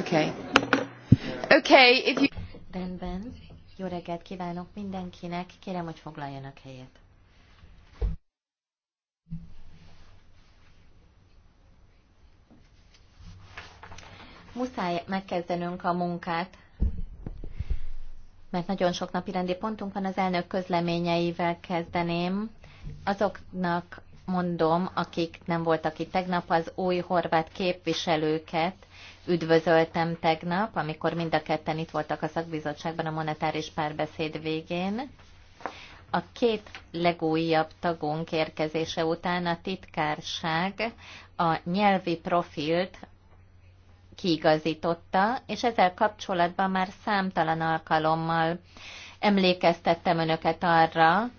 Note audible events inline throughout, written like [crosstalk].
Okay. Okay, if you... Rendben. Jó reggelt kívánok mindenkinek. Kérem, hogy foglaljanak helyet. Muszáj megkezdenünk a munkát, mert nagyon sok napi rendi pontunk van. Az elnök közleményeivel kezdeném. Azoknak mondom, akik nem voltak itt tegnap, az új horvát képviselőket üdvözöltem tegnap, amikor mind a ketten itt voltak a szakbizottságban a monetáris párbeszéd végén. A két legújabb tagunk érkezése után a titkárság a nyelvi profilt kiigazította, és ezzel kapcsolatban már számtalan alkalommal emlékeztettem önöket arra,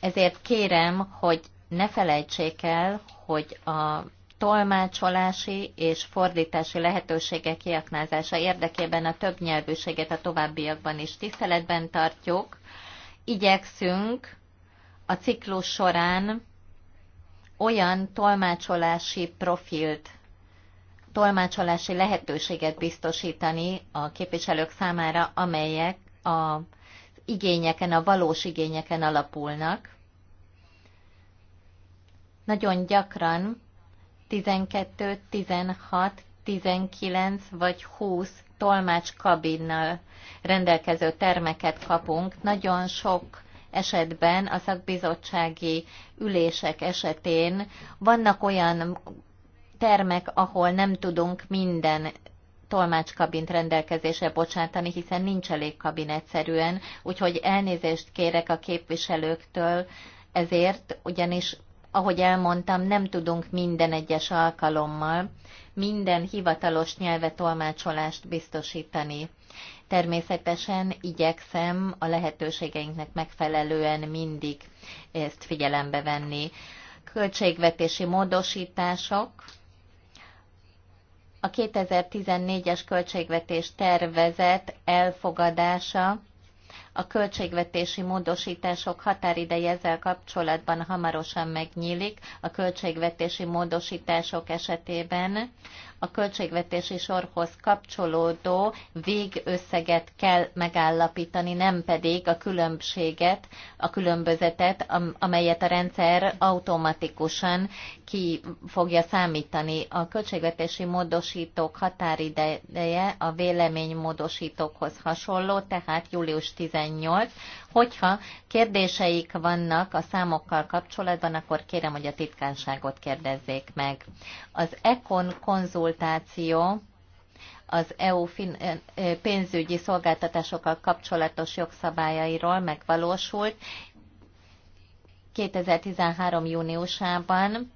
ezért kérem, hogy ne felejtsék el, hogy a tolmácsolási és fordítási lehetőségek kiaknázása érdekében a többnyelvűséget a továbbiakban is tiszteletben tartjuk. Igyekszünk a ciklus során olyan tolmácsolási profilt, tolmácsolási lehetőséget biztosítani a képviselők számára, amelyek a igényeken, a valós igényeken alapulnak nagyon gyakran 12, 16, 19 vagy 20 tolmács kabinnal rendelkező termeket kapunk. Nagyon sok esetben a szakbizottsági ülések esetén vannak olyan termek, ahol nem tudunk minden tolmácskabint rendelkezésre bocsátani, hiszen nincs elég kabin egyszerűen, úgyhogy elnézést kérek a képviselőktől ezért, ugyanis ahogy elmondtam, nem tudunk minden egyes alkalommal minden hivatalos nyelvetolmácsolást tolmácsolást biztosítani. Természetesen igyekszem a lehetőségeinknek megfelelően mindig ezt figyelembe venni. Költségvetési módosítások, a 2014-es költségvetés tervezet elfogadása a költségvetési módosítások határideje ezzel kapcsolatban hamarosan megnyílik. A költségvetési módosítások esetében a költségvetési sorhoz kapcsolódó végösszeget kell megállapítani, nem pedig a különbséget, a különbözetet, amelyet a rendszer automatikusan ki fogja számítani. A költségvetési módosítók határideje a véleménymódosítókhoz hasonló, tehát július 18 98. Hogyha kérdéseik vannak a számokkal kapcsolatban, akkor kérem, hogy a titkánságot kérdezzék meg. Az ECON konzultáció az EU pénzügyi szolgáltatásokkal kapcsolatos jogszabályairól megvalósult 2013. júniusában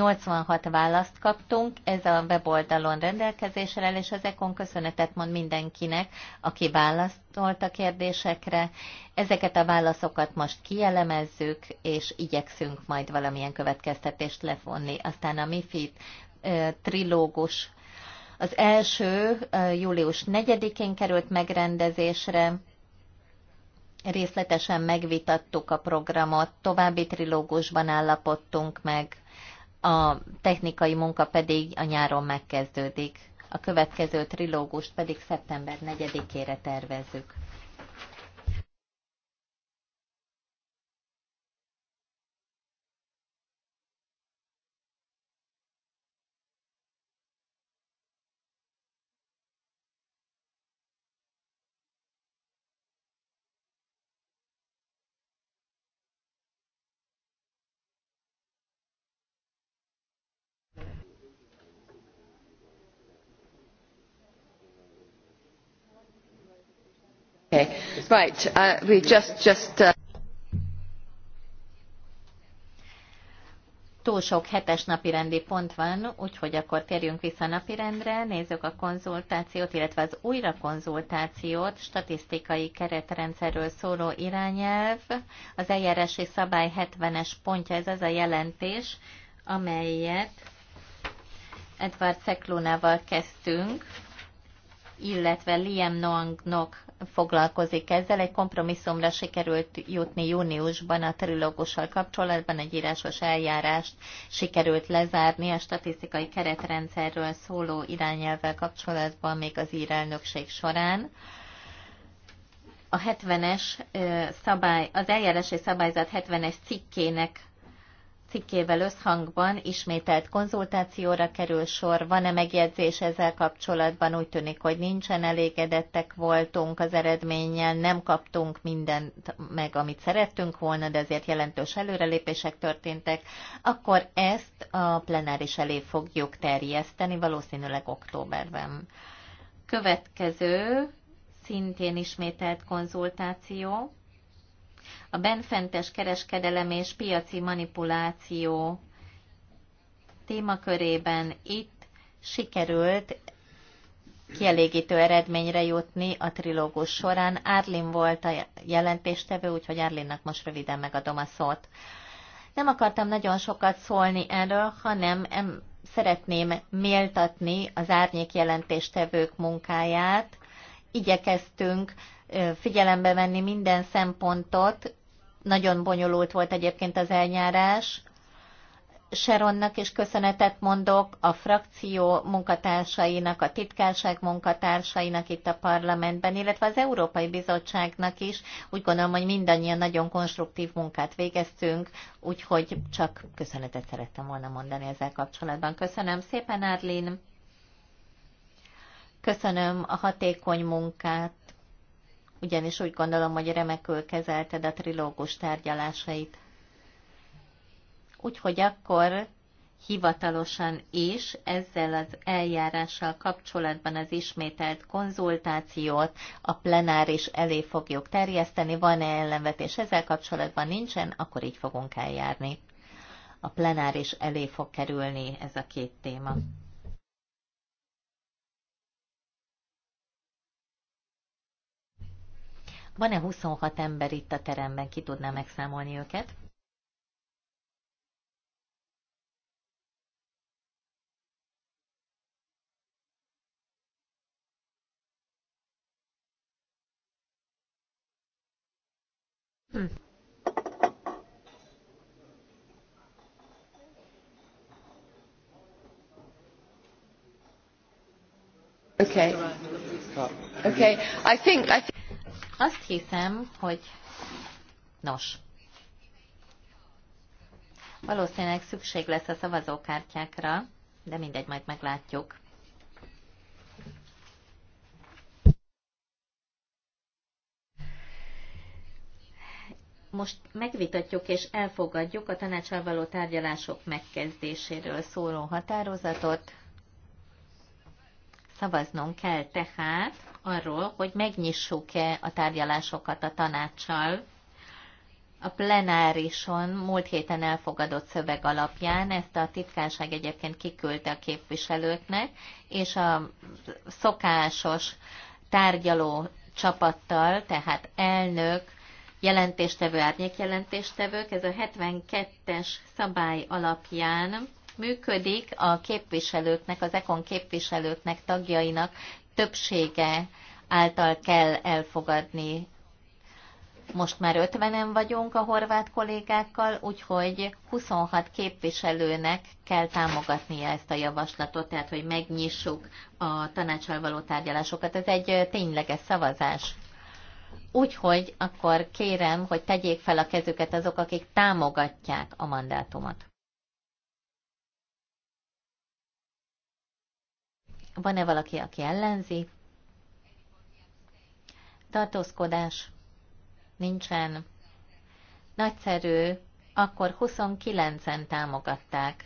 86 választ kaptunk, ez a weboldalon rendelkezésre és ezekon köszönetet mond mindenkinek, aki válaszolt a kérdésekre. Ezeket a válaszokat most kielemezzük, és igyekszünk majd valamilyen következtetést levonni. Aztán a MIFID trilógus az első július 4-én került megrendezésre, részletesen megvitattuk a programot, további trilógusban állapodtunk meg a technikai munka pedig a nyáron megkezdődik. A következő trilógust pedig szeptember 4-ére tervezzük. Uh, uh, Túl sok hetes napi rendi pont van, úgyhogy akkor térjünk vissza a napirendre, nézzük a konzultációt, illetve az újra konzultációt, statisztikai keretrendszerről szóló irányelv, az eljárási szabály 70-es pontja, ez az a jelentés, amelyet Edward Ceklónával kezdtünk, illetve Liam Noangnak foglalkozik ezzel. Egy kompromisszumra sikerült jutni júniusban a trilógussal kapcsolatban, egy írásos eljárást sikerült lezárni a statisztikai keretrendszerről szóló irányelvvel kapcsolatban még az írelnökség során a 70-es szabály, az eljárási szabályzat 70-es cikkének cikkével összhangban ismételt konzultációra kerül sor. Van-e megjegyzés ezzel kapcsolatban? Úgy tűnik, hogy nincsen elégedettek voltunk az eredménnyel, nem kaptunk mindent meg, amit szerettünk volna, de ezért jelentős előrelépések történtek. Akkor ezt a plenáris elé fogjuk terjeszteni, valószínűleg októberben. Következő, szintén ismételt konzultáció a benfentes kereskedelem és piaci manipuláció témakörében itt sikerült kielégítő eredményre jutni a trilógus során. Árlin volt a jelentéstevő, úgyhogy Árlinnak most röviden megadom a szót. Nem akartam nagyon sokat szólni erről, hanem em, szeretném méltatni az árnyék jelentéstevők munkáját. Igyekeztünk figyelembe venni minden szempontot. Nagyon bonyolult volt egyébként az elnyárás. Sharonnak is köszönetet mondok, a frakció munkatársainak, a titkárság munkatársainak itt a parlamentben, illetve az Európai Bizottságnak is. Úgy gondolom, hogy mindannyian nagyon konstruktív munkát végeztünk, úgyhogy csak köszönetet szerettem volna mondani ezzel kapcsolatban. Köszönöm szépen, Árlin! Köszönöm a hatékony munkát ugyanis úgy gondolom, hogy remekül kezelted a trilógus tárgyalásait. Úgyhogy akkor hivatalosan is ezzel az eljárással kapcsolatban az ismételt konzultációt a plenáris elé fogjuk terjeszteni. Van-e ellenvetés ezzel kapcsolatban? Nincsen, akkor így fogunk eljárni. A plenáris elé fog kerülni ez a két téma. Van-e 26 ember itt a teremben, ki tudná megszámolni őket? Hm. Okay. Okay. I think I think azt hiszem, hogy nos, valószínűleg szükség lesz a szavazókártyákra, de mindegy, majd meglátjuk. Most megvitatjuk és elfogadjuk a tanácsal való tárgyalások megkezdéséről szóló határozatot. Szavaznunk kell tehát arról, hogy megnyissuk-e a tárgyalásokat a tanácssal, a plenárison múlt héten elfogadott szöveg alapján, ezt a titkárság egyébként kiküldte a képviselőknek, és a szokásos tárgyaló csapattal, tehát elnök, jelentéstevő, árnyékjelentéstevők, ez a 72-es szabály alapján működik a képviselőknek, az EKON képviselőknek, tagjainak többsége által kell elfogadni. Most már 50-en vagyunk a horvát kollégákkal, úgyhogy 26 képviselőnek kell támogatnia ezt a javaslatot, tehát hogy megnyissuk a tanácsal való tárgyalásokat. Ez egy tényleges szavazás. Úgyhogy akkor kérem, hogy tegyék fel a kezüket azok, akik támogatják a mandátumot. Van-e valaki, aki ellenzi? Tartózkodás. Nincsen. Nagyszerű. Akkor 29-en támogatták.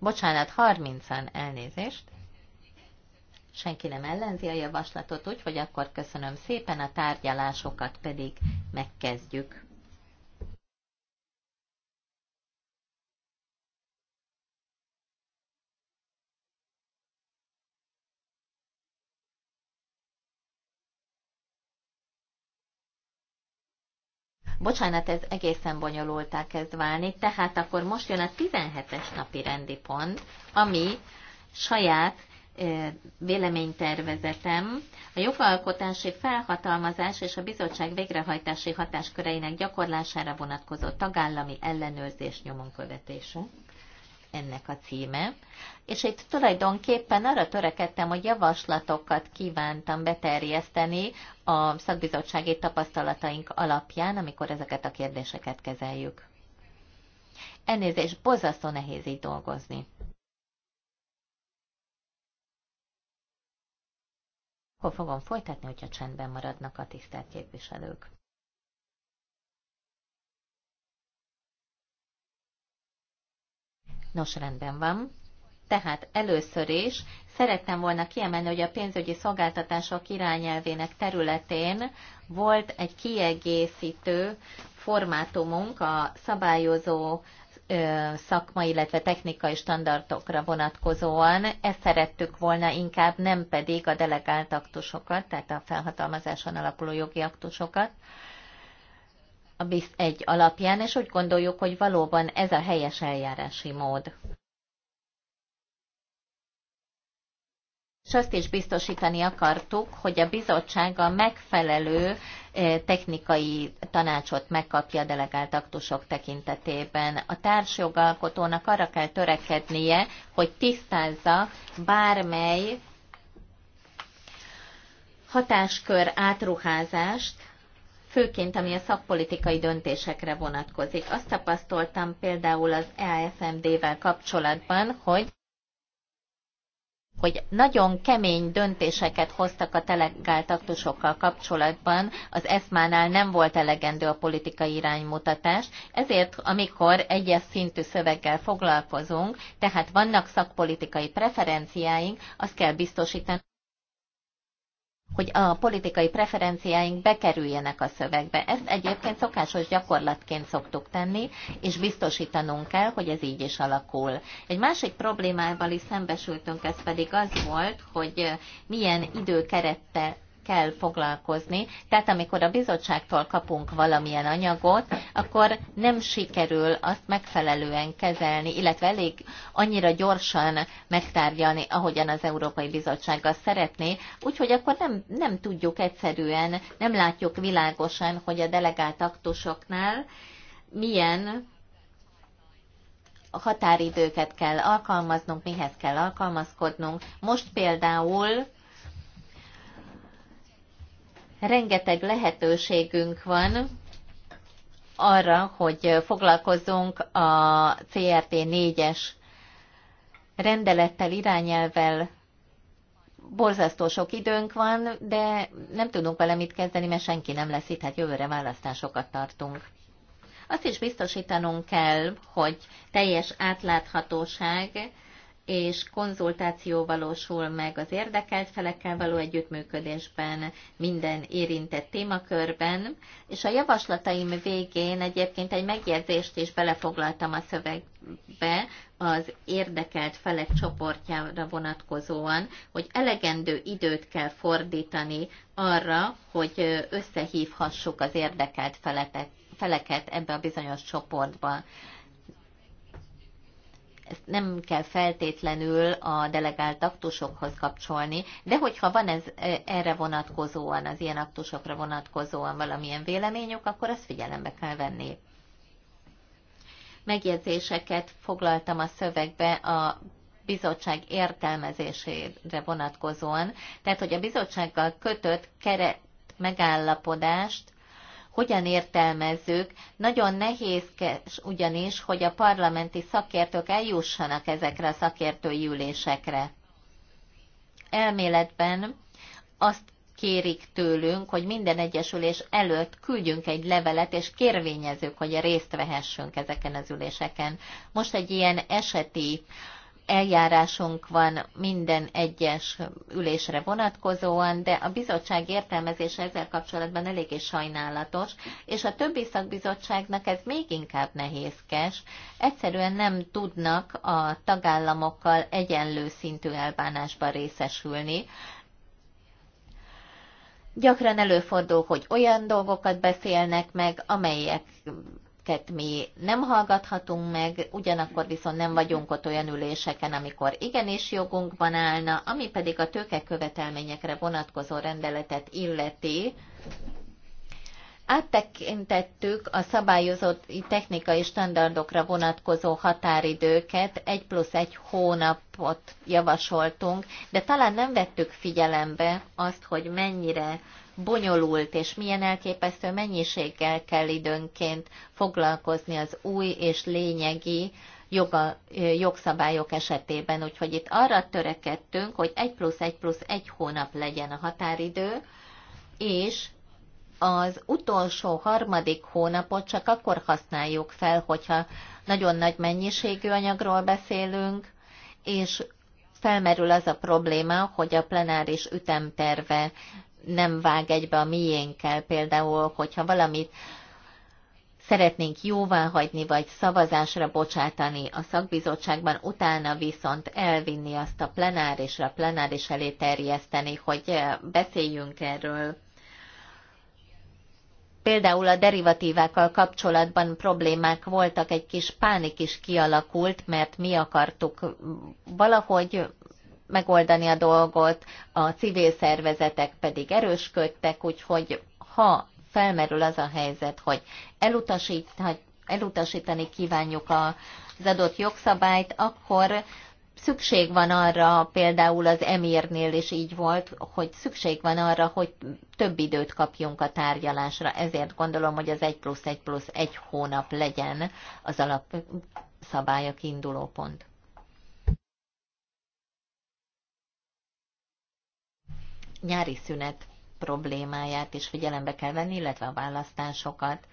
Bocsánat, 30-en elnézést. Senki nem ellenzi a javaslatot, úgyhogy akkor köszönöm szépen, a tárgyalásokat pedig megkezdjük. Bocsánat, ez egészen bonyolultá kezd válni, tehát akkor most jön a 17-es napi rendi pont, ami saját véleménytervezetem, a jogalkotási felhatalmazás és a bizottság végrehajtási hatásköreinek gyakorlására vonatkozó tagállami ellenőrzés nyomon követése ennek a címe, és itt tulajdonképpen arra törekedtem, hogy javaslatokat kívántam beterjeszteni a szakbizottsági tapasztalataink alapján, amikor ezeket a kérdéseket kezeljük. Elnézést, bozasztó nehéz így dolgozni. Hol fogom folytatni, hogyha csendben maradnak a tisztelt képviselők? Nos, rendben van. Tehát először is szerettem volna kiemelni, hogy a pénzügyi szolgáltatások irányelvének területén volt egy kiegészítő formátumunk a szabályozó szakma, illetve technikai standardokra vonatkozóan. Ezt szerettük volna inkább, nem pedig a delegált aktusokat, tehát a felhatalmazáson alapuló jogi aktusokat a BISZ egy alapján, és úgy gondoljuk, hogy valóban ez a helyes eljárási mód. és azt is biztosítani akartuk, hogy a bizottság a megfelelő e, technikai tanácsot megkapja a delegált aktusok tekintetében. A társjogalkotónak arra kell törekednie, hogy tisztázza bármely hatáskör átruházást, főként ami a szakpolitikai döntésekre vonatkozik. Azt tapasztaltam például az EAFMD-vel kapcsolatban, hogy hogy nagyon kemény döntéseket hoztak a telegált aktusokkal kapcsolatban, az ESMA-nál nem volt elegendő a politikai iránymutatás, ezért amikor egyes szintű szöveggel foglalkozunk, tehát vannak szakpolitikai preferenciáink, azt kell biztosítani, hogy a politikai preferenciáink bekerüljenek a szövegbe. Ezt egyébként szokásos gyakorlatként szoktuk tenni, és biztosítanunk kell, hogy ez így is alakul. Egy másik problémával is szembesültünk, ez pedig az volt, hogy milyen időkerettel kell foglalkozni. Tehát amikor a bizottságtól kapunk valamilyen anyagot, akkor nem sikerül azt megfelelően kezelni, illetve elég annyira gyorsan megtárgyalni, ahogyan az Európai bizottság azt szeretné, úgyhogy akkor nem, nem tudjuk egyszerűen, nem látjuk világosan, hogy a delegált aktusoknál milyen határidőket kell alkalmaznunk, mihez kell alkalmazkodnunk. Most például rengeteg lehetőségünk van arra, hogy foglalkozzunk a CRT 4-es rendelettel, irányelvel, borzasztó sok időnk van, de nem tudunk vele mit kezdeni, mert senki nem lesz itt, hát jövőre választásokat tartunk. Azt is biztosítanunk kell, hogy teljes átláthatóság és konzultáció valósul meg az érdekelt felekkel való együttműködésben, minden érintett témakörben, és a javaslataim végén egyébként egy megjegyzést is belefoglaltam a szövegbe az érdekelt felek csoportjára vonatkozóan, hogy elegendő időt kell fordítani arra, hogy összehívhassuk az érdekelt feleket ebbe a bizonyos csoportba ezt nem kell feltétlenül a delegált aktusokhoz kapcsolni, de hogyha van ez e, erre vonatkozóan, az ilyen aktusokra vonatkozóan valamilyen véleményük, akkor azt figyelembe kell venni. Megjegyzéseket foglaltam a szövegbe a bizottság értelmezésére vonatkozóan, tehát hogy a bizottsággal kötött keret megállapodást hogyan értelmezzük. Nagyon nehézkes ugyanis, hogy a parlamenti szakértők eljussanak ezekre a szakértői ülésekre. Elméletben azt kérik tőlünk, hogy minden egyesülés előtt küldjünk egy levelet, és kérvényezők, hogy részt vehessünk ezeken az üléseken. Most egy ilyen eseti uh, eljárásunk van minden egyes ülésre vonatkozóan, de a bizottság értelmezése ezzel kapcsolatban eléggé sajnálatos, és a többi szakbizottságnak ez még inkább nehézkes. Egyszerűen nem tudnak a tagállamokkal egyenlő szintű elbánásban részesülni, Gyakran előfordul, hogy olyan dolgokat beszélnek meg, amelyek amiket mi nem hallgathatunk meg, ugyanakkor viszont nem vagyunk ott olyan üléseken, amikor igenis jogunkban állna, ami pedig a tőkekövetelményekre vonatkozó rendeletet illeti, Áttekintettük a szabályozott technikai standardokra vonatkozó határidőket, egy plusz egy hónapot javasoltunk, de talán nem vettük figyelembe azt, hogy mennyire bonyolult, és milyen elképesztő mennyiséggel kell időnként foglalkozni az új és lényegi joga, jogszabályok esetében. Úgyhogy itt arra törekedtünk, hogy 1 plusz 1 plusz 1 hónap legyen a határidő, és az utolsó harmadik hónapot csak akkor használjuk fel, hogyha nagyon nagy mennyiségű anyagról beszélünk, és felmerül az a probléma, hogy a plenáris ütemterve nem vág egybe a miénkkel, például, hogyha valamit szeretnénk jóvá hagyni, vagy szavazásra bocsátani a szakbizottságban, utána viszont elvinni azt a plenárisra, plenáris elé terjeszteni, hogy eh, beszéljünk erről. Például a derivatívákkal kapcsolatban problémák voltak, egy kis pánik is kialakult, mert mi akartuk valahogy megoldani a dolgot, a civil szervezetek pedig erősködtek, úgyhogy ha felmerül az a helyzet, hogy elutasítani kívánjuk az adott jogszabályt, akkor szükség van arra, például az emírnél is így volt, hogy szükség van arra, hogy több időt kapjunk a tárgyalásra. Ezért gondolom, hogy az 1 plusz 1 plusz 1 hónap legyen az alapszabályok induló pont. nyári szünet problémáját is figyelembe kell venni, illetve a választásokat.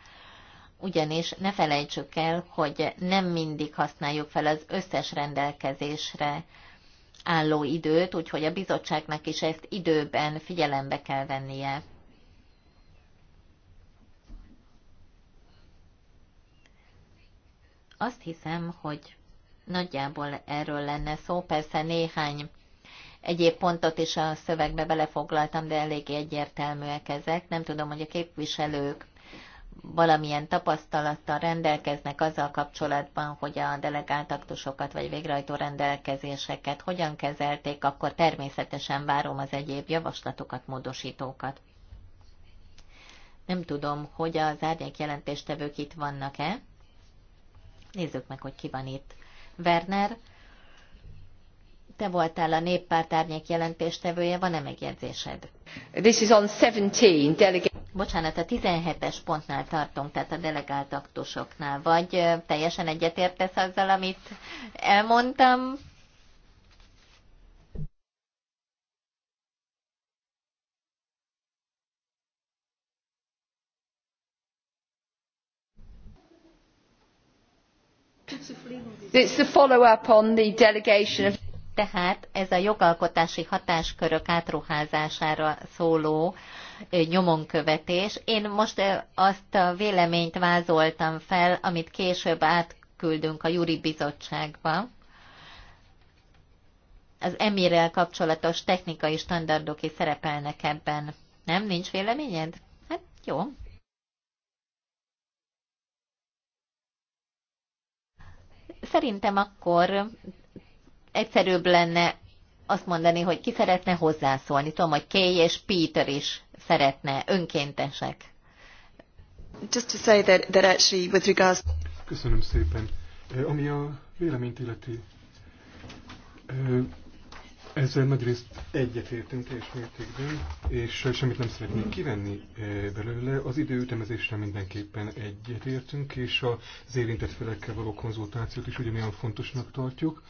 Ugyanis ne felejtsük el, hogy nem mindig használjuk fel az összes rendelkezésre álló időt, úgyhogy a bizottságnak is ezt időben figyelembe kell vennie. Azt hiszem, hogy nagyjából erről lenne szó, persze néhány Egyéb pontot is a szövegbe belefoglaltam, de eléggé egyértelműek ezek. Nem tudom, hogy a képviselők valamilyen tapasztalattal rendelkeznek azzal kapcsolatban, hogy a delegált aktusokat vagy végrehajtó rendelkezéseket hogyan kezelték, akkor természetesen várom az egyéb javaslatokat, módosítókat. Nem tudom, hogy az árnyék jelentéstevők itt vannak-e. Nézzük meg, hogy ki van itt. Werner, te voltál a néppárt árnyék jelentéstevője, van-e megjegyzésed? This is on 17, delegate. Bocsánat, a 17-es pontnál tartunk, tehát a delegált aktusoknál. Vagy teljesen egyetértesz azzal, amit elmondtam? It's the follow-up on the delegation of tehát ez a jogalkotási hatáskörök átruházására szóló nyomonkövetés. Én most azt a véleményt vázoltam fel, amit később átküldünk a Juri Bizottságba. Az emirrel kapcsolatos technikai standardok is szerepelnek ebben. Nem? Nincs véleményed? Hát jó, szerintem akkor egyszerűbb lenne azt mondani, hogy ki szeretne hozzászólni. Tudom, hogy Kay és Peter is szeretne, önkéntesek. Just to say that, that actually with regards... Köszönöm szépen. Ami a véleményt illeti, ezzel nagyrészt egyetértünk teljes mértékben, és semmit nem szeretnék kivenni belőle. Az időütemezésre mindenképpen egyetértünk, és az érintett felekkel való konzultációt is ugyanilyen fontosnak tartjuk.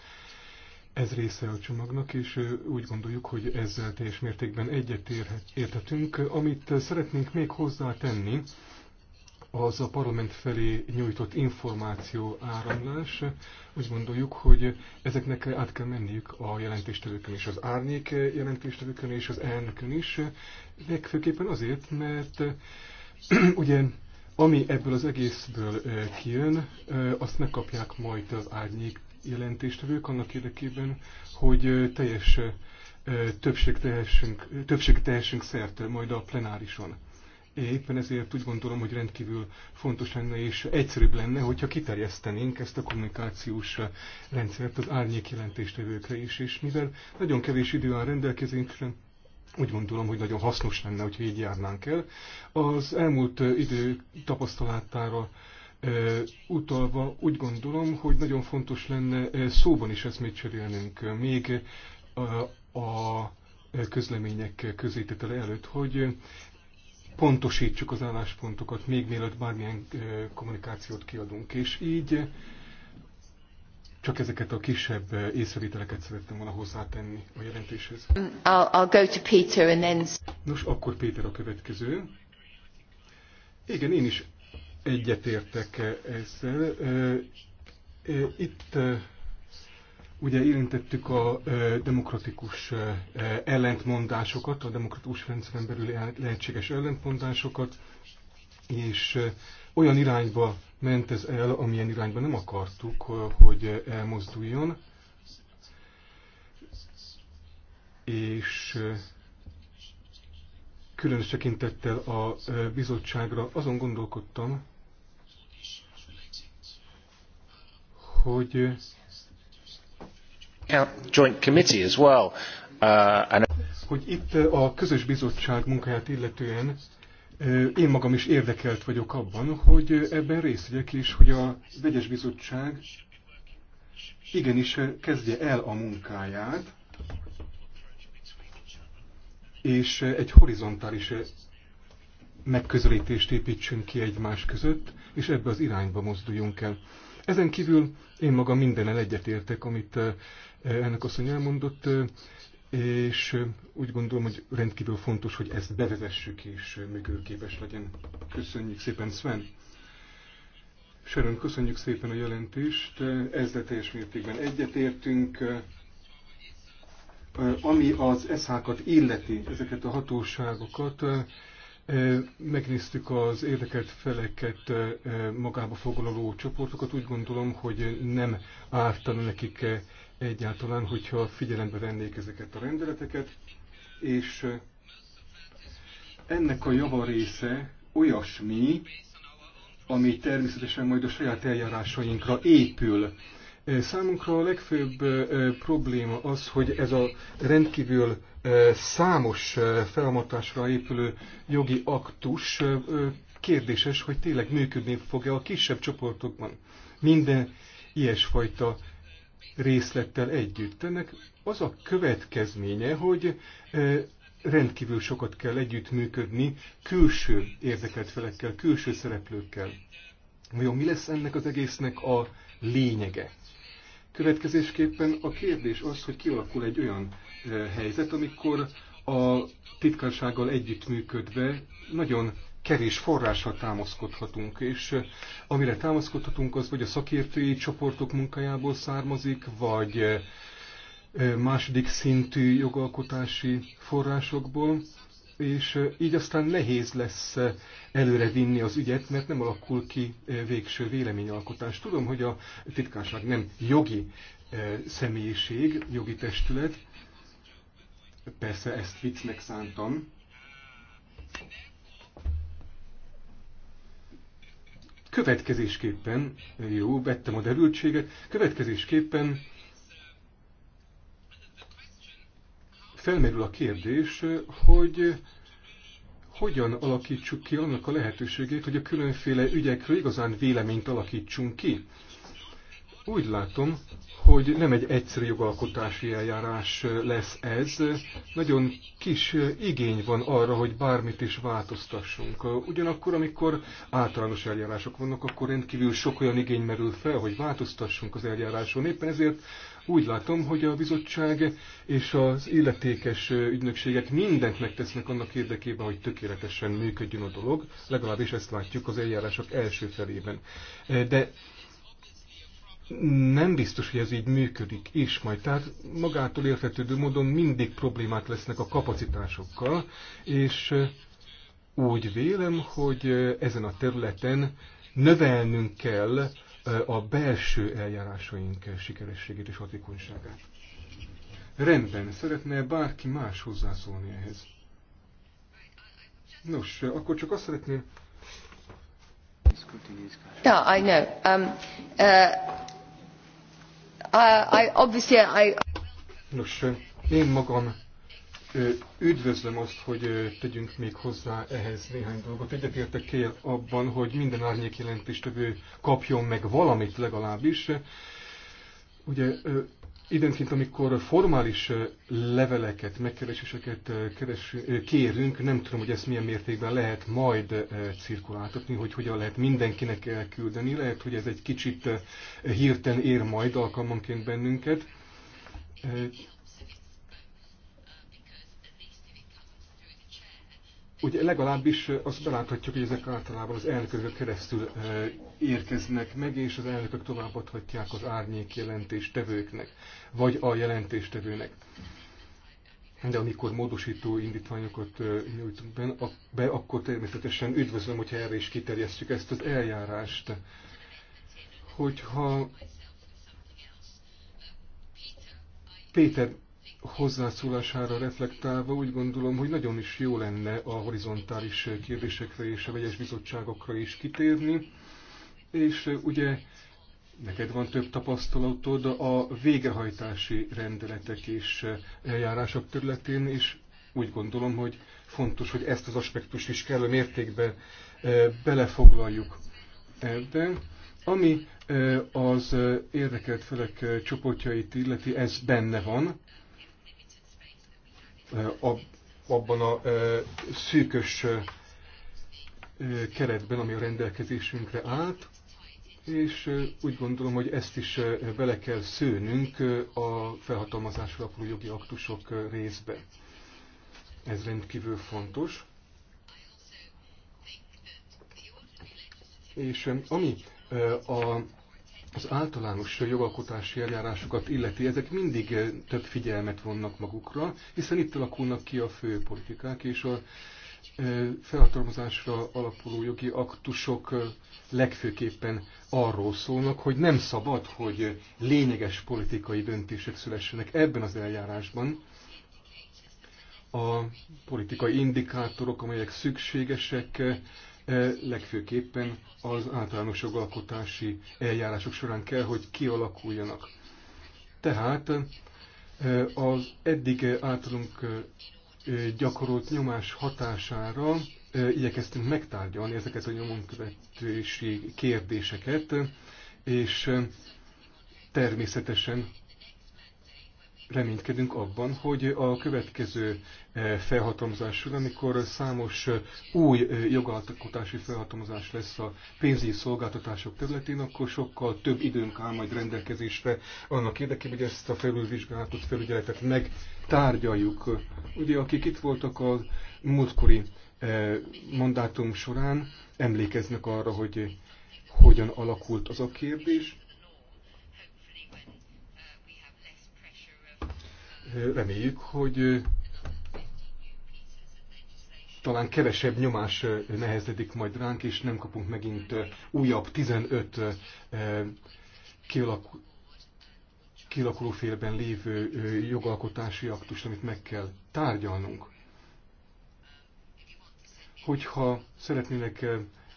Ez része a csomagnak, és úgy gondoljuk, hogy ezzel teljes mértékben egyet értetünk. Amit szeretnénk még hozzátenni, az a parlament felé nyújtott információ áramlás. Úgy gondoljuk, hogy ezeknek át kell menniük a jelentéstevőkön és az árnyék jelentéstevőkön és az elnökön is, legfőképpen azért, mert [clears throat] ugye ami ebből az egészből kijön, azt megkapják majd az árnyék jelentéstevők annak érdekében, hogy teljes többség tehessünk, többség szerte majd a plenárison. Éppen ezért úgy gondolom, hogy rendkívül fontos lenne és egyszerűbb lenne, hogyha kiterjesztenénk ezt a kommunikációs rendszert az árnyék jelentéstevőkre is, és mivel nagyon kevés idő áll rendelkezésre, úgy gondolom, hogy nagyon hasznos lenne, hogy így járnánk el. Az elmúlt idő tapasztalatára utalva úgy gondolom, hogy nagyon fontos lenne szóban is ezt mit cserélnünk még a közlemények közétetele előtt, hogy pontosítsuk az álláspontokat, még mielőtt bármilyen kommunikációt kiadunk. És így csak ezeket a kisebb észrevételeket szerettem volna hozzátenni a jelentéshez. I'll, I'll go to Peter and then... Nos, akkor Péter a következő. Igen, én is egyetértek ezzel. Itt ugye érintettük a demokratikus ellentmondásokat, a demokratikus rendszeren belüli lehetséges ellentmondásokat, és olyan irányba ment ez el, amilyen irányba nem akartuk, hogy elmozduljon. És különös tekintettel a bizottságra azon gondolkodtam, hogy joint committee as well. Uh, and... Hogy itt a közös bizottság munkáját illetően én magam is érdekelt vagyok abban, hogy ebben részt vegyek, is, hogy a vegyes bizottság igenis kezdje el a munkáját, és egy horizontális megközelítést építsünk ki egymás között, és ebbe az irányba mozduljunk el. Ezen kívül én magam mindennel egyetértek, amit ennek eh, asszony elmondott, eh, és eh, úgy gondolom, hogy rendkívül fontos, hogy ezt bevezessük és működőképes legyen. Köszönjük szépen, Sven! Sharon, köszönjük szépen a jelentést, ezzel teljes mértékben egyetértünk. Ami az SH-kat illeti, ezeket a hatóságokat, Megnéztük az érdekelt feleket, magába foglaló csoportokat. Úgy gondolom, hogy nem ártana nekik egyáltalán, hogyha figyelembe vennék ezeket a rendeleteket, és ennek a java része olyasmi, ami természetesen majd a saját eljárásainkra épül. Számunkra a legfőbb probléma az, hogy ez a rendkívül számos felmatásra épülő jogi aktus kérdéses, hogy tényleg működni fog-e a kisebb csoportokban. Minden ilyesfajta részlettel együtt. Ennek az a következménye, hogy rendkívül sokat kell együttműködni külső érdekelt felekkel, külső szereplőkkel. Vajon mi lesz ennek az egésznek a lényege? Következésképpen a kérdés az, hogy kialakul egy olyan eh, helyzet, amikor a titkársággal együttműködve nagyon kevés forrásra támaszkodhatunk, és eh, amire támaszkodhatunk, az vagy a szakértői csoportok munkájából származik, vagy eh, második szintű jogalkotási forrásokból és így aztán nehéz lesz előre vinni az ügyet, mert nem alakul ki végső véleményalkotás. Tudom, hogy a titkárság nem jogi személyiség, jogi testület, persze ezt viccnek szántam, Következésképpen, jó, vettem a derültséget, következésképpen felmerül a kérdés, hogy hogyan alakítsuk ki annak a lehetőségét, hogy a különféle ügyekről igazán véleményt alakítsunk ki. Úgy látom, hogy nem egy egyszerű jogalkotási eljárás lesz ez. Nagyon kis igény van arra, hogy bármit is változtassunk. Ugyanakkor, amikor általános eljárások vannak, akkor rendkívül sok olyan igény merül fel, hogy változtassunk az eljáráson. Éppen ezért úgy látom, hogy a bizottság és az illetékes ügynökségek mindent megtesznek annak érdekében, hogy tökéletesen működjön a dolog, legalábbis ezt látjuk az eljárások első felében. De nem biztos, hogy ez így működik is majd. Tehát magától értetődő módon mindig problémák lesznek a kapacitásokkal, és úgy vélem, hogy ezen a területen növelnünk kell a belső eljárásaink sikerességét és hatékonyságát. Rendben, szeretne bárki más hozzászólni ehhez? Nos, akkor csak azt szeretném... No, I know. Um, uh, I, I, obviously I... Nos, én magam Üdvözlöm azt, hogy tegyünk még hozzá ehhez néhány dolgot. Egyetértek kér abban, hogy minden árnyék jelentéstevő kapjon meg valamit legalábbis. Ugye időnként, amikor formális leveleket, megkereséseket keres, kérünk, nem tudom, hogy ezt milyen mértékben lehet majd cirkuláltatni, hogy hogyan lehet mindenkinek elküldeni. Lehet, hogy ez egy kicsit hirtelen ér majd alkalmanként bennünket Ugye legalábbis azt beláthatjuk, hogy ezek általában az elnökökön keresztül érkeznek meg, és az elnökök továbbadhatják az árnyék jelentéstevőknek, vagy a jelentéstevőnek. De amikor módosító indítványokat nyújtunk be, akkor természetesen üdvözlöm, hogyha erre is kiterjesztjük ezt az eljárást. Hogyha Péter hozzászólására reflektálva úgy gondolom, hogy nagyon is jó lenne a horizontális kérdésekre és a vegyes bizottságokra is kitérni. És ugye neked van több tapasztalatod a végrehajtási rendeletek és eljárások területén, és úgy gondolom, hogy fontos, hogy ezt az aspektust is kellő mértékben belefoglaljuk ebbe. Ami az érdekelt felek csoportjait illeti, ez benne van abban a szűkös keretben, ami a rendelkezésünkre állt, és úgy gondolom, hogy ezt is bele kell szőnünk a felhatalmazásra alapuló jogi aktusok részbe. Ez rendkívül fontos. És ami a az általános jogalkotási eljárásokat illeti, ezek mindig eh, több figyelmet vonnak magukra, hiszen itt alakulnak ki a fő politikák, és a eh, felhatalmazásra alapuló jogi aktusok eh, legfőképpen arról szólnak, hogy nem szabad, hogy lényeges politikai döntések szülessenek ebben az eljárásban. A politikai indikátorok, amelyek szükségesek E, legfőképpen az általános jogalkotási eljárások során kell, hogy kialakuljanak. Tehát e, az eddig általunk e, gyakorolt nyomás hatására igyekeztünk megtárgyalni ezeket a nyomonkövetőség kérdéseket, és természetesen reménykedünk abban, hogy a következő eh, felhatalmazásul, amikor számos eh, új eh, jogalkotási felhatalmazás lesz a pénzügyi szolgáltatások területén, akkor sokkal több időnk áll majd rendelkezésre annak érdekében, hogy ezt a felülvizsgálatot, felügyeletet megtárgyaljuk. Ugye, akik itt voltak a múltkori mandátum során, emlékeznek arra, hogy hogyan alakult az a kérdés, reméljük, hogy talán kevesebb nyomás nehezedik majd ránk, és nem kapunk megint újabb 15 kialakul, kialakulófélben lévő jogalkotási aktust, amit meg kell tárgyalnunk. Hogyha szeretnének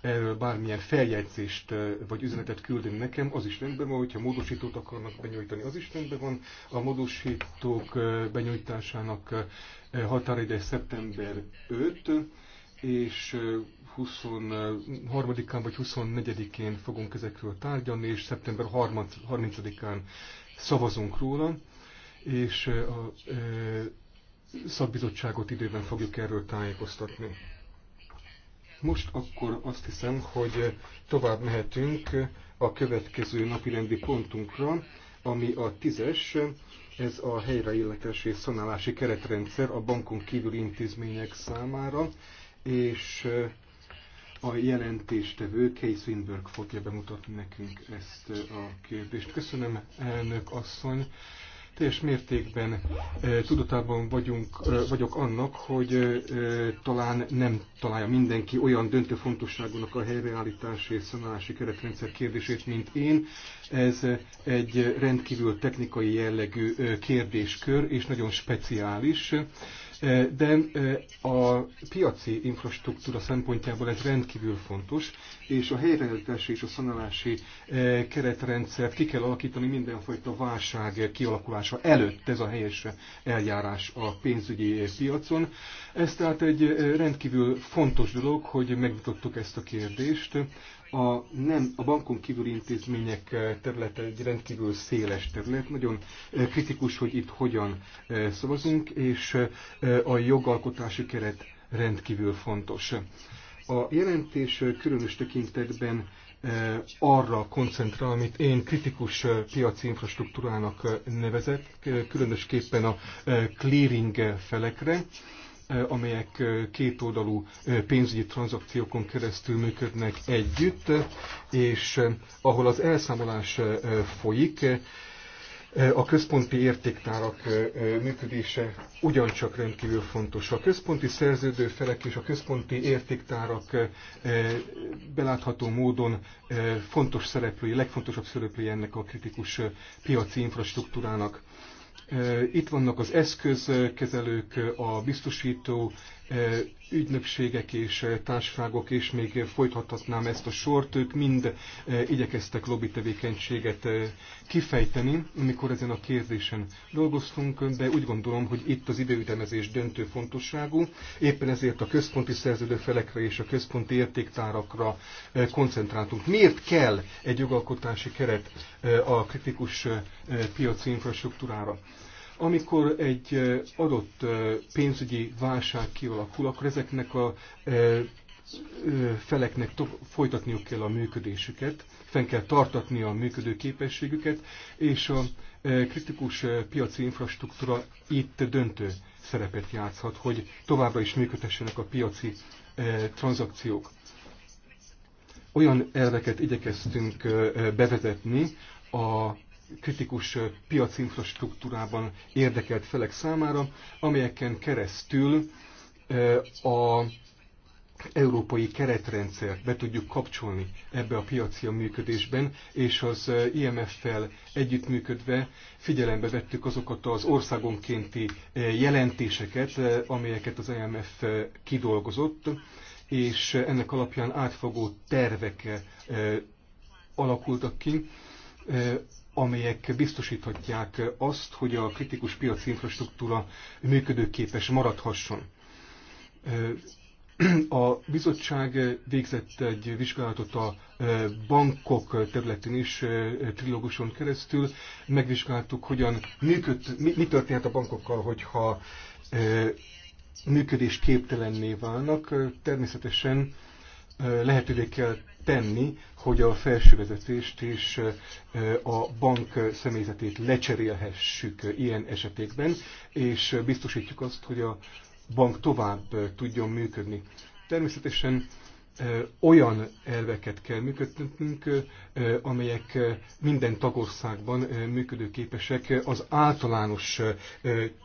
erről bármilyen feljegyzést vagy üzenetet küldeni nekem, az is rendben van, hogyha módosítót akarnak benyújtani, az is rendben van. A módosítók benyújtásának határideje szeptember 5, és 23-án vagy 24-én fogunk ezekről tárgyalni, és szeptember 30-án szavazunk róla, és a szakbizottságot időben fogjuk erről tájékoztatni. Most akkor azt hiszem, hogy tovább mehetünk a következő napirendi pontunkra, ami a tízes, ez a helyreilletes és szanálási keretrendszer a bankon kívüli intézmények számára, és eh, a jelentéstevő Kay Swinburg fogja bemutatni nekünk ezt eh, a kérdést. Köszönöm, elnök asszony! teljes mértékben tudatában vagyunk, vagyok annak, hogy talán nem találja mindenki olyan döntő fontosságúnak a helyreállítási és szanálási keretrendszer kérdését, mint én. Ez egy rendkívül technikai jellegű kérdéskör, és nagyon speciális de a piaci infrastruktúra szempontjából ez rendkívül fontos, és a helyreállítási és a szanálási keretrendszert ki kell alakítani mindenfajta válság kialakulása előtt ez a helyes eljárás a pénzügyi piacon. Ez tehát egy rendkívül fontos dolog, hogy megvitattuk ezt a kérdést a, nem, a bankon kívüli intézmények eh, területe egy rendkívül széles terület. Nagyon eh, kritikus, hogy itt hogyan eh, szavazunk, és a jogalkotási keret rendkívül fontos. A jelentés különös tekintetben arra koncentrál, amit én kritikus piaci infrastruktúrának nevezek, különösképpen a clearing felekre, amelyek kétoldalú pénzügyi tranzakciókon keresztül működnek együtt, és ahol az elszámolás folyik, a központi értéktárak működése ugyancsak rendkívül fontos. A központi szerződő felek és a központi értéktárak belátható módon fontos szereplői, legfontosabb szereplői ennek a kritikus piaci infrastruktúrának. Itt vannak az eszközkezelők, a biztosító ügynökségek és társaságok és még folytathatnám ezt a sort, ők mind igyekeztek lobby tevékenységet kifejteni, amikor ezen a kérdésen dolgoztunk, de úgy gondolom, hogy itt az időütemezés döntő fontosságú, éppen ezért a központi szerződő felekre és a központi értéktárakra koncentráltunk. Miért kell egy jogalkotási keret a kritikus piaci infrastruktúrára? Amikor egy adott pénzügyi válság kialakul, akkor ezeknek a feleknek folytatniuk kell a működésüket, fenn kell tartatni a működő képességüket, és a kritikus piaci infrastruktúra itt döntő szerepet játszhat, hogy továbbra is működhessenek a piaci tranzakciók. Olyan elveket igyekeztünk bevezetni a kritikus piaci érdekelt felek számára, amelyeken keresztül a európai keretrendszer be tudjuk kapcsolni ebbe a piaci a működésben, és az IMF-fel együttműködve figyelembe vettük azokat az országonkénti jelentéseket, amelyeket az IMF kidolgozott, és ennek alapján átfogó tervek alakultak ki, amelyek biztosíthatják azt, hogy a kritikus piaci infrastruktúra működőképes maradhasson. A bizottság végzett egy vizsgálatot a bankok területén is trilóguson keresztül. Megvizsgáltuk, hogyan működ, mi, mi történhet a bankokkal, hogyha e, működés képtelenné válnak. Természetesen e, lehetővé kell tenni, hogy a felsővezetést és a bank személyzetét lecserélhessük ilyen esetekben, és biztosítjuk azt, hogy a bank tovább tudjon működni. Természetesen olyan elveket kell működtetnünk, amelyek minden tagországban működőképesek az általános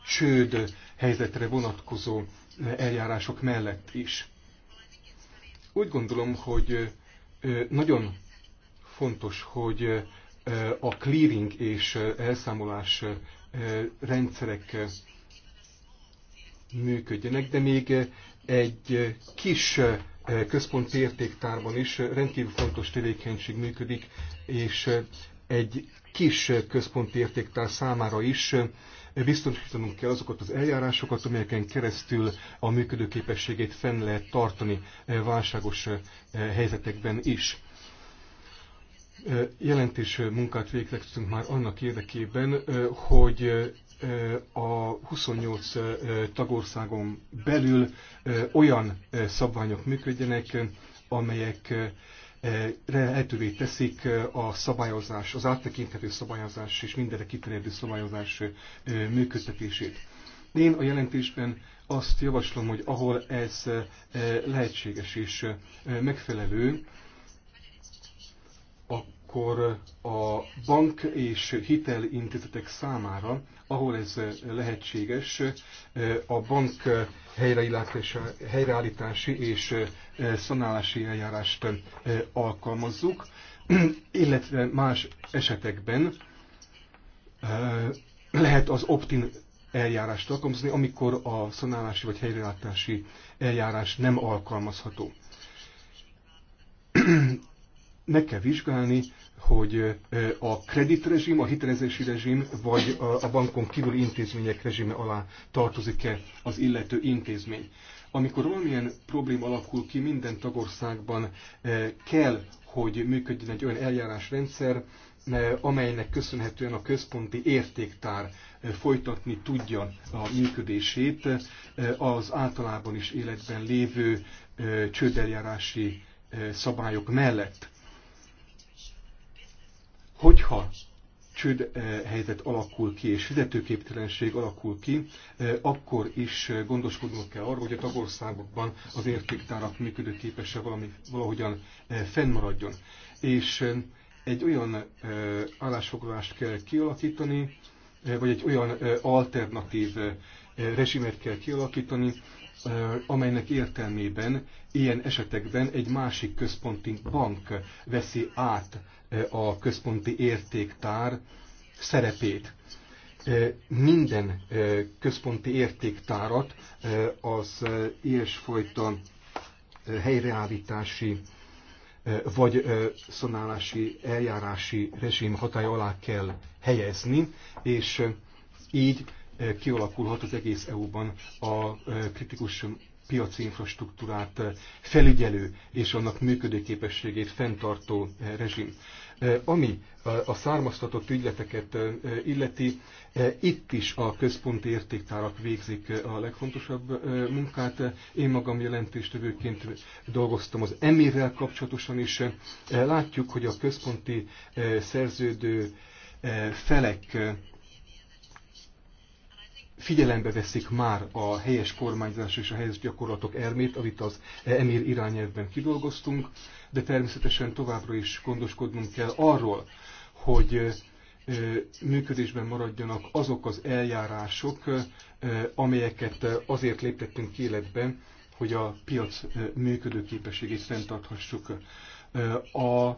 csőd helyzetre vonatkozó eljárások mellett is. Úgy gondolom, hogy nagyon fontos, hogy a clearing és elszámolás rendszerek működjenek, de még egy kis központi értéktárban is rendkívül fontos tevékenység működik, és egy kis központi értéktár számára is biztosítanunk kell azokat az eljárásokat, amelyeken keresztül a működőképességét fenn lehet tartani eh, válságos eh, helyzetekben is eh, jelentés munkát végeztünk már annak érdekében, hogy a 28 tagországon belül olyan szabványok működjenek, amelyek lehetővé teszik a szabályozás, az áttekinthető szabályozás és mindenre kiterjedő szabályozás működtetését. Én a jelentésben azt javaslom, hogy ahol ez lehetséges és megfelelő, akkor a bank és hitelintézetek számára, ahol ez lehetséges, a bank helyreállítási és szanálási eljárást alkalmazzuk, [clears throat] illetve más esetekben lehet az optin eljárást alkalmazni, amikor a szanálási vagy helyreállítási eljárás nem alkalmazható. [clears throat] Meg kell vizsgálni, hogy a kreditrezsim, a hitelezési rezsim, vagy a bankon kívüli intézmények rezsime alá tartozik-e az illető intézmény. Amikor valamilyen probléma alakul ki, minden tagországban kell, hogy működjön egy olyan eljárásrendszer, amelynek köszönhetően a központi értéktár folytatni tudja a működését az általában is életben lévő csődeljárási szabályok mellett. Hogyha csőd eh, helyzet alakul ki, és fizetőképtelenség alakul ki, eh, akkor is eh, gondoskodnunk kell arról, hogy a tagországokban az értéktárak működőképese valami, valahogyan fennmaradjon. És egy olyan állásfoglalást kell kialakítani, vagy egy olyan alternatív rezsimet kell kialakítani, amelynek értelmében ilyen esetekben egy másik központi bank veszi át a központi értéktár szerepét. Minden központi értéktárat az ilyesfajta helyreállítási vagy szonálási eljárási rezsim hatája alá kell helyezni, és így kialakulhat az egész EU-ban a kritikus piaci infrastruktúrát felügyelő és annak működőképességét fenntartó rezsim. Ami a származtatott ügyleteket illeti, itt is a központi értéktárak végzik a legfontosabb munkát. Én magam jelentéstevőként dolgoztam az emirrel kapcsolatosan is. Látjuk, hogy a központi szerződő felek figyelembe veszik már a helyes kormányzás és a helyes gyakorlatok elmét, amit az emír irányelvben kidolgoztunk, de természetesen továbbra is gondoskodnunk kell arról, hogy működésben maradjanak azok az eljárások, amelyeket azért léptettünk ki életben, hogy a piac működőképességét fenntarthassuk. A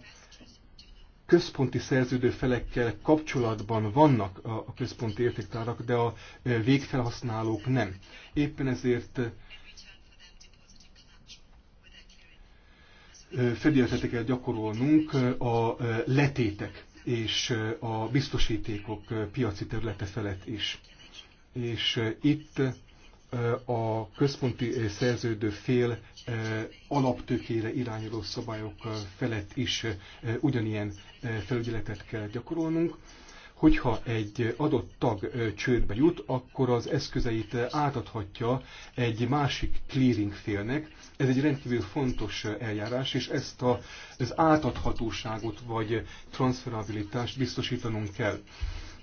központi szerződő felekkel kapcsolatban vannak a központi értéktárak, de a e, végfelhasználók nem. Éppen ezért e, felületetet kell gyakorolnunk e, a letétek és a biztosítékok piaci területe felett is. És itt a központi szerződő fél alaptökére irányuló szabályok felett is ugyanilyen felügyeletet kell gyakorolnunk. Hogyha egy adott tag csődbe jut, akkor az eszközeit átadhatja egy másik clearing félnek. Ez egy rendkívül fontos eljárás, és ezt az átadhatóságot vagy transferabilitást biztosítanunk kell.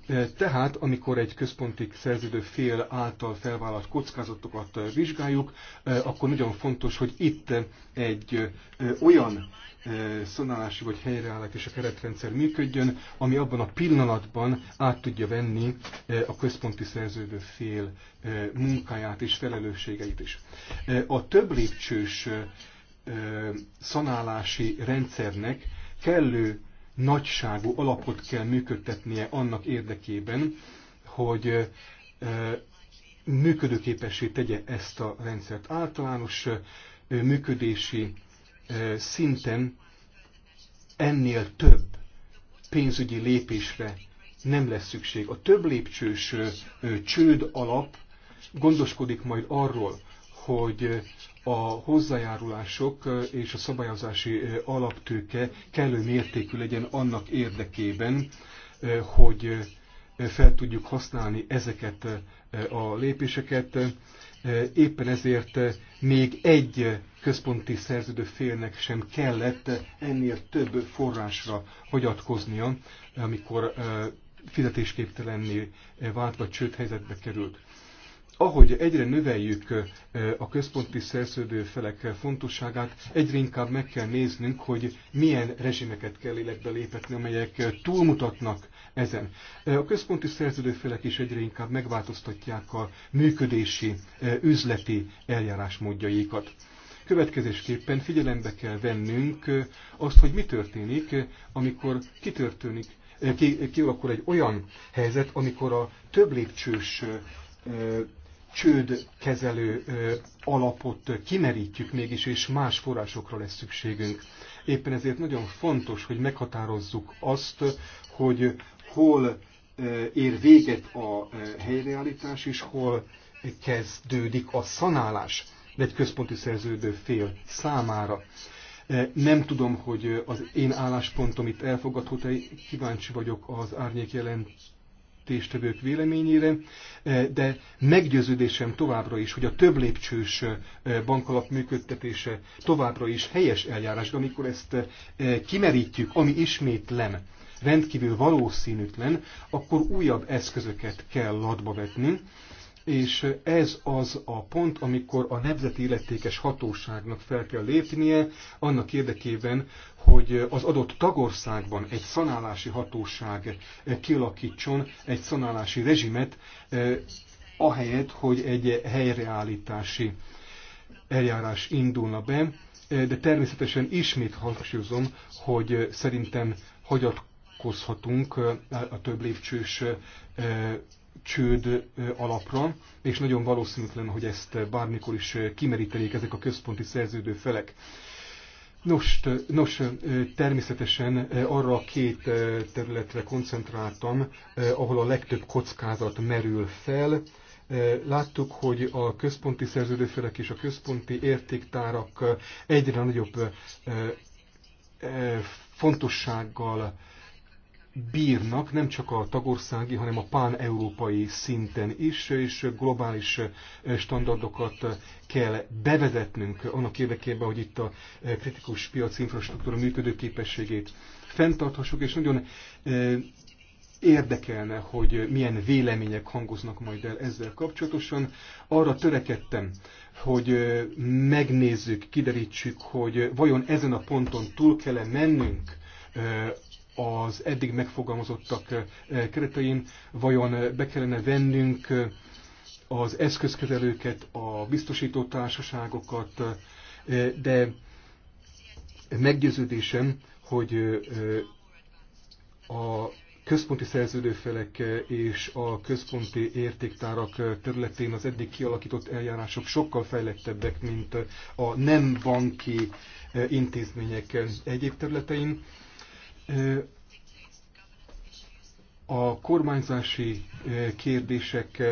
E, tehát, amikor egy központi szerződő fél által felvállalt kockázatokat e, vizsgáljuk, e, akkor nagyon fontos, hogy itt egy olyan szanálási vagy helyreállítási keretrendszer működjön, ami abban a pillanatban át tudja venni a központi szerződő fél munkáját és felelősségeit is. A több lépcsős szanálási rendszernek kellő nagyságú alapot kell működtetnie annak érdekében, hogy működőképessé tegye ezt a rendszert. Általános működési szinten ennél több pénzügyi lépésre nem lesz szükség. A több lépcsős csőd alap gondoskodik majd arról, hogy a hozzájárulások és a szabályozási alaptőke kellő mértékű legyen annak érdekében, hogy fel tudjuk használni ezeket a lépéseket. Éppen ezért még egy központi szerződő félnek sem kellett ennél több forrásra hagyatkoznia, amikor fizetésképtelenné vált vagy csőd helyzetbe került ahogy egyre növeljük a központi szerződő felek fontosságát, egyre inkább meg kell néznünk, hogy milyen rezsimeket kell életbe lépetni, amelyek túlmutatnak ezen. A központi szerződő felek is egyre inkább megváltoztatják a működési, üzleti eljárásmódjaikat. Következésképpen figyelembe kell vennünk azt, hogy mi történik, amikor kitörténik, kialakul ki egy olyan helyzet, amikor a több lépcsős csődkezelő alapot kimerítjük mégis, és más forrásokra lesz szükségünk. Éppen ezért nagyon fontos, hogy meghatározzuk azt, hogy hol ér véget a helyreállítás, és hol kezdődik a szanálás egy központi szerződő fél számára. Nem tudom, hogy az én álláspontom itt elfogadható, kíváncsi vagyok az árnyék jelent jelentéstevők véleményére, eh, de meggyőződésem továbbra is, hogy a több lépcsős eh, bankalap működtetése továbbra is helyes eljárás, de amikor ezt eh, kimerítjük, ami ismétlem, rendkívül valószínűtlen, akkor újabb eszközöket kell latba vetni, és ez az a pont, amikor a nemzeti illetékes hatóságnak fel kell lépnie, annak érdekében, hogy az adott tagországban egy szanálási hatóság kialakítson egy szanálási rezsimet, eh, ahelyett, hogy egy helyreállítási eljárás indulna be, eh, de természetesen ismét hangsúlyozom, hogy szerintem hagyatkozhatunk eh, a több lépcsős csőd alapra, és nagyon valószínűtlen, hogy ezt bármikor is kimerítenék ezek a központi szerződő felek. Nos, nos, természetesen arra a két területre koncentráltam, ahol a legtöbb kockázat merül fel. Láttuk, hogy a központi szerződőfelek és a központi értéktárak egyre nagyobb fontossággal bírnak nem csak a tagországi, hanem a pán-európai szinten is, és globális eh, standardokat eh, kell bevezetnünk annak érdekében, hogy itt a eh, kritikus piaci infrastruktúra működőképességét fenntarthassuk, és nagyon érdekelne, hogy milyen vélemények hangoznak majd el ezzel kapcsolatosan. Arra törekedtem, hogy megnézzük, kiderítsük, hogy vajon ezen a ponton túl kell-e mennünk az eddig megfogalmazottak eh, keretein, vajon eh, be kellene vennünk eh, az eszközkezelőket, a biztosító társaságokat, de meggyőződésem, hogy a központi szerződőfelek és a központi értéktárak területén az eddig kialakított eljárások sokkal fejlettebbek, mint a nem banki intézmények egyéb területein a kormányzási kérdések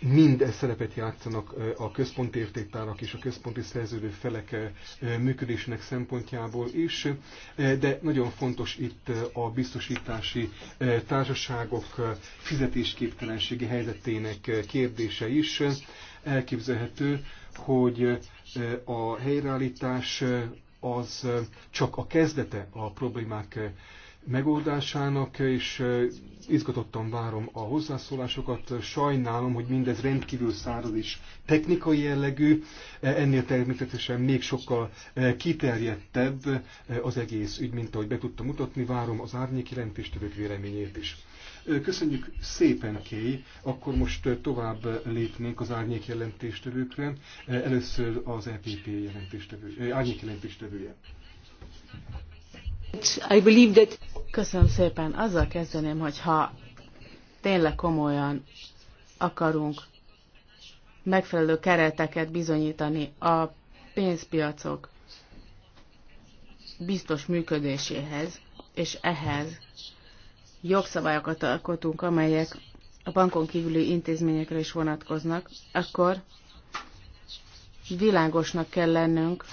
mind e szerepet játszanak a központi értéktárak és a központi szerződő felek működésnek szempontjából is, de nagyon fontos itt a biztosítási társaságok fizetésképtelenségi helyzetének kérdése is. Elképzelhető, hogy a helyreállítás az csak a kezdete a problémák megoldásának, és izgatottan várom a hozzászólásokat. Sajnálom, hogy mindez rendkívül száraz és technikai jellegű, e, ennél természetesen még sokkal e, kiterjedtebb e, az egész ügy, mint ahogy be tudtam mutatni. Várom az árnyék jelentéstevők véleményét is. Köszönjük szépen, Kéj. Akkor most tovább lépnénk az árnyék jelentéstevőkre. Először az EPP jelentéstevő, árnyék jelentéstevője. I believe that... Köszönöm szépen. Azzal kezdeném, hogy ha tényleg komolyan akarunk megfelelő kereteket bizonyítani a pénzpiacok biztos működéséhez, és ehhez jogszabályokat alkotunk, amelyek a bankon kívüli intézményekre is vonatkoznak, akkor világosnak kell lennünk,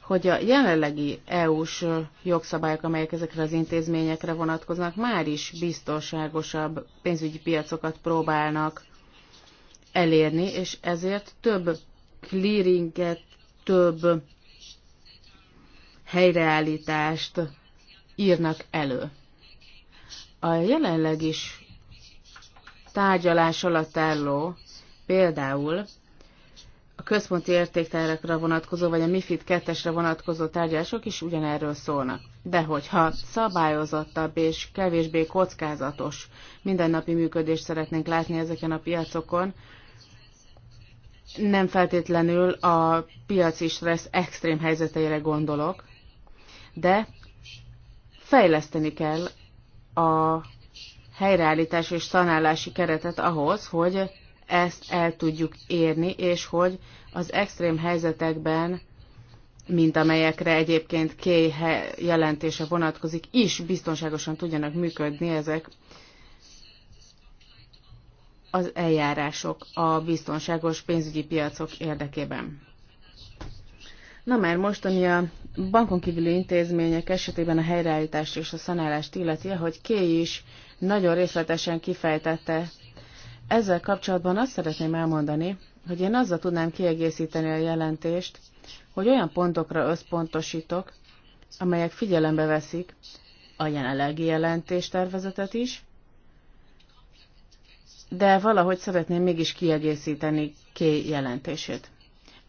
hogy a jelenlegi EU-s jogszabályok, amelyek ezekre az intézményekre vonatkoznak, már is biztonságosabb pénzügyi piacokat próbálnak elérni, és ezért több clearinget, több helyreállítást írnak elő. A jelenleg is tárgyalás alatt álló, például a központi értéktárakra vonatkozó, vagy a MIFID 2-esre vonatkozó tárgyalások is ugyanerről szólnak. De hogyha szabályozottabb és kevésbé kockázatos mindennapi működést szeretnénk látni ezeken a piacokon, nem feltétlenül a piaci stressz extrém helyzeteire gondolok, de fejleszteni kell a helyreállítás és szanálási keretet ahhoz, hogy ezt el tudjuk érni, és hogy az extrém helyzetekben, mint amelyekre egyébként K jelentése vonatkozik, is biztonságosan tudjanak működni ezek az eljárások a biztonságos pénzügyi piacok érdekében. Na már most, ami a bankon kívüli intézmények esetében a helyreállítást és a szanálást illeti, hogy Ké is nagyon részletesen kifejtette. Ezzel kapcsolatban azt szeretném elmondani, hogy én azzal tudnám kiegészíteni a jelentést, hogy olyan pontokra összpontosítok, amelyek figyelembe veszik a jelenlegi jelentéstervezetet is, de valahogy szeretném mégis kiegészíteni K jelentését.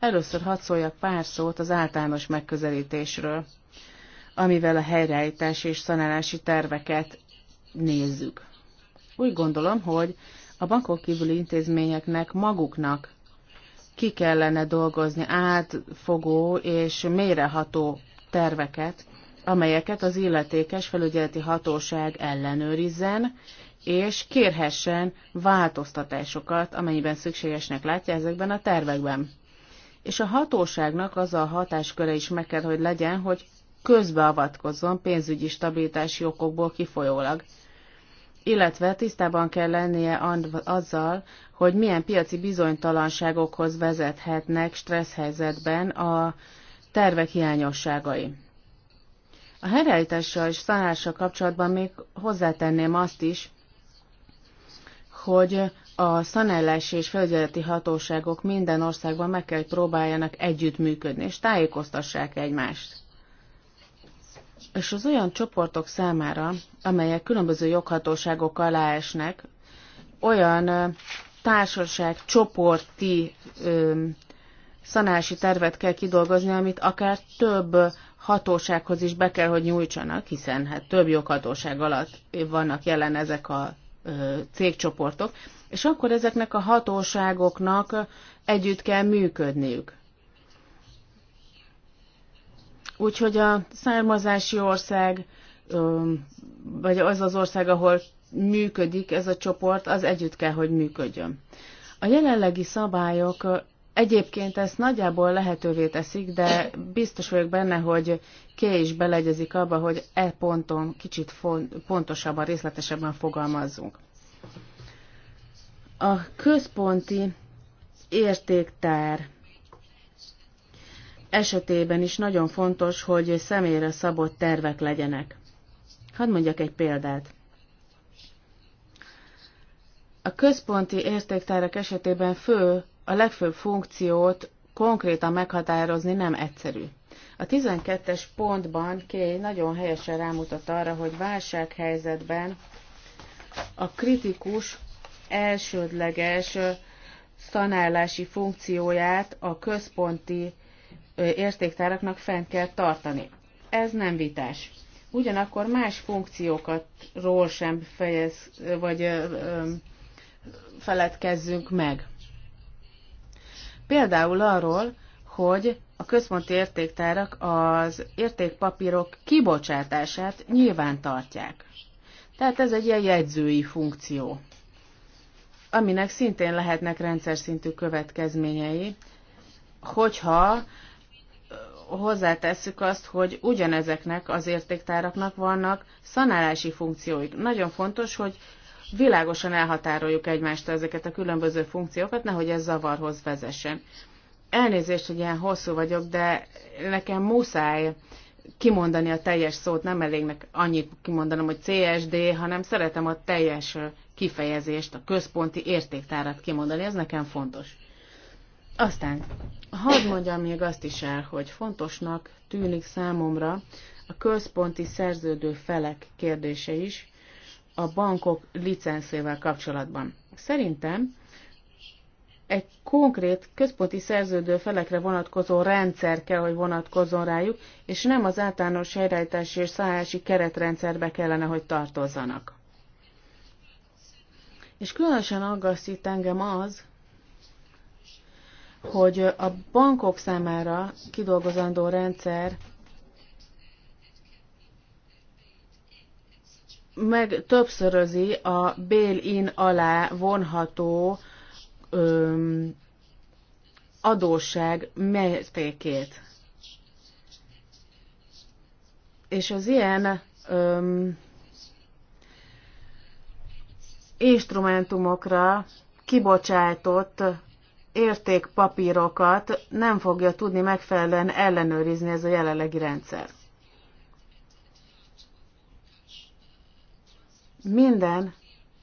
Először hadd szóljak pár szót az általános megközelítésről, amivel a helyreállítási és szanálási terveket nézzük. Úgy gondolom, hogy a bankok kívüli intézményeknek maguknak ki kellene dolgozni átfogó és mélyreható terveket, amelyeket az illetékes felügyeleti hatóság ellenőrizzen, és kérhessen változtatásokat, amennyiben szükségesnek látja ezekben a tervekben és a hatóságnak az a hatásköre is meg kell, hogy legyen, hogy közbeavatkozzon pénzügyi stabilitási okokból kifolyólag. Illetve tisztában kell lennie azzal, hogy milyen piaci bizonytalanságokhoz vezethetnek stresszhelyzetben a tervek hiányosságai. A helyreállítással és tanással kapcsolatban még hozzátenném azt is, hogy a szanellás és felügyeleti hatóságok minden országban meg kell, hogy próbáljanak együttműködni, és tájékoztassák egymást. És az olyan csoportok számára, amelyek különböző joghatóságok alá esnek, olyan társaság csoporti ö, szanási tervet kell kidolgozni, amit akár több hatósághoz is be kell, hogy nyújtsanak, hiszen hát több joghatóság alatt vannak jelen ezek a cégcsoportok, és akkor ezeknek a hatóságoknak együtt kell működniük. Úgyhogy a származási ország, vagy az az ország, ahol működik ez a csoport, az együtt kell, hogy működjön. A jelenlegi szabályok egyébként ezt nagyjából lehetővé teszik, de biztos vagyok benne, hogy Ké is belegyezik abba, hogy e ponton kicsit pontosabban, részletesebben fogalmazzunk. A központi értéktár esetében is nagyon fontos, hogy személyre szabott tervek legyenek. Hadd mondjak egy példát. A központi értéktárak esetében fő, a legfőbb funkciót konkrétan meghatározni nem egyszerű. A 12-es pontban Kéj nagyon helyesen rámutat arra, hogy válsághelyzetben a kritikus elsődleges szanálási funkcióját a központi értéktáraknak fent kell tartani. Ez nem vitás. Ugyanakkor más funkciókatról sem fejez, vagy ö, ö, feledkezzünk meg. Például arról, hogy a központi értéktárak az értékpapírok kibocsátását nyilván tartják. Tehát ez egy ilyen jegyzői funkció aminek szintén lehetnek rendszer szintű következményei, hogyha hozzátesszük azt, hogy ugyanezeknek az értéktáraknak vannak szanálási funkcióik. Nagyon fontos, hogy világosan elhatároljuk egymástól ezeket a különböző funkciókat, nehogy ez zavarhoz vezessen. Elnézést, hogy ilyen hosszú vagyok, de nekem muszáj kimondani a teljes szót, nem elégnek annyit kimondanom, hogy CSD, hanem szeretem a teljes kifejezést, a központi értéktárat kimondani, ez nekem fontos. Aztán, hadd mondjam még azt is el, hogy fontosnak tűnik számomra a központi szerződő felek kérdése is a bankok licenszével kapcsolatban. Szerintem egy konkrét központi szerződő felekre vonatkozó rendszer kell, hogy vonatkozzon rájuk, és nem az általános helyreállítási és szállási keretrendszerbe kellene, hogy tartozzanak. És különösen aggasztít engem az, hogy a bankok számára kidolgozandó rendszer meg többszörözi a bail-in alá vonható öm, adósság mértékét. És az ilyen öm, instrumentumokra kibocsátott értékpapírokat nem fogja tudni megfelelően ellenőrizni ez a jelenlegi rendszer. Minden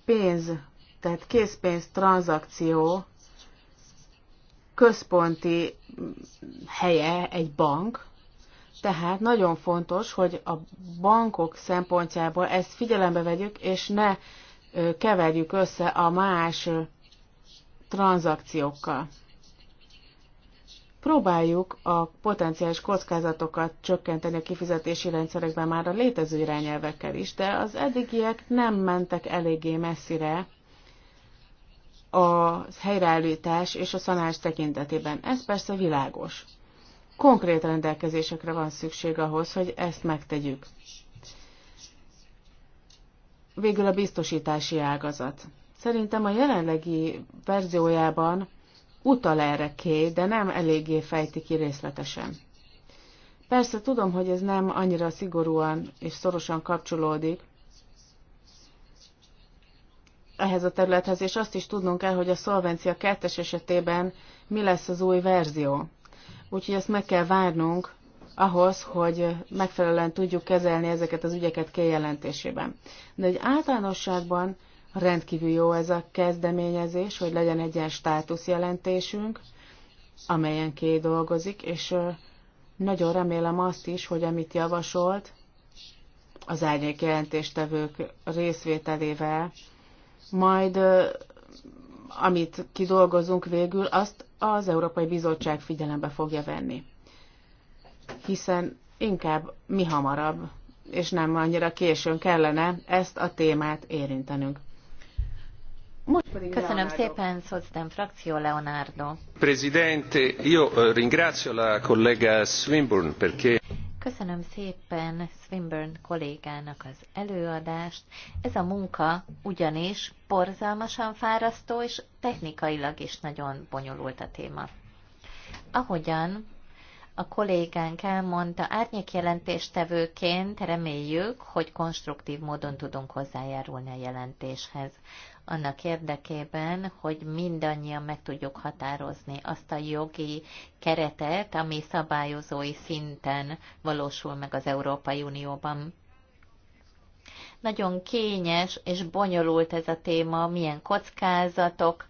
pénz tehát készpénz tranzakció központi helye egy bank, tehát nagyon fontos, hogy a bankok szempontjából ezt figyelembe vegyük, és ne keverjük össze a más tranzakciókkal. Próbáljuk a potenciális kockázatokat csökkenteni a kifizetési rendszerekben már a létező irányelvekkel is, de az eddigiek nem mentek eléggé messzire a helyreállítás és a szanás tekintetében. Ez persze világos. Konkrét rendelkezésekre van szükség ahhoz, hogy ezt megtegyük. Végül a biztosítási ágazat. Szerintem a jelenlegi verziójában utal erre ké, de nem eléggé fejti ki részletesen. Persze tudom, hogy ez nem annyira szigorúan és szorosan kapcsolódik ehhez a területhez, és azt is tudnunk kell, hogy a szolvencia kettes esetében mi lesz az új verzió. Úgyhogy ezt meg kell várnunk ahhoz, hogy megfelelően tudjuk kezelni ezeket az ügyeket kijelentésében. De egy általánosságban rendkívül jó ez a kezdeményezés, hogy legyen egy ilyen státuszjelentésünk, amelyen ké dolgozik, és nagyon remélem azt is, hogy amit javasolt, az árnyék jelentéstevők részvételével majd amit kidolgozunk végül, azt az Európai Bizottság figyelembe fogja venni. Hiszen inkább mi hamarabb, és nem annyira későn kellene ezt a témát érintenünk. Most pedig Köszönöm Leonardo. szépen, Szocdem frakció Leonardo. Presidente, io ringrazio la collega Swinburne perché... Köszönöm szépen Swinburne kollégának az előadást. Ez a munka ugyanis borzalmasan fárasztó, és technikailag is nagyon bonyolult a téma. Ahogyan a kollégánk elmondta, árnyékjelentéstevőként reméljük, hogy konstruktív módon tudunk hozzájárulni a jelentéshez annak érdekében, hogy mindannyian meg tudjuk határozni azt a jogi keretet, ami szabályozói szinten valósul meg az Európai Unióban. Nagyon kényes és bonyolult ez a téma, milyen kockázatok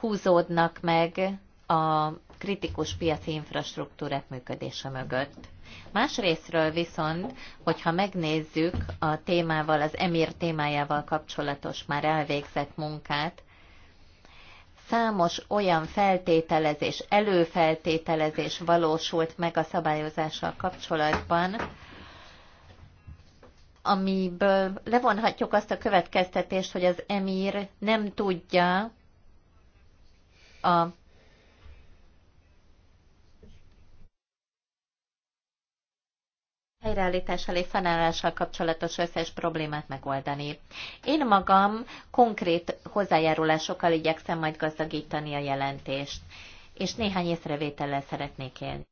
húzódnak meg a kritikus piaci infrastruktúrák működése mögött. Másrésztről viszont, hogyha megnézzük a témával, az emír témájával kapcsolatos már elvégzett munkát, számos olyan feltételezés, előfeltételezés valósult meg a szabályozással kapcsolatban, amiből levonhatjuk azt a következtetést, hogy az emír nem tudja a helyreállítással és fennállással kapcsolatos összes problémát megoldani. Én magam konkrét hozzájárulásokkal igyekszem majd gazdagítani a jelentést, és néhány észrevétellel szeretnék élni.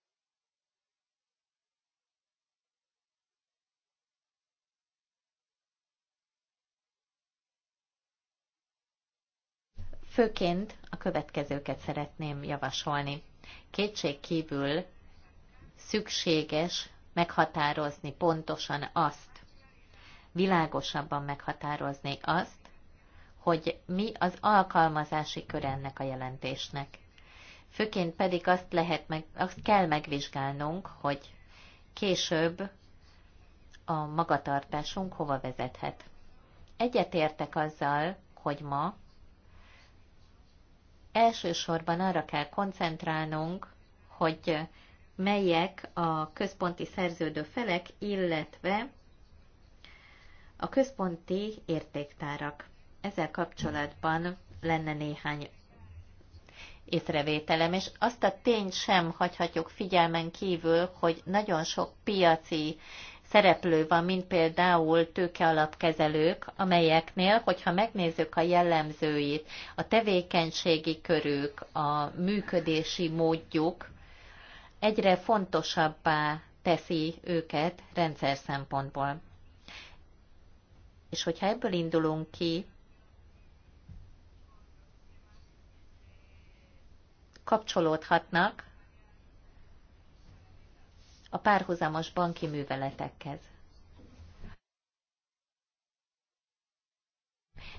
Főként a következőket szeretném javasolni. Kétség kívül szükséges meghatározni pontosan azt, világosabban meghatározni azt, hogy mi az alkalmazási kör ennek a jelentésnek. Főként pedig azt, lehet meg, azt kell megvizsgálnunk, hogy később a magatartásunk hova vezethet. Egyetértek azzal, hogy ma elsősorban arra kell koncentrálnunk, hogy melyek a központi szerződő felek, illetve a központi értéktárak. Ezzel kapcsolatban lenne néhány észrevételem, és azt a tényt sem hagyhatjuk figyelmen kívül, hogy nagyon sok piaci szereplő van, mint például tőkealapkezelők, amelyeknél, hogyha megnézzük a jellemzőit, a tevékenységi körük, a működési módjuk, egyre fontosabbá teszi őket rendszer szempontból. És hogyha ebből indulunk ki, kapcsolódhatnak a párhuzamos banki műveletekhez.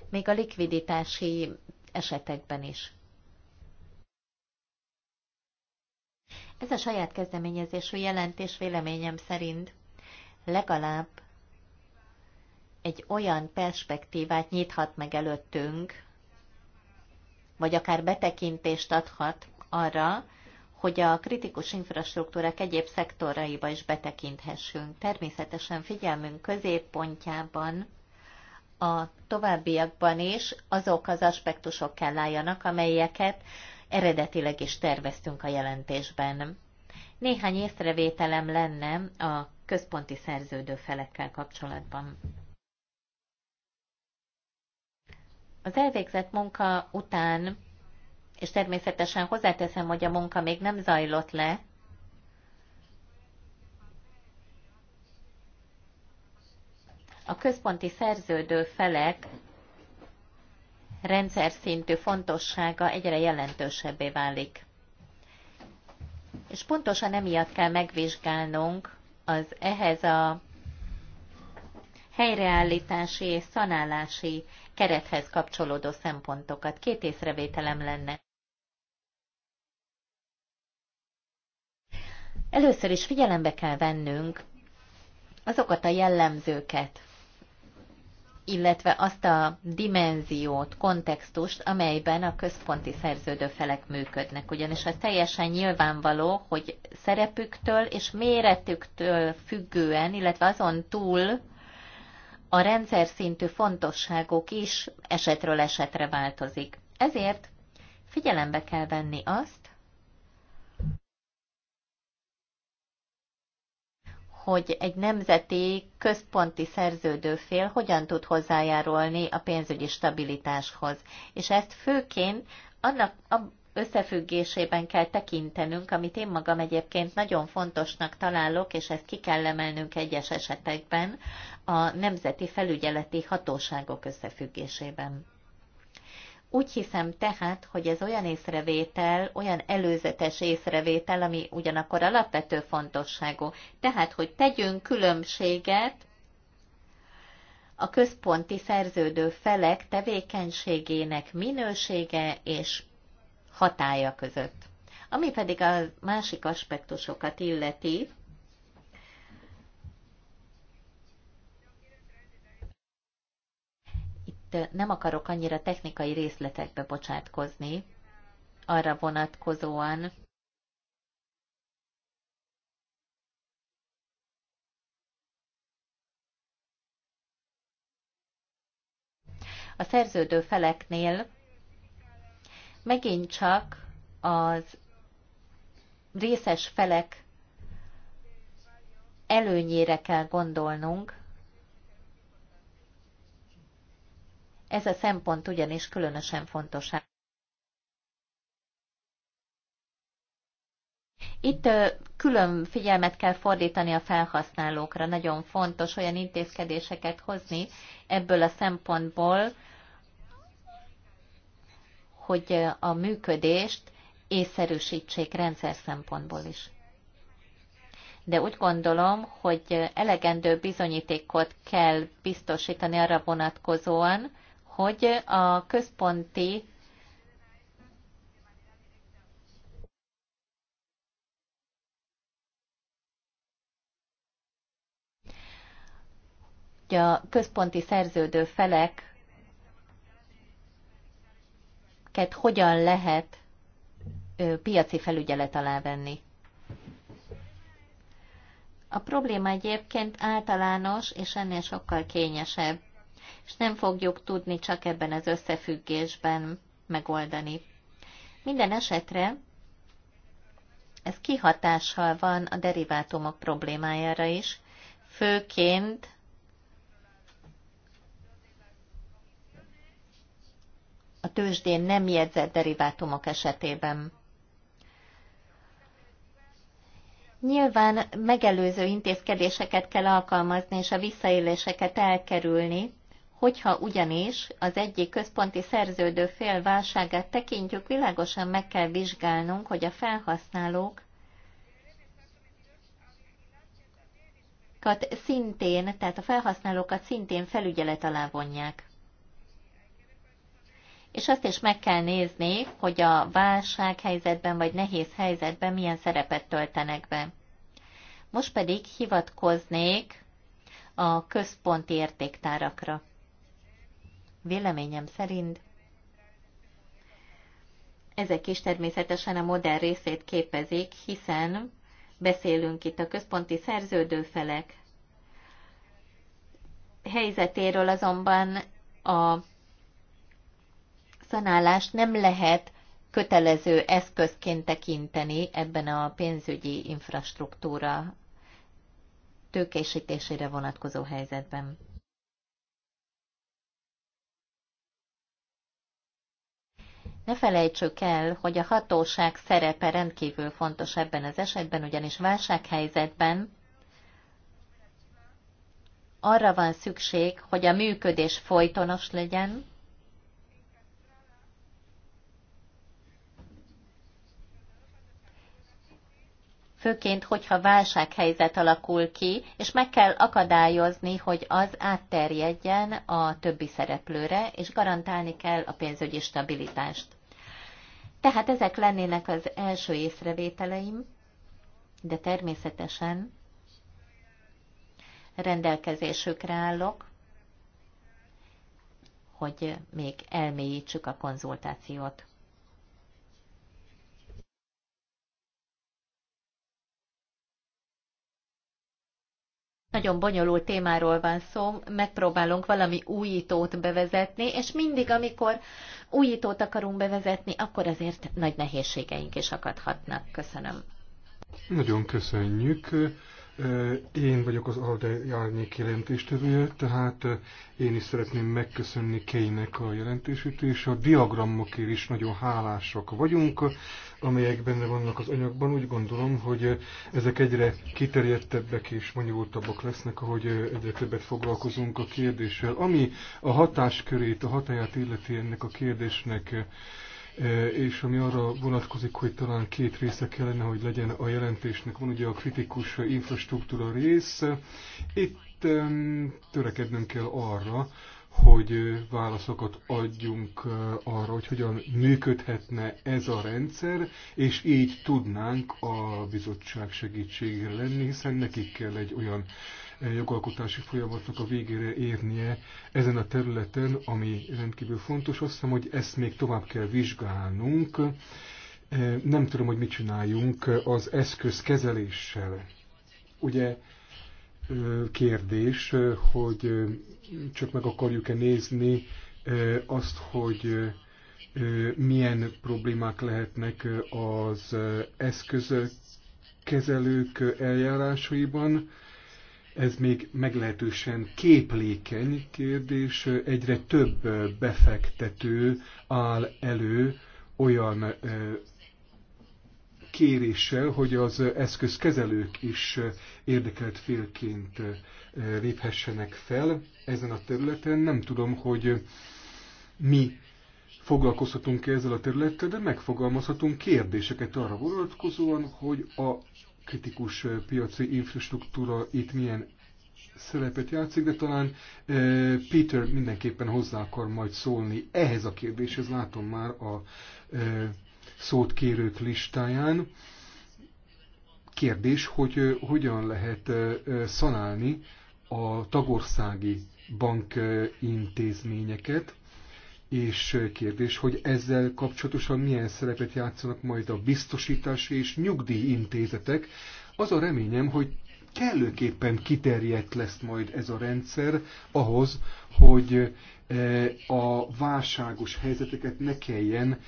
Még a likviditási esetekben is. Ez a saját kezdeményezésű jelentés véleményem szerint legalább egy olyan perspektívát nyithat meg előttünk, vagy akár betekintést adhat arra, hogy a kritikus infrastruktúrák egyéb szektoraiba is betekinthessünk. Természetesen figyelmünk középpontjában a továbbiakban is azok az aspektusok kell álljanak, amelyeket eredetileg is terveztünk a jelentésben. Néhány észrevételem lenne a központi szerződő felekkel kapcsolatban. Az elvégzett munka után, és természetesen hozzáteszem, hogy a munka még nem zajlott le, a központi szerződő felek rendszer szintű fontossága egyre jelentősebbé válik. És pontosan emiatt kell megvizsgálnunk az ehhez a helyreállítási és szanálási kerethez kapcsolódó szempontokat. Két észrevételem lenne. Először is figyelembe kell vennünk azokat a jellemzőket, illetve azt a dimenziót, kontextust, amelyben a központi szerződő felek működnek. Ugyanis az teljesen nyilvánvaló, hogy szerepüktől és méretüktől függően, illetve azon túl a rendszer szintű fontosságok is esetről esetre változik. Ezért figyelembe kell venni azt, hogy egy nemzeti központi szerződő fél hogyan tud hozzájárulni a pénzügyi stabilitáshoz. És ezt főként annak összefüggésében kell tekintenünk, amit én magam egyébként nagyon fontosnak találok, és ezt ki kell emelnünk egyes esetekben a nemzeti felügyeleti hatóságok összefüggésében. Úgy hiszem tehát, hogy ez olyan észrevétel, olyan előzetes észrevétel, ami ugyanakkor alapvető fontosságú. Tehát, hogy tegyünk különbséget a központi szerződő felek tevékenységének minősége és hatája között. Ami pedig a másik aspektusokat illeti, de nem akarok annyira technikai részletekbe bocsátkozni arra vonatkozóan, a szerződő feleknél megint csak az részes felek előnyére kell gondolnunk, Ez a szempont ugyanis különösen fontos. Itt külön figyelmet kell fordítani a felhasználókra. Nagyon fontos olyan intézkedéseket hozni ebből a szempontból, hogy a működést észszerűsítsék rendszer szempontból is. De úgy gondolom, hogy elegendő bizonyítékot kell biztosítani arra vonatkozóan, hogy a központi hogy a központi szerződő feleket hogyan lehet piaci felügyelet alá venni. A probléma egyébként általános, és ennél sokkal kényesebb és nem fogjuk tudni csak ebben az összefüggésben megoldani. Minden esetre ez kihatással van a derivátumok problémájára is, főként a tőzsdén nem jegyzett derivátumok esetében. Nyilván megelőző intézkedéseket kell alkalmazni és a visszaéléseket elkerülni, Hogyha ugyanis az egyik központi szerződő fél válságát tekintjük, világosan meg kell vizsgálnunk, hogy a felhasználók szintén, tehát a felhasználókat szintén felügyelet alá vonják. És azt is meg kell nézni, hogy a válsághelyzetben vagy nehéz helyzetben milyen szerepet töltenek be. Most pedig hivatkoznék a központi értéktárakra. Véleményem szerint ezek is természetesen a modell részét képezik, hiszen beszélünk itt a központi szerződőfelek helyzetéről azonban a szanálást nem lehet kötelező eszközként tekinteni ebben a pénzügyi infrastruktúra tőkésítésére vonatkozó helyzetben. Ne felejtsük el, hogy a hatóság szerepe rendkívül fontos ebben az esetben, ugyanis válsághelyzetben arra van szükség, hogy a működés folytonos legyen, főként, hogyha válsághelyzet alakul ki, és meg kell akadályozni, hogy az átterjedjen a többi szereplőre, és garantálni kell a pénzügyi stabilitást. Tehát ezek lennének az első észrevételeim, de természetesen rendelkezésükre állok, hogy még elmélyítsük a konzultációt. nagyon bonyolult témáról van szó, megpróbálunk valami újítót bevezetni, és mindig, amikor újítót akarunk bevezetni, akkor azért nagy nehézségeink is akadhatnak. Köszönöm. Nagyon köszönjük. Én vagyok az ALDE árnyék jelentéstevője, tehát én is szeretném megköszönni Keinek a jelentését, és a diagramokért is nagyon hálásak vagyunk, amelyek benne vannak az anyagban. Úgy gondolom, hogy ezek egyre kiterjedtebbek és bonyolultabbak lesznek, ahogy egyre többet foglalkozunk a kérdéssel. Ami a hatáskörét, a hatáját illeti ennek a kérdésnek, E, és ami arra vonatkozik, hogy talán két része kellene, hogy legyen a jelentésnek. Van ugye a kritikus infrastruktúra rész. Itt törekednünk kell arra, hogy válaszokat adjunk e, arra, hogy hogyan működhetne ez a rendszer, és így tudnánk a bizottság segítségére lenni, hiszen nekik kell egy olyan jogalkotási folyamatnak a végére érnie ezen a területen, ami rendkívül fontos. Azt hiszem, hogy ezt még tovább kell vizsgálnunk. E, nem tudom, hogy mit csináljunk az eszközkezeléssel. Ugye e, kérdés, e, hogy csak meg akarjuk-e nézni azt, hogy milyen problémák lehetnek az eszközök kezelők eljárásaiban, ez még meglehetősen képlékeny kérdés, egyre több befektető áll elő olyan kéréssel, hogy az eszközkezelők is érdekelt félként léphessenek fel ezen a területen. Nem tudom, hogy mi foglalkozhatunk -e ezzel a területtel, de megfogalmazhatunk kérdéseket arra vonatkozóan, hogy a kritikus piaci infrastruktúra itt milyen szerepet játszik, de talán Peter mindenképpen hozzá akar majd szólni ehhez a kérdéshez, látom már a szót kérők listáján. Kérdés, hogy hogyan lehet szanálni a tagországi bankintézményeket, és kérdés, hogy ezzel kapcsolatosan milyen szerepet játszanak majd a biztosítási és nyugdíjintézetek. Az a reményem, hogy kellőképpen kiterjedt lesz majd ez a rendszer ahhoz, hogy a válságos helyzeteket ne kelljen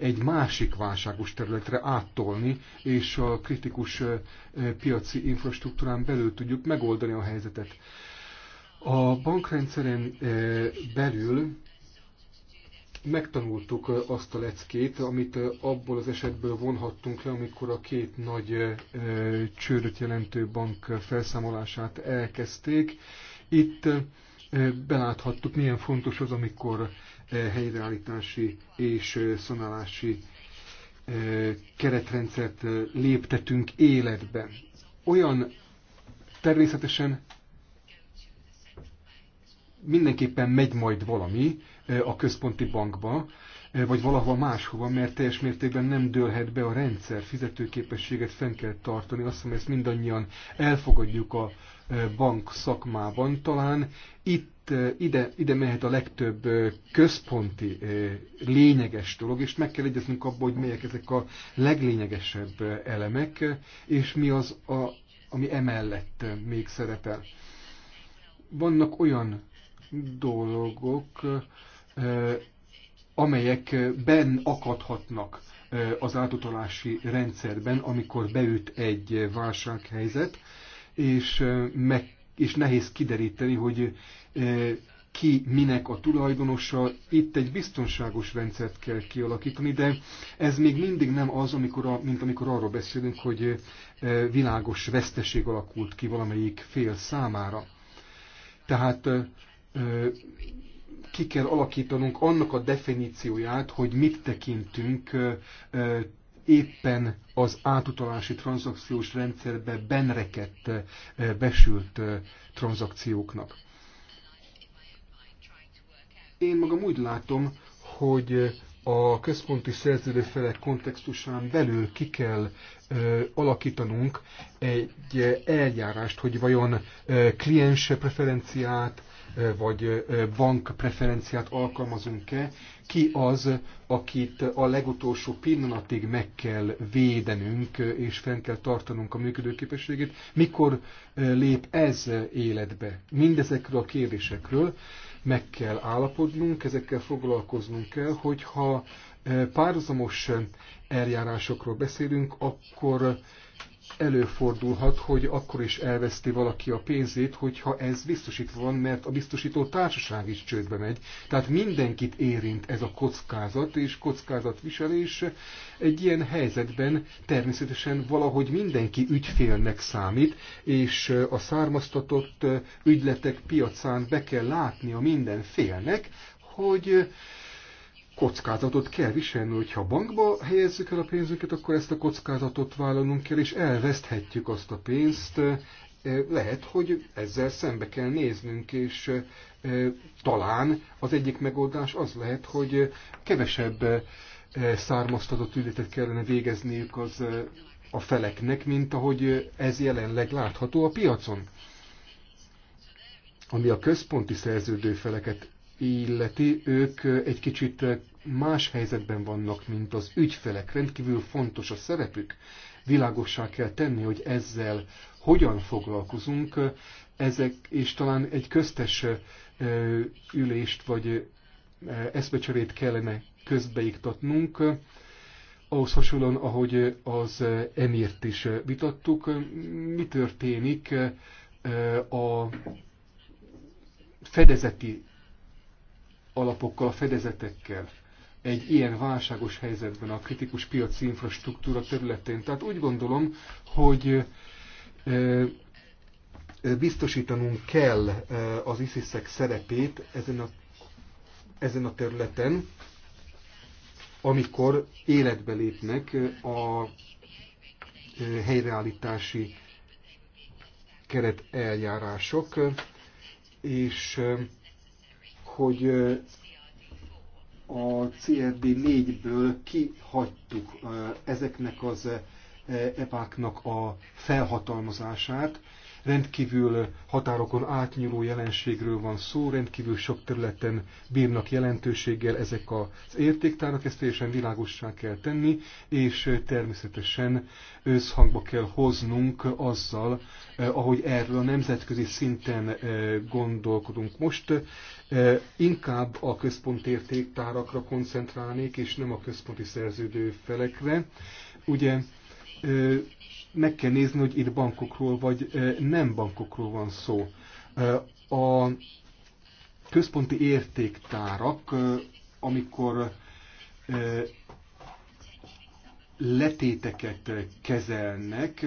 egy másik válságos területre áttolni, és a kritikus piaci infrastruktúrán belül tudjuk megoldani a helyzetet. A bankrendszeren belül megtanultuk azt a leckét, amit abból az esetből vonhattunk le, amikor a két nagy csődöt jelentő bank felszámolását elkezdték. Itt beláthattuk, milyen fontos az, amikor helyreállítási és szanálási keretrendszert léptetünk életbe. Olyan természetesen mindenképpen megy majd valami, a központi bankba, vagy valahova máshova, mert teljes mértékben nem dőlhet be a rendszer, fizetőképességet fenn kell tartani. Azt hiszem, ezt mindannyian elfogadjuk a bank szakmában. Talán itt ide, ide mehet a legtöbb központi lényeges dolog, és meg kell egyeznünk abba, hogy melyek ezek a leglényegesebb elemek, és mi az, a, ami emellett még szerepel. Vannak olyan dolgok, amelyek ben akadhatnak az átutalási rendszerben, amikor beüt egy válsághelyzet, és, meg, és nehéz kideríteni, hogy ki minek a tulajdonosa. Itt egy biztonságos rendszert kell kialakítani, de ez még mindig nem az, amikor a, mint amikor arról beszélünk, hogy világos veszteség alakult ki valamelyik fél számára. Tehát ki kell alakítanunk annak a definícióját, hogy mit tekintünk éppen az átutalási tranzakciós rendszerbe benrekedt, besült tranzakcióknak. Én magam úgy látom, hogy a központi szerződőfelek kontextusán belül ki kell ö, alakítanunk egy eljárást, hogy vajon ö, kliense preferenciát, vagy bankpreferenciát alkalmazunk-e, ki az, akit a legutolsó pillanatig meg kell védenünk, és fenn kell tartanunk a működőképességét, mikor lép ez életbe. Mindezekről a kérdésekről meg kell állapodnunk, ezekkel foglalkoznunk kell, hogyha párhuzamos eljárásokról beszélünk, akkor előfordulhat, hogy akkor is elveszti valaki a pénzét, hogyha ez biztosítva van, mert a biztosító társaság is csődbe megy. Tehát mindenkit érint ez a kockázat, és kockázatviselés egy ilyen helyzetben természetesen valahogy mindenki ügyfélnek számít, és a származtatott ügyletek piacán be kell látnia minden félnek, hogy kockázatot kell viselni, hogyha a bankba helyezzük el a pénzünket, akkor ezt a kockázatot vállalnunk kell, és elveszthetjük azt a pénzt. E, lehet, hogy ezzel szembe kell néznünk, és e, talán az egyik megoldás az lehet, hogy kevesebb e, származtatott ügyletet kellene végezniük az a feleknek, mint ahogy ez jelenleg látható a piacon. Ami a központi szerződő feleket illeti, ők egy kicsit más helyzetben vannak, mint az ügyfelek. Rendkívül fontos a szerepük. Világossá kell tenni, hogy ezzel hogyan foglalkozunk, ezek, és talán egy köztes ülést vagy eszbecserét kellene közbeiktatnunk, ahhoz hasonlóan, ahogy az emírt is vitattuk, mi történik a fedezeti alapokkal, a fedezetekkel egy ilyen válságos helyzetben a kritikus piaci infrastruktúra területén. Tehát úgy gondolom, hogy biztosítanunk kell az isis szerepét ezen a, ezen a területen, amikor életbe lépnek a helyreállítási kereteljárások, és hogy a CRD 4-ből kihagytuk ezeknek az epáknak a felhatalmazását, Rendkívül határokon átnyúló jelenségről van szó, rendkívül sok területen bírnak jelentőséggel ezek az értéktárak, ezt teljesen világossá kell tenni, és természetesen összhangba kell hoznunk azzal, eh, ahogy erről a nemzetközi szinten eh, gondolkodunk. Most eh, inkább a központi értéktárakra koncentrálnék, és nem a központi szerződő felekre. Ugye meg kell nézni, hogy itt bankokról vagy nem bankokról van szó. A központi értéktárak, amikor letéteket kezelnek,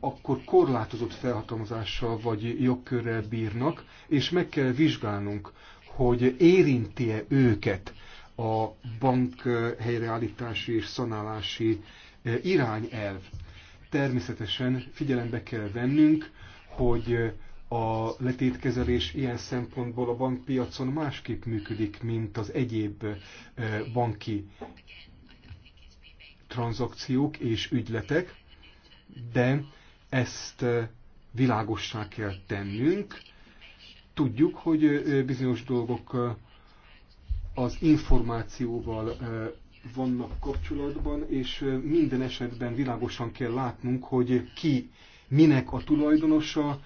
akkor korlátozott felhatalmazással vagy jogkörrel bírnak, és meg kell vizsgálnunk, hogy érinti-e őket a bank helyreállítási és szanálási irányelv természetesen figyelembe kell vennünk, hogy a letétkezelés ilyen szempontból a bankpiacon másképp működik, mint az egyéb eh, banki tranzakciók és ügyletek, de ezt eh, világossá kell tennünk. Tudjuk, hogy eh, bizonyos dolgok az információval vannak kapcsolatban, és minden esetben világosan kell látnunk, hogy ki minek a tulajdonosa,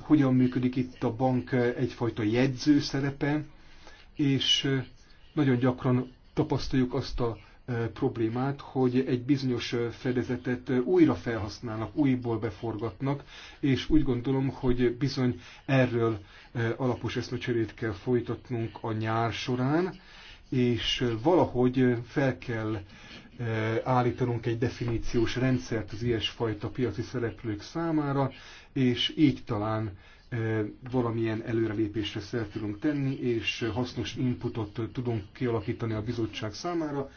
hogyan működik itt a bank egyfajta jegyző szerepe, és nagyon gyakran tapasztaljuk azt a problémát, hogy egy bizonyos fedezetet újra felhasználnak, újból beforgatnak, és úgy gondolom, hogy bizony erről alapos eszmecserét kell folytatnunk a nyár során, és valahogy fel kell eh, állítanunk egy definíciós rendszert az ilyesfajta piaci szereplők számára, és így talán eh, valamilyen előrelépésre szert tudunk tenni, és hasznos inputot tudunk kialakítani a bizottság számára.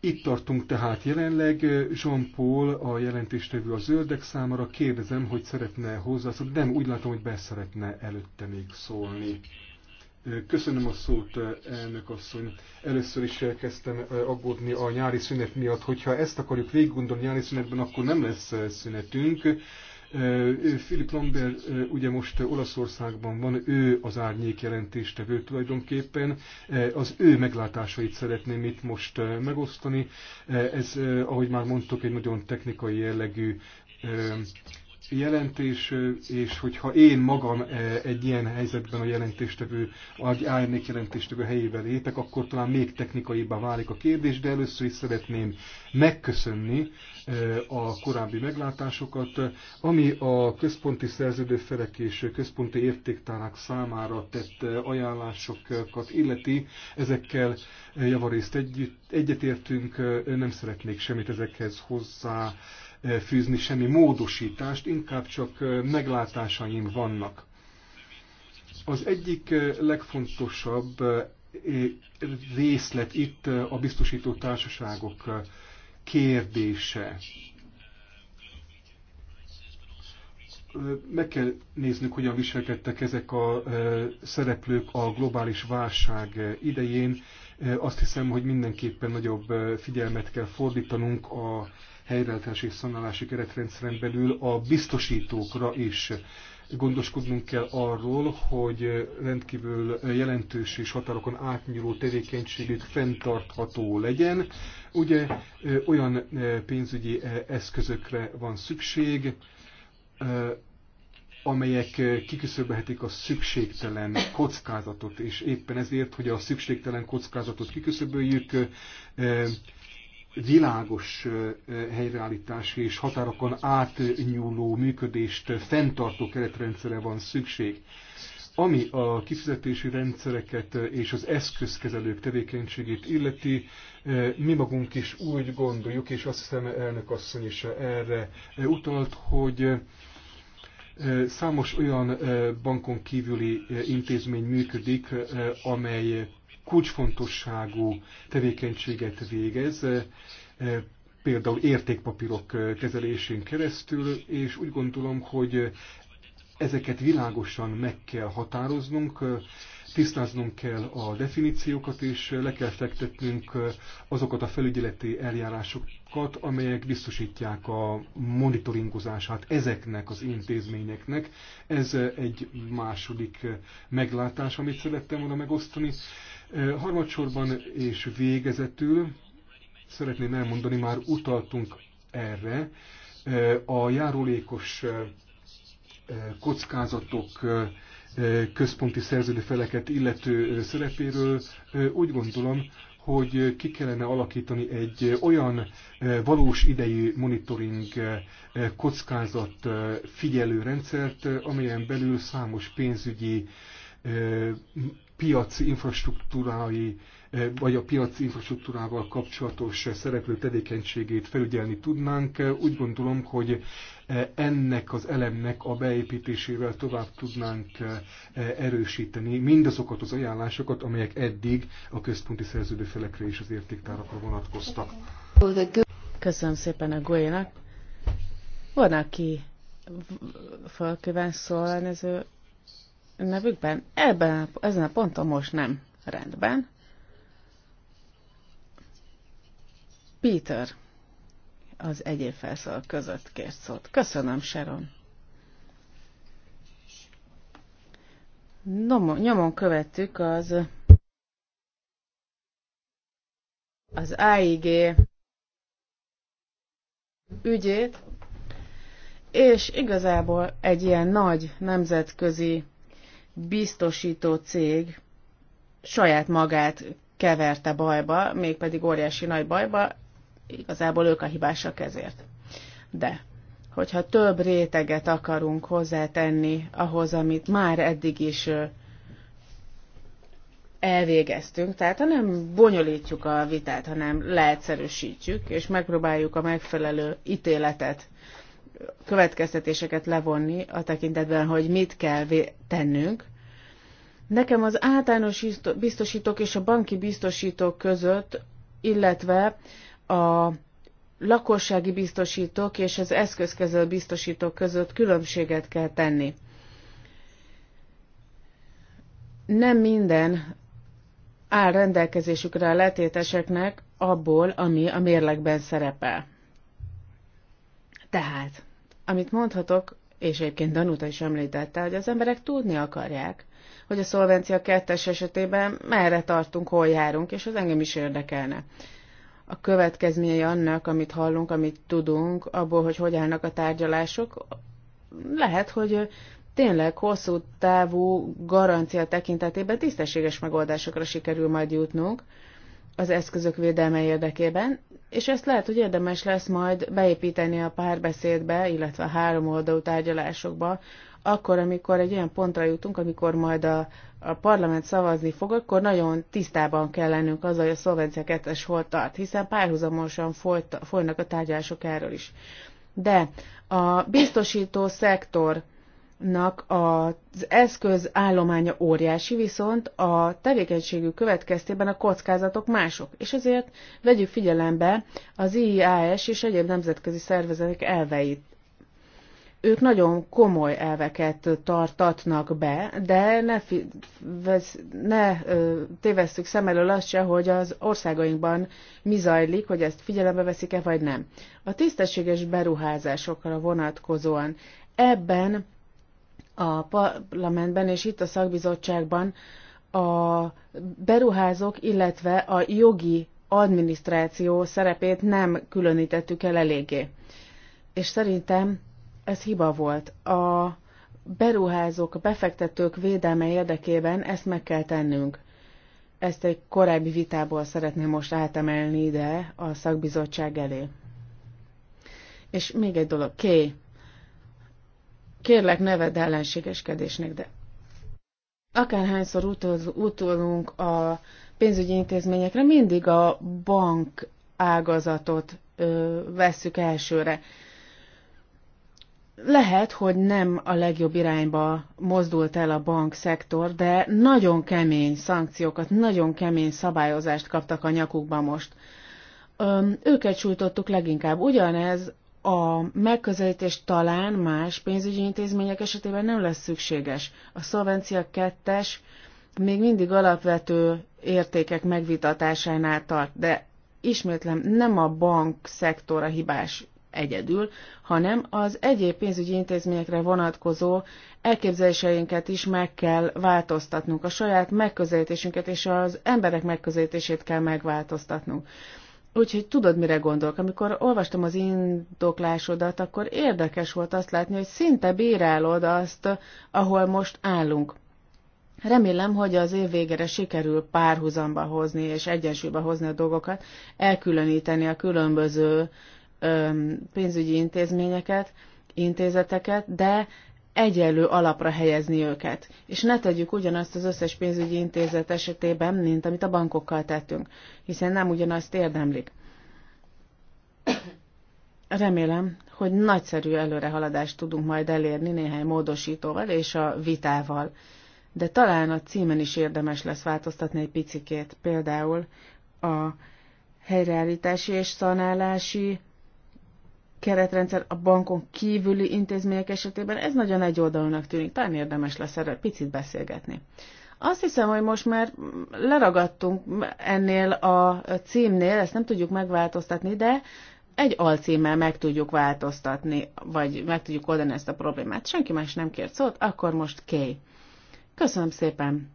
Itt tartunk tehát jelenleg. Jean-Paul, a jelentéstevő a zöldek számára. Kérdezem, hogy szeretne hozzászólni. Nem, úgy látom, hogy be szeretne előtte még szólni. Köszönöm a szót, elnök asszony. Először is elkezdtem eh, aggódni a nyári szünet miatt. Hogyha ezt akarjuk végiggondolni nyári szünetben, akkor nem lesz eh, szünetünk. Eh, Philip Lambert ugye most Olaszországban van, ő az árnyék jelentéstevő tulajdonképpen. Az ő meglátásait szeretném itt most megosztani. Ez, ahogy már mondtuk, egy nagyon technikai jellegű jelentés, és hogyha én magam egy ilyen helyzetben a jelentéstevő, vagy árnyék jelentéstevő helyébe lépek, akkor talán még technikaibbá válik a kérdés, de először is szeretném megköszönni a korábbi meglátásokat, ami a központi szerződőfelek és központi értéktárak számára tett ajánlásokat illeti, ezekkel javarészt együtt, egyetértünk, nem szeretnék semmit ezekhez hozzá fűzni semmi módosítást, inkább csak meglátásaim vannak. Az egyik legfontosabb részlet itt a biztosító társaságok kérdése. Meg kell néznünk, hogyan viselkedtek ezek a szereplők a globális válság idején. Azt hiszem, hogy mindenképpen nagyobb figyelmet kell fordítanunk a helyreállítási és szanálási keretrendszeren belül a biztosítókra is gondoskodnunk kell arról, hogy rendkívül jelentős és határokon átnyúló tevékenységük fenntartható legyen. Ugye olyan pénzügyi eszközökre van szükség, amelyek kiküszöbölhetik a szükségtelen kockázatot, és éppen ezért, hogy a szükségtelen kockázatot kiküszöböljük, világos helyreállítás és határokon átnyúló működést fenntartó keretrendszere van szükség. Ami a kifizetési rendszereket és az eszközkezelők tevékenységét illeti, mi magunk is úgy gondoljuk, és azt hiszem elnök asszony is erre utalt, hogy számos olyan bankon kívüli intézmény működik, amely kulcsfontosságú tevékenységet végez, eh, például értékpapírok eh, kezelésén keresztül, és úgy gondolom, hogy ezeket világosan meg kell határoznunk, eh, tisztáznunk kell a definíciókat, és le kell fektetnünk azokat a felügyeleti eljárásokat, amelyek biztosítják a monitoringozását ezeknek az intézményeknek. Ez egy második meglátás, amit szerettem volna megosztani. Harmadsorban és végezetül szeretném elmondani, már utaltunk erre, a járulékos kockázatok központi szerződő feleket illető szerepéről úgy gondolom, hogy ki kellene alakítani egy olyan valós idejű monitoring kockázat figyelő rendszert, amelyen belül számos pénzügyi piaci infrastruktúrái, eh, vagy a piaci infrastruktúrával kapcsolatos szereplő tevékenységét felügyelni tudnánk. Úgy gondolom, hogy eh, ennek az elemnek a beépítésével tovább tudnánk eh, erősíteni mindazokat az ajánlásokat, amelyek eddig a központi szerződőfelekre és az értéktárakra vonatkoztak. Köszönöm szépen a Golyénak. Van, aki fel kíván szólalni, ez ő nevükben? Ebben ezen a ponton most nem. Rendben. Peter az egyéb felszól között kért szót. Köszönöm, Sharon. Nomo, nyomon követtük az az AIG ügyét, és igazából egy ilyen nagy nemzetközi biztosító cég saját magát keverte bajba, mégpedig óriási nagy bajba, igazából ők a hibásak ezért. De hogyha több réteget akarunk hozzátenni ahhoz, amit már eddig is elvégeztünk, tehát ha nem bonyolítjuk a vitát, hanem leegyszerűsítjük, és megpróbáljuk a megfelelő ítéletet következtetéseket levonni a tekintetben, hogy mit kell tennünk. Nekem az általános biztosítók és a banki biztosítók között, illetve a lakossági biztosítók és az eszközkezelő biztosítók között különbséget kell tenni. Nem minden áll rendelkezésükre a letéteseknek abból, ami a mérlegben szerepel. Tehát amit mondhatok, és egyébként Danuta is említette, hogy az emberek tudni akarják, hogy a szolvencia kettes esetében merre tartunk, hol járunk, és az engem is érdekelne. A következményei annak, amit hallunk, amit tudunk, abból, hogy hogy állnak a tárgyalások, lehet, hogy tényleg hosszú távú garancia tekintetében tisztességes megoldásokra sikerül majd jutnunk az eszközök védelme érdekében, és ezt lehet, hogy érdemes lesz majd beépíteni a párbeszédbe, illetve a három oldalú tárgyalásokba, akkor, amikor egy olyan pontra jutunk, amikor majd a, a parlament szavazni fog, akkor nagyon tisztában kell lennünk az hogy a szolvencia kettes hol tart, hiszen párhuzamosan folyt, folynak a tárgyalások erről is. De a biztosító szektor nak az eszköz állománya óriási, viszont a tevékenységük következtében a kockázatok mások, és ezért vegyük figyelembe az IIAS e és egyéb nemzetközi szervezetek elveit. Ők nagyon komoly elveket tartatnak be, de ne, fi, vesz, ne ö, tévesszük szem elől azt se, hogy az országainkban mi zajlik, hogy ezt figyelembe veszik-e vagy nem. A tisztességes beruházásokra vonatkozóan ebben a parlamentben és itt a szakbizottságban a beruházók, illetve a jogi adminisztráció szerepét nem különítettük el eléggé. És szerintem ez hiba volt. A beruházók, a befektetők védelme érdekében ezt meg kell tennünk. Ezt egy korábbi vitából szeretném most átemelni ide a szakbizottság elé. És még egy dolog, Okay. Kérlek, neved ellenségeskedésnek, de akárhányszor utolunk a pénzügyi intézményekre, mindig a bank ágazatot ö, vesszük elsőre. Lehet, hogy nem a legjobb irányba mozdult el a bankszektor, de nagyon kemény szankciókat, nagyon kemény szabályozást kaptak a nyakukba most. Öm, őket sújtottuk leginkább. Ugyanez a megközelítés talán más pénzügyi intézmények esetében nem lesz szükséges. A szolvencia kettes még mindig alapvető értékek megvitatásánál tart, de ismétlem, nem a bank szektora hibás egyedül, hanem az egyéb pénzügyi intézményekre vonatkozó elképzeléseinket is meg kell változtatnunk, a saját megközelítésünket és az emberek megközelítését kell megváltoztatnunk. Úgyhogy tudod, mire gondolok. Amikor olvastam az indoklásodat, akkor érdekes volt azt látni, hogy szinte bírálod azt, ahol most állunk. Remélem, hogy az év végére sikerül párhuzamba hozni és egyensúlyba hozni a dolgokat, elkülöníteni a különböző öm, pénzügyi intézményeket, intézeteket, de egyenlő alapra helyezni őket, és ne tegyük ugyanazt az összes pénzügyi intézet esetében, mint amit a bankokkal tettünk, hiszen nem ugyanazt érdemlik. Remélem, hogy nagyszerű előrehaladást tudunk majd elérni néhány módosítóval és a vitával, de talán a címen is érdemes lesz változtatni egy picikét, például a helyreállítási és szanálási keretrendszer a bankon kívüli intézmények esetében, ez nagyon egyoldalúnak tűnik, talán érdemes lesz erről picit beszélgetni. Azt hiszem, hogy most már leragadtunk ennél a címnél, ezt nem tudjuk megváltoztatni, de egy alcímmel meg tudjuk változtatni, vagy meg tudjuk oldani ezt a problémát. Senki más nem kért szót, akkor most K. Köszönöm szépen.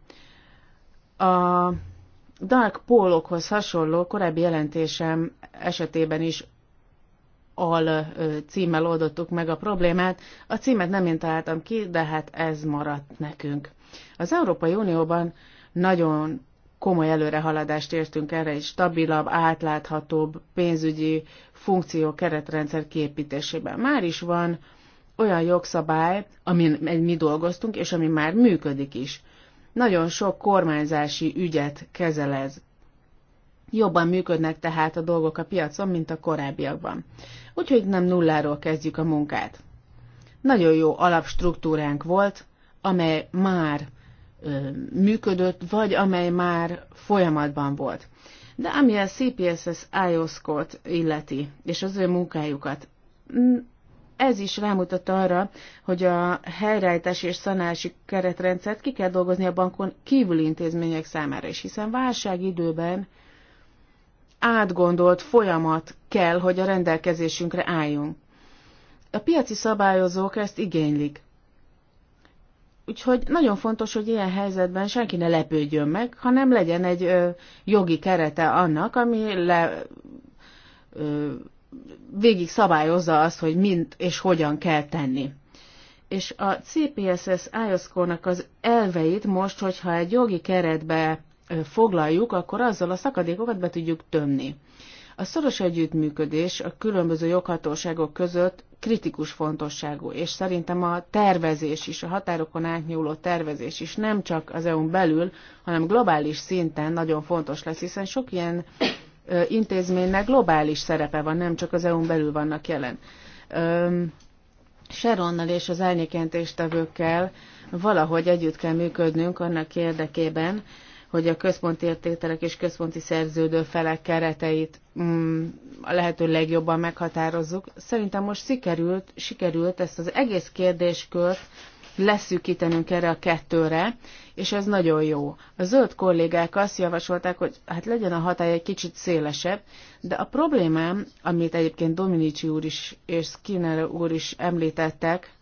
A Dark Pólokhoz hasonló korábbi jelentésem esetében is al címmel oldottuk meg a problémát. A címet nem én találtam ki, de hát ez maradt nekünk. Az Európai Unióban nagyon komoly előrehaladást értünk erre, egy stabilabb, átláthatóbb pénzügyi funkció keretrendszer képítésében. Már is van olyan jogszabály, amin mi dolgoztunk, és ami már működik is. Nagyon sok kormányzási ügyet kezelez. Jobban működnek tehát a dolgok a piacon, mint a korábbiakban úgyhogy nem nulláról kezdjük a munkát. Nagyon jó alapstruktúránk volt, amely már ö, működött, vagy amely már folyamatban volt. De ami a CPSS ios kot illeti, és az ő munkájukat, ez is rámutat arra, hogy a helyreállítási és szanási keretrendszert ki kell dolgozni a bankon kívüli intézmények számára is, hiszen válság időben átgondolt folyamat kell, hogy a rendelkezésünkre álljunk. A piaci szabályozók ezt igénylik. Úgyhogy nagyon fontos, hogy ilyen helyzetben senki ne lepődjön meg, hanem legyen egy ö, jogi kerete annak, ami le, ö, végig szabályozza azt, hogy mint és hogyan kell tenni. És a CPSS IOSCO-nak az elveit most, hogyha egy jogi keretbe foglaljuk, akkor azzal a szakadékokat be tudjuk tömni. A szoros együttműködés a különböző joghatóságok között kritikus fontosságú, és szerintem a tervezés is, a határokon átnyúló tervezés is nem csak az EU-n belül, hanem globális szinten nagyon fontos lesz, hiszen sok ilyen intézménynek globális szerepe van, nem csak az EU-n belül vannak jelen. Sharonnal és az elnyékentéstevőkkel valahogy együtt kell működnünk annak érdekében, hogy a központi értékterek és központi szerződő felek kereteit mm, a lehető legjobban meghatározzuk. Szerintem most sikerült, sikerült ezt az egész kérdéskört leszűkítenünk erre a kettőre, és ez nagyon jó. A zöld kollégák azt javasolták, hogy hát legyen a hatály egy kicsit szélesebb, de a problémám, amit egyébként Dominici úr is és Skinner úr is említettek,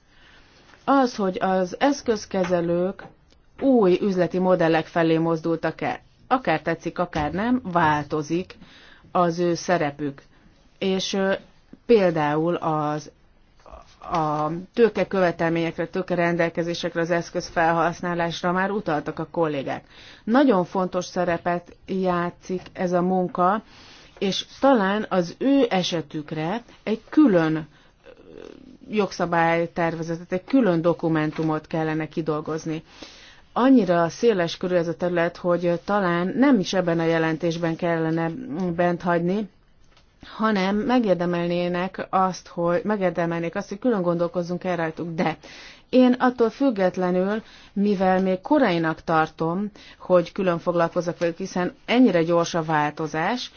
az, hogy az eszközkezelők új üzleti modellek felé mozdultak el. Akár tetszik, akár nem, változik az ő szerepük. És például az a tőke követelményekre, tőke rendelkezésekre, az eszköz felhasználásra már utaltak a kollégák. Nagyon fontos szerepet játszik ez a munka, és talán az ő esetükre egy külön jogszabálytervezetet, egy külön dokumentumot kellene kidolgozni annyira széles körül ez a terület, hogy talán nem is ebben a jelentésben kellene bent hagyni, hanem megérdemelnének azt, hogy megérdemelnék azt, hogy külön gondolkozzunk el rajtuk. De én attól függetlenül, mivel még korainak tartom, hogy külön foglalkozok velük, hiszen ennyire gyors a változás,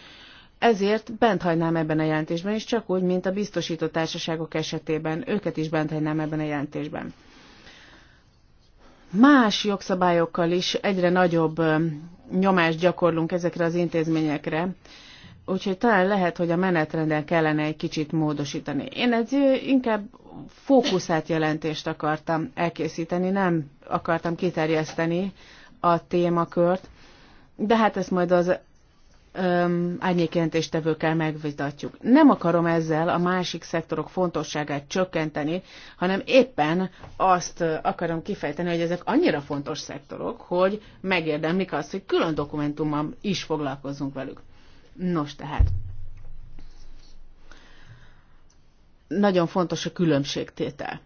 ezért bent hagynám ebben a jelentésben, és csak úgy, mint a biztosított társaságok esetében, őket is bent hagynám ebben a jelentésben más jogszabályokkal is egyre nagyobb nyomást gyakorlunk ezekre az intézményekre, úgyhogy talán lehet, hogy a menetrenden kellene egy kicsit módosítani. Én egy inkább fókuszált jelentést akartam elkészíteni, nem akartam kiterjeszteni a témakört, de hát ezt majd az árnyékjelentéstevőkkel megvitatjuk. Nem akarom ezzel a másik szektorok fontosságát csökkenteni, hanem éppen azt akarom kifejteni, hogy ezek annyira fontos szektorok, hogy megérdemlik azt, hogy külön dokumentumban is foglalkozunk velük. Nos tehát. Nagyon fontos a különbségtétel.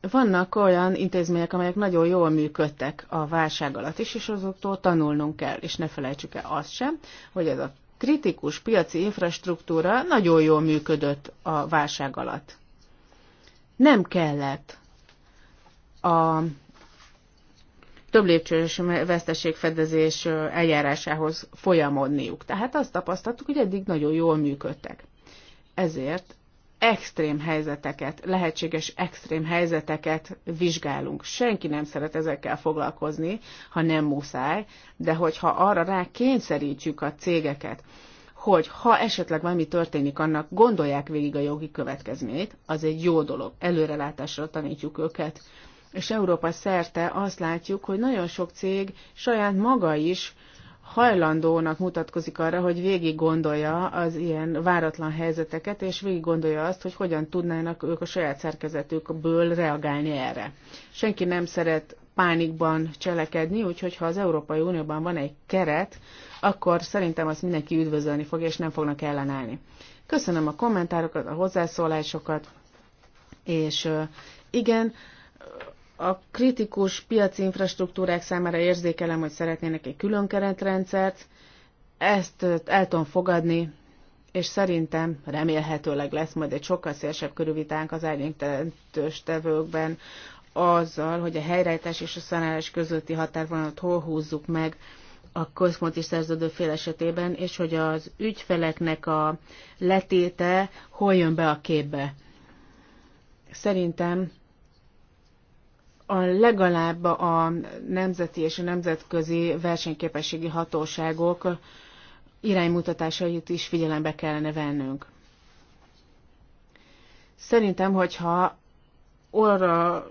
Vannak olyan intézmények, amelyek nagyon jól működtek a válság alatt is, és azoktól tanulnunk kell, és ne felejtsük el azt sem, hogy ez a kritikus piaci infrastruktúra nagyon jól működött a válság alatt. Nem kellett a több lépcsős veszteségfedezés eljárásához folyamodniuk. Tehát azt tapasztaltuk, hogy eddig nagyon jól működtek. Ezért extrém helyzeteket, lehetséges extrém helyzeteket vizsgálunk. Senki nem szeret ezekkel foglalkozni, ha nem muszáj, de hogyha arra rá kényszerítjük a cégeket, hogy ha esetleg valami történik, annak gondolják végig a jogi következményét, az egy jó dolog. Előrelátásra tanítjuk őket. És Európa szerte azt látjuk, hogy nagyon sok cég saját maga is hajlandónak mutatkozik arra, hogy végig gondolja az ilyen váratlan helyzeteket, és végig gondolja azt, hogy hogyan tudnának ők a saját szerkezetükből reagálni erre. Senki nem szeret pánikban cselekedni, úgyhogy ha az Európai Unióban van egy keret, akkor szerintem azt mindenki üdvözölni fog, és nem fognak ellenállni. Köszönöm a kommentárokat, a hozzászólásokat, és igen, a kritikus piaci infrastruktúrák számára érzékelem, hogy szeretnének egy külön keretrendszert, ezt el tudom fogadni, és szerintem remélhetőleg lesz majd egy sokkal szélesebb körülvitánk az árnyéktelentős tevőkben azzal, hogy a helyrejtás és a szanálás közötti határvonalat hol húzzuk meg a központi szerződő fél esetében, és hogy az ügyfeleknek a letéte hol jön be a képbe. Szerintem a legalább a nemzeti és a nemzetközi versenyképességi hatóságok iránymutatásait is figyelembe kellene vennünk. Szerintem, hogyha arra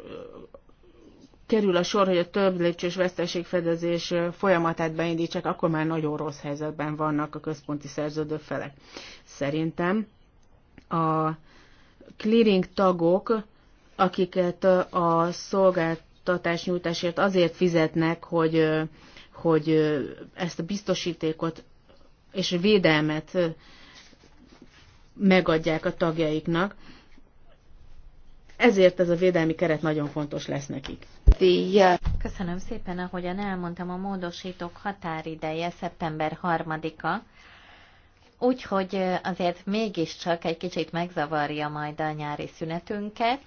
kerül a sor, hogy a több lépcsős veszteségfedezés folyamatát beindítsák, akkor már nagyon rossz helyzetben vannak a központi szerződő felek. Szerintem a clearing tagok akiket a szolgáltatás nyújtásért azért fizetnek, hogy, hogy ezt a biztosítékot és védelmet megadják a tagjaiknak. Ezért ez a védelmi keret nagyon fontos lesz nekik. Köszönöm szépen, ahogyan elmondtam, a módosítók határideje szeptember 3-a, úgyhogy azért mégiscsak egy kicsit megzavarja majd a nyári szünetünket,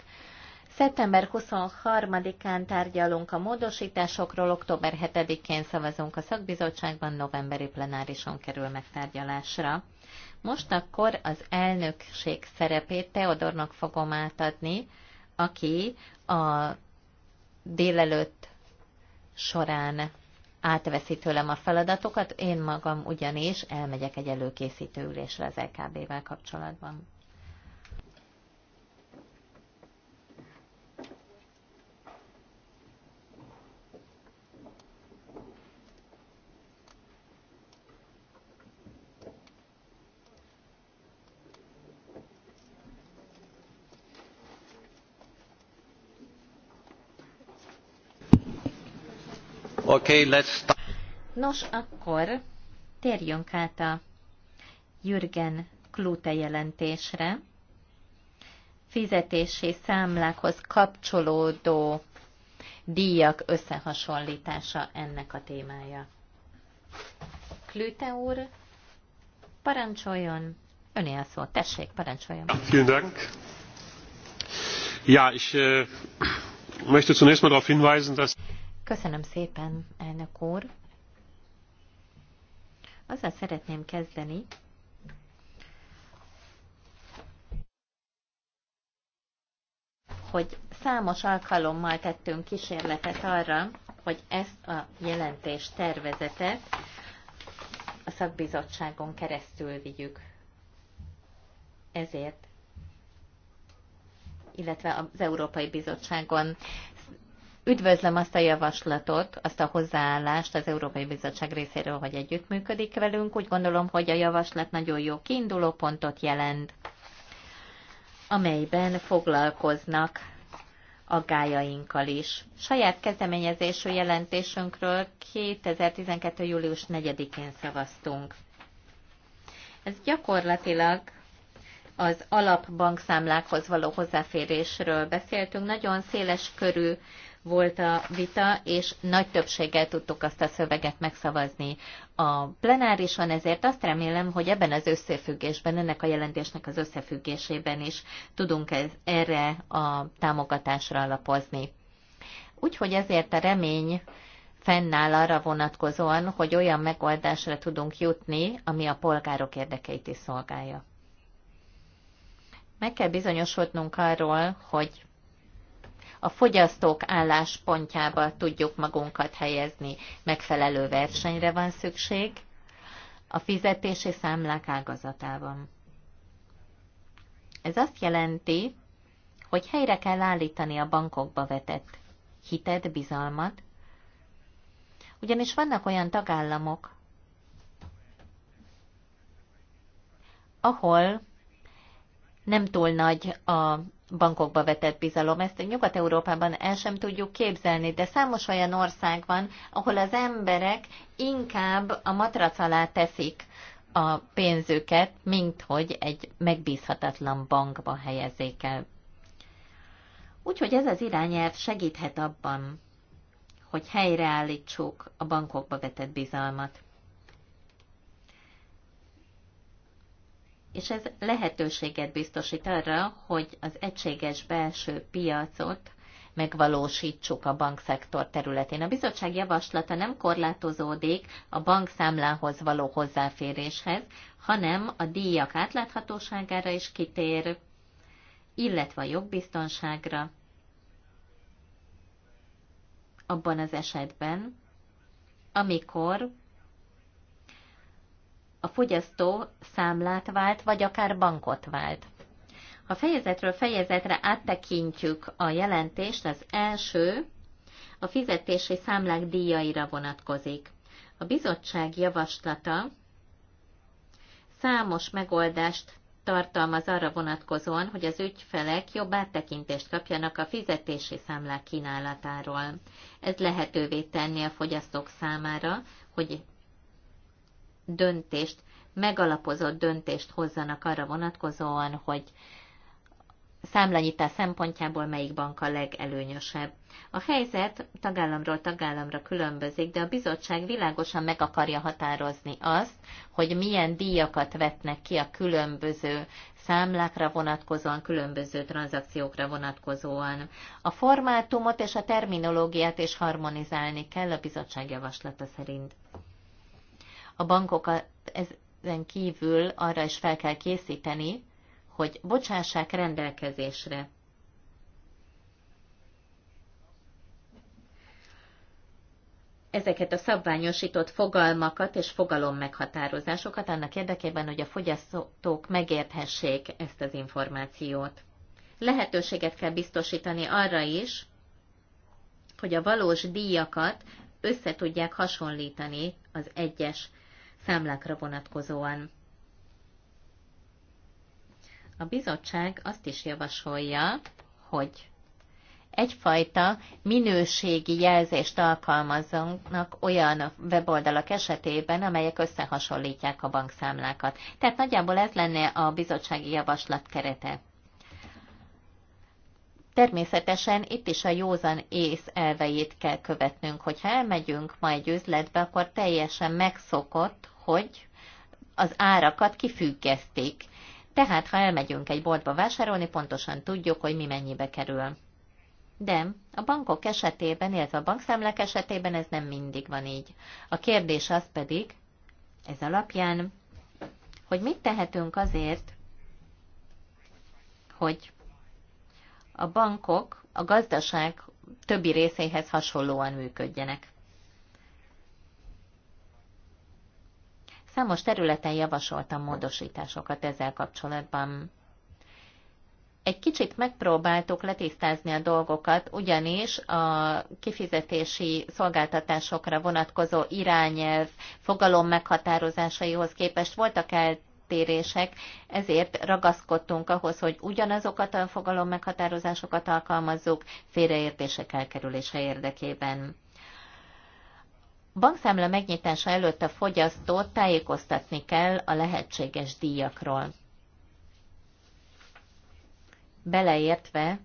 Szeptember 23-án tárgyalunk a módosításokról, október 7-én szavazunk a szakbizottságban, novemberi plenárison kerül megtárgyalásra. Most akkor az elnökség szerepét Teodornak fogom átadni, aki a délelőtt során átveszi tőlem a feladatokat, én magam ugyanis elmegyek egy előkészítő ülésre az LKB-vel kapcsolatban. Okay, let's start. Nos, akkor térjünk át a Jürgen Klute jelentésre. Fizetési számlákhoz kapcsolódó díjak összehasonlítása ennek a témája. Klüte úr, parancsoljon, öné a szó, tessék, parancsoljon. Vielen Dank. Ja, ich äh, möchte zunächst mal darauf hinweisen, dass Köszönöm szépen, elnök úr. Azzal szeretném kezdeni, hogy számos alkalommal tettünk kísérletet arra, hogy ezt a jelentés tervezetet a szakbizottságon keresztül vigyük. Ezért, illetve az Európai Bizottságon Üdvözlöm azt a javaslatot, azt a hozzáállást az Európai Bizottság részéről, hogy együttműködik velünk. Úgy gondolom, hogy a javaslat nagyon jó kiinduló pontot jelent, amelyben foglalkoznak aggájainkkal is. Saját kezdeményezésű jelentésünkről 2012. július 4-én szavaztunk. Ez gyakorlatilag az alapbankszámlákhoz való hozzáférésről beszéltünk. Nagyon széles körű volt a vita, és nagy többséggel tudtuk azt a szöveget megszavazni a plenárison, ezért azt remélem, hogy ebben az összefüggésben, ennek a jelentésnek az összefüggésében is tudunk ez, erre a támogatásra alapozni. Úgyhogy ezért a remény fennáll arra vonatkozóan, hogy olyan megoldásra tudunk jutni, ami a polgárok érdekeit is szolgálja. Meg kell bizonyosodnunk arról, hogy a fogyasztók álláspontjába tudjuk magunkat helyezni. Megfelelő versenyre van szükség a fizetési számlák ágazatában. Ez azt jelenti, hogy helyre kell állítani a bankokba vetett hitet, bizalmat, ugyanis vannak olyan tagállamok, ahol nem túl nagy a bankokba vetett bizalom. Ezt Nyugat-Európában el sem tudjuk képzelni, de számos olyan ország van, ahol az emberek inkább a matrac alá teszik a pénzüket, mint hogy egy megbízhatatlan bankba helyezzék el. Úgyhogy ez az irányelv segíthet abban, hogy helyreállítsuk a bankokba vetett bizalmat. és ez lehetőséget biztosít arra, hogy az egységes belső piacot megvalósítsuk a bankszektor területén. A bizottság javaslata nem korlátozódik a bankszámlához való hozzáféréshez, hanem a díjak átláthatóságára is kitér, illetve a jogbiztonságra, abban az esetben, amikor a fogyasztó számlát vált, vagy akár bankot vált. Ha fejezetről fejezetre áttekintjük a jelentést, az első a fizetési számlák díjaira vonatkozik. A bizottság javaslata számos megoldást tartalmaz arra vonatkozóan, hogy az ügyfelek jobb áttekintést kapjanak a fizetési számlák kínálatáról. Ez lehetővé tenni a fogyasztók számára, hogy döntést, megalapozott döntést hozzanak arra vonatkozóan, hogy számlanyítás szempontjából melyik bank a legelőnyösebb. A helyzet tagállamról tagállamra különbözik, de a bizottság világosan meg akarja határozni azt, hogy milyen díjakat vetnek ki a különböző számlákra vonatkozóan, különböző tranzakciókra vonatkozóan. A formátumot és a terminológiát is harmonizálni kell a bizottság javaslata szerint a bankok ezen kívül arra is fel kell készíteni, hogy bocsássák rendelkezésre ezeket a szabványosított fogalmakat és fogalom meghatározásokat annak érdekében, hogy a fogyasztók megérthessék ezt az információt. Lehetőséget kell biztosítani arra is, hogy a valós díjakat összetudják hasonlítani az egyes számlákra vonatkozóan. A bizottság azt is javasolja, hogy egyfajta minőségi jelzést alkalmazzanak olyan weboldalak esetében, amelyek összehasonlítják a bankszámlákat. Tehát nagyjából ez lenne a bizottsági javaslat kerete. Természetesen itt is a józan ész elveit kell követnünk. Hogyha elmegyünk ma egy üzletbe, akkor teljesen megszokott, hogy az árakat kifüggesztik. Tehát, ha elmegyünk egy boltba vásárolni, pontosan tudjuk, hogy mi mennyibe kerül. De a bankok esetében, illetve a bankszámlák esetében ez nem mindig van így. A kérdés az pedig, ez alapján, hogy mit tehetünk azért, hogy a bankok a gazdaság többi részéhez hasonlóan működjenek. Számos területen javasoltam módosításokat ezzel kapcsolatban. Egy kicsit megpróbáltuk letisztázni a dolgokat, ugyanis a kifizetési szolgáltatásokra vonatkozó irányelv fogalom meghatározásaihoz képest voltak el eltérések, ezért ragaszkodtunk ahhoz, hogy ugyanazokat a fogalom meghatározásokat alkalmazzuk félreértések elkerülése érdekében. Bankszámla megnyitása előtt a fogyasztót tájékoztatni kell a lehetséges díjakról. Beleértve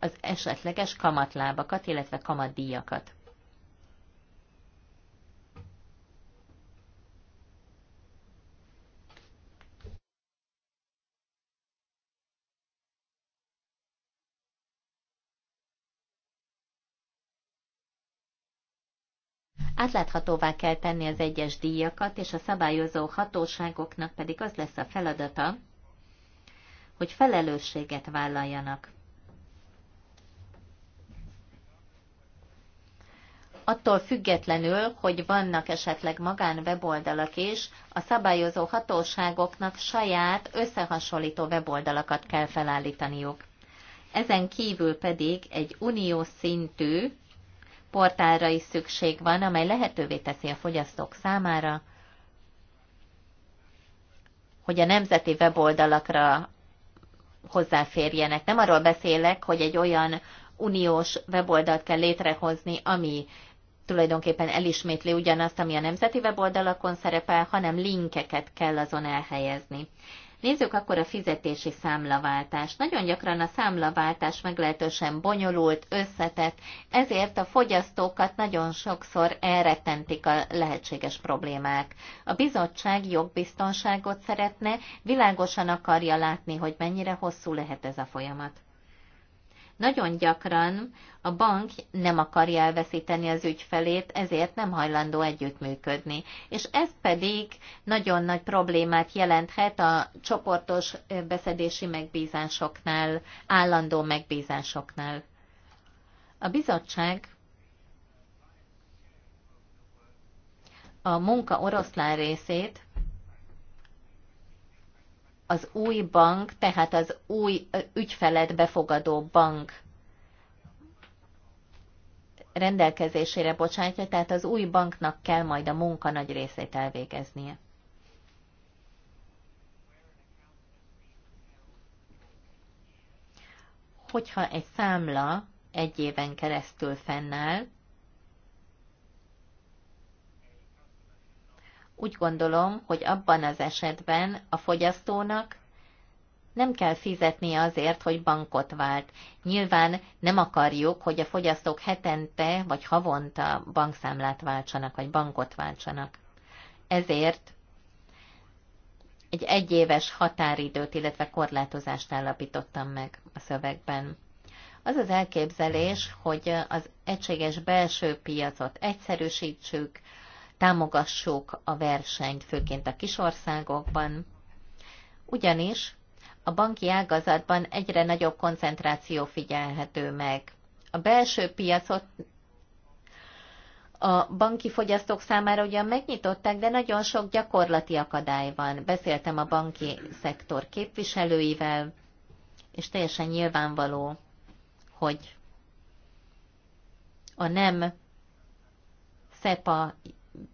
az esetleges kamatlábakat, illetve kamatdíjakat. Átláthatóvá kell tenni az egyes díjakat, és a szabályozó hatóságoknak pedig az lesz a feladata, hogy felelősséget vállaljanak. attól függetlenül, hogy vannak esetleg weboldalak is, a szabályozó hatóságoknak saját összehasonlító weboldalakat kell felállítaniuk. Ezen kívül pedig egy uniós szintű portálra is szükség van, amely lehetővé teszi a fogyasztók számára, hogy a nemzeti weboldalakra hozzáférjenek. Nem arról beszélek, hogy egy olyan uniós weboldalt kell létrehozni, ami tulajdonképpen elismétli ugyanazt, ami a nemzeti weboldalakon szerepel, hanem linkeket kell azon elhelyezni. Nézzük akkor a fizetési számlaváltást. Nagyon gyakran a számlaváltás meglehetősen bonyolult, összetett, ezért a fogyasztókat nagyon sokszor elrettentik a lehetséges problémák. A bizottság jogbiztonságot szeretne, világosan akarja látni, hogy mennyire hosszú lehet ez a folyamat. Nagyon gyakran a bank nem akarja elveszíteni az ügyfelét, ezért nem hajlandó együttműködni. És ez pedig nagyon nagy problémát jelenthet a csoportos beszedési megbízásoknál, állandó megbízásoknál. A bizottság a munka oroszlán részét az új bank, tehát az új ügyfelet befogadó bank rendelkezésére bocsátja, tehát az új banknak kell majd a munka nagy részét elvégeznie. Hogyha egy számla egy éven keresztül fennáll, úgy gondolom, hogy abban az esetben a fogyasztónak nem kell fizetnie azért, hogy bankot vált. Nyilván nem akarjuk, hogy a fogyasztók hetente vagy havonta bankszámlát váltsanak, vagy bankot váltsanak. Ezért egy egyéves határidőt, illetve korlátozást állapítottam meg a szövegben. Az az elképzelés, hogy az egységes belső piacot egyszerűsítsük, támogassuk a versenyt, főként a kisországokban, ugyanis a banki ágazatban egyre nagyobb koncentráció figyelhető meg. A belső piacot a banki fogyasztók számára ugyan megnyitották, de nagyon sok gyakorlati akadály van. Beszéltem a banki szektor képviselőivel, és teljesen nyilvánvaló, hogy a nem SEPA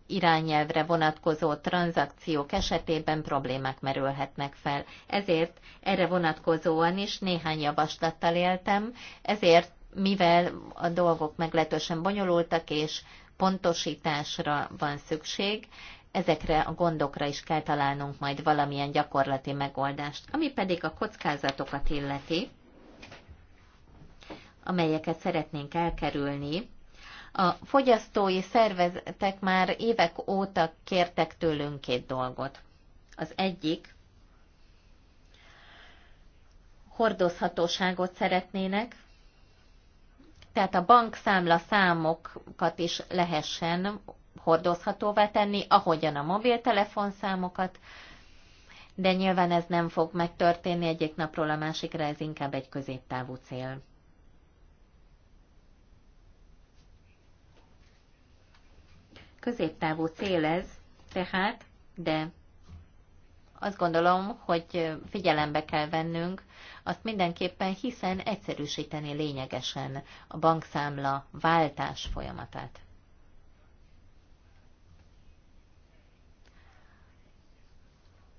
irányelvre vonatkozó tranzakciók esetében problémák merülhetnek fel. Ezért erre vonatkozóan is néhány javaslattal éltem, ezért mivel a dolgok meglehetősen bonyolultak és pontosításra van szükség, ezekre a gondokra is kell találnunk majd valamilyen gyakorlati megoldást. Ami pedig a kockázatokat illeti, amelyeket szeretnénk elkerülni, a fogyasztói szervezetek már évek óta kértek tőlünk két dolgot. Az egyik, hordozhatóságot szeretnének, tehát a bankszámla számokat is lehessen hordozhatóvá tenni, ahogyan a mobiltelefonszámokat, de nyilván ez nem fog megtörténni egyik napról a másikra, ez inkább egy középtávú cél. Középtávú cél ez, tehát, de azt gondolom, hogy figyelembe kell vennünk azt mindenképpen, hiszen egyszerűsíteni lényegesen a bankszámla váltás folyamatát.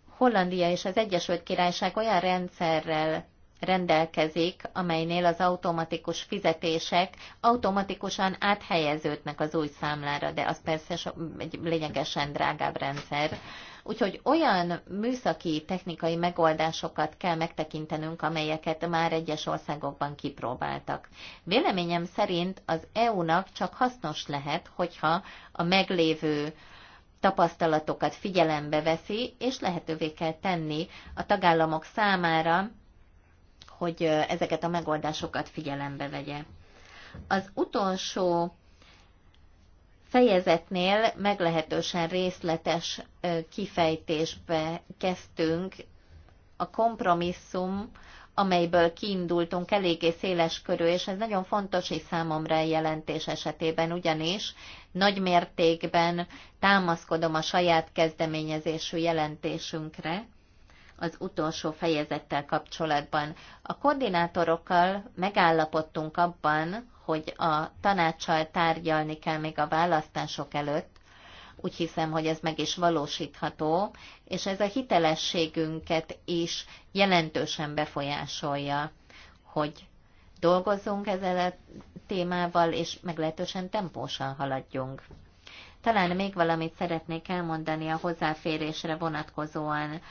Hollandia és az Egyesült Királyság olyan rendszerrel rendelkezik, amelynél az automatikus fizetések automatikusan áthelyeződnek az új számlára, de az persze egy lényegesen drágább rendszer. Úgyhogy olyan műszaki, technikai megoldásokat kell megtekintenünk, amelyeket már egyes országokban kipróbáltak. Véleményem szerint az EU-nak csak hasznos lehet, hogyha a meglévő tapasztalatokat figyelembe veszi, és lehetővé kell tenni a tagállamok számára, hogy ezeket a megoldásokat figyelembe vegye. Az utolsó fejezetnél meglehetősen részletes kifejtésbe kezdtünk. A kompromisszum, amelyből kiindultunk, eléggé széles körül, és ez nagyon fontos is számomra a jelentés esetében, ugyanis nagy mértékben támaszkodom a saját kezdeményezésű jelentésünkre, az utolsó fejezettel kapcsolatban. A koordinátorokkal megállapodtunk abban, hogy a tanácssal tárgyalni kell még a választások előtt, úgy hiszem, hogy ez meg is valósítható, és ez a hitelességünket is jelentősen befolyásolja, hogy dolgozzunk ezzel a témával, és meglehetősen tempósan haladjunk. Talán még valamit szeretnék elmondani a hozzáférésre vonatkozóan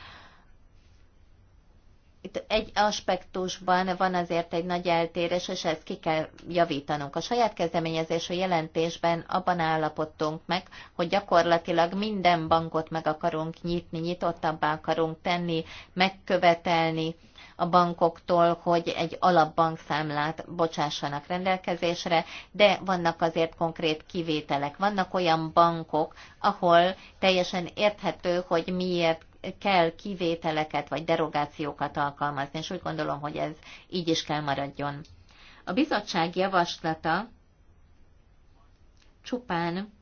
itt egy aspektusban van azért egy nagy eltérés, és ezt ki kell javítanunk. A saját kezdeményezésű jelentésben abban állapodtunk meg, hogy gyakorlatilag minden bankot meg akarunk nyitni, nyitottabbá akarunk tenni, megkövetelni a bankoktól, hogy egy alapbankszámlát bocsássanak rendelkezésre, de vannak azért konkrét kivételek. Vannak olyan bankok, ahol teljesen érthető, hogy miért kell kivételeket vagy derogációkat alkalmazni, és úgy gondolom, hogy ez így is kell maradjon. A bizottság javaslata csupán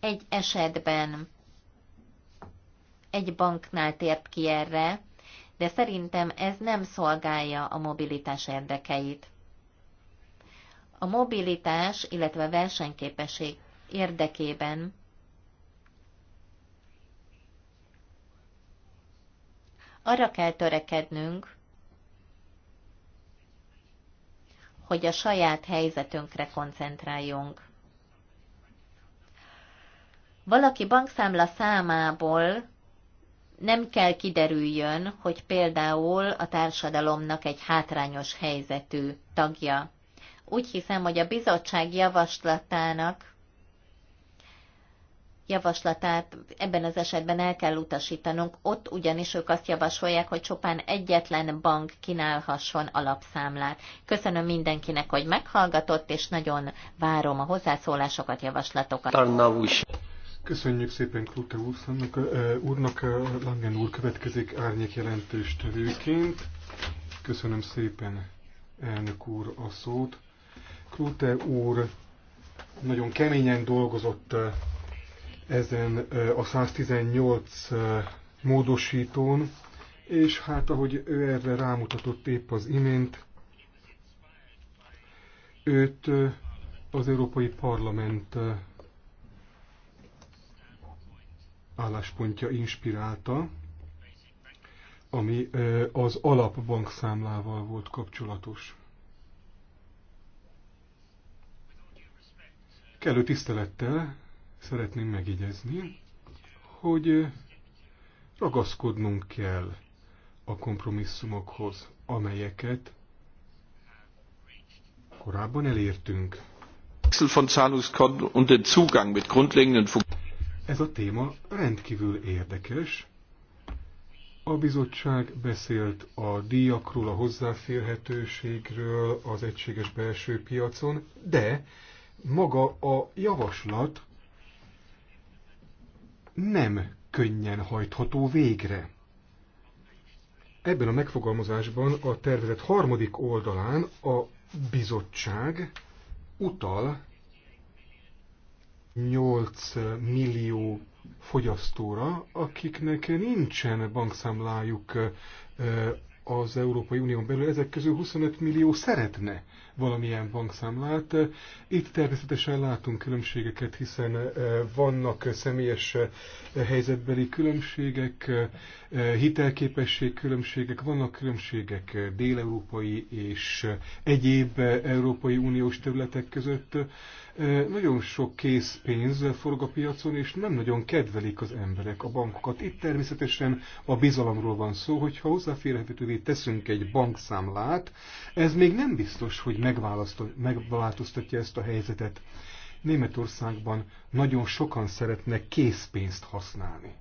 egy esetben egy banknál tért ki erre, de szerintem ez nem szolgálja a mobilitás érdekeit. A mobilitás, illetve a versenyképesség érdekében arra kell törekednünk, hogy a saját helyzetünkre koncentráljunk. Valaki bankszámla számából nem kell kiderüljön, hogy például a társadalomnak egy hátrányos helyzetű tagja. Úgy hiszem, hogy a bizottság javaslatának javaslatát ebben az esetben el kell utasítanunk. Ott ugyanis ők azt javasolják, hogy csupán egyetlen bank kínálhasson alapszámlát. Köszönöm mindenkinek, hogy meghallgatott, és nagyon várom a hozzászólásokat, javaslatokat. Köszönjük szépen Klute úrnak, úrnak Langen úr következik árnyék jelentős tevőként. Köszönöm szépen elnök úr a szót. Klute úr nagyon keményen dolgozott ezen a 118 módosítón, és hát ahogy ő erre rámutatott épp az imént, őt az Európai Parlament álláspontja inspirálta, ami az alapbankszámlával volt kapcsolatos. Kellő tisztelettel szeretném megígyezni, hogy ragaszkodnunk kell a kompromisszumokhoz, amelyeket korábban elértünk. von Zahlungskonten und den Zugang mit grundlegenden ez a téma rendkívül érdekes. A bizottság beszélt a díjakról, a hozzáférhetőségről az egységes belső piacon, de maga a javaslat nem könnyen hajtható végre. Ebben a megfogalmazásban a tervezet harmadik oldalán a bizottság utal 8 millió fogyasztóra, akiknek nincsen bankszámlájuk az Európai Unión belül, ezek közül 25 millió szeretne valamilyen bankszámlát. Itt természetesen látunk különbségeket, hiszen eh, vannak személyes eh, helyzetbeli különbségek, eh, hitelképesség különbségek, vannak különbségek déleurópai és egyéb Európai Uniós területek között. Nagyon sok készpénz forog a piacon, és nem nagyon kedvelik az emberek a bankokat. Itt természetesen a bizalomról van szó, hogyha hozzáférhetővé teszünk egy bankszámlát, ez még nem biztos, hogy megváltoztatja ezt a helyzetet. Németországban nagyon sokan szeretnek készpénzt használni.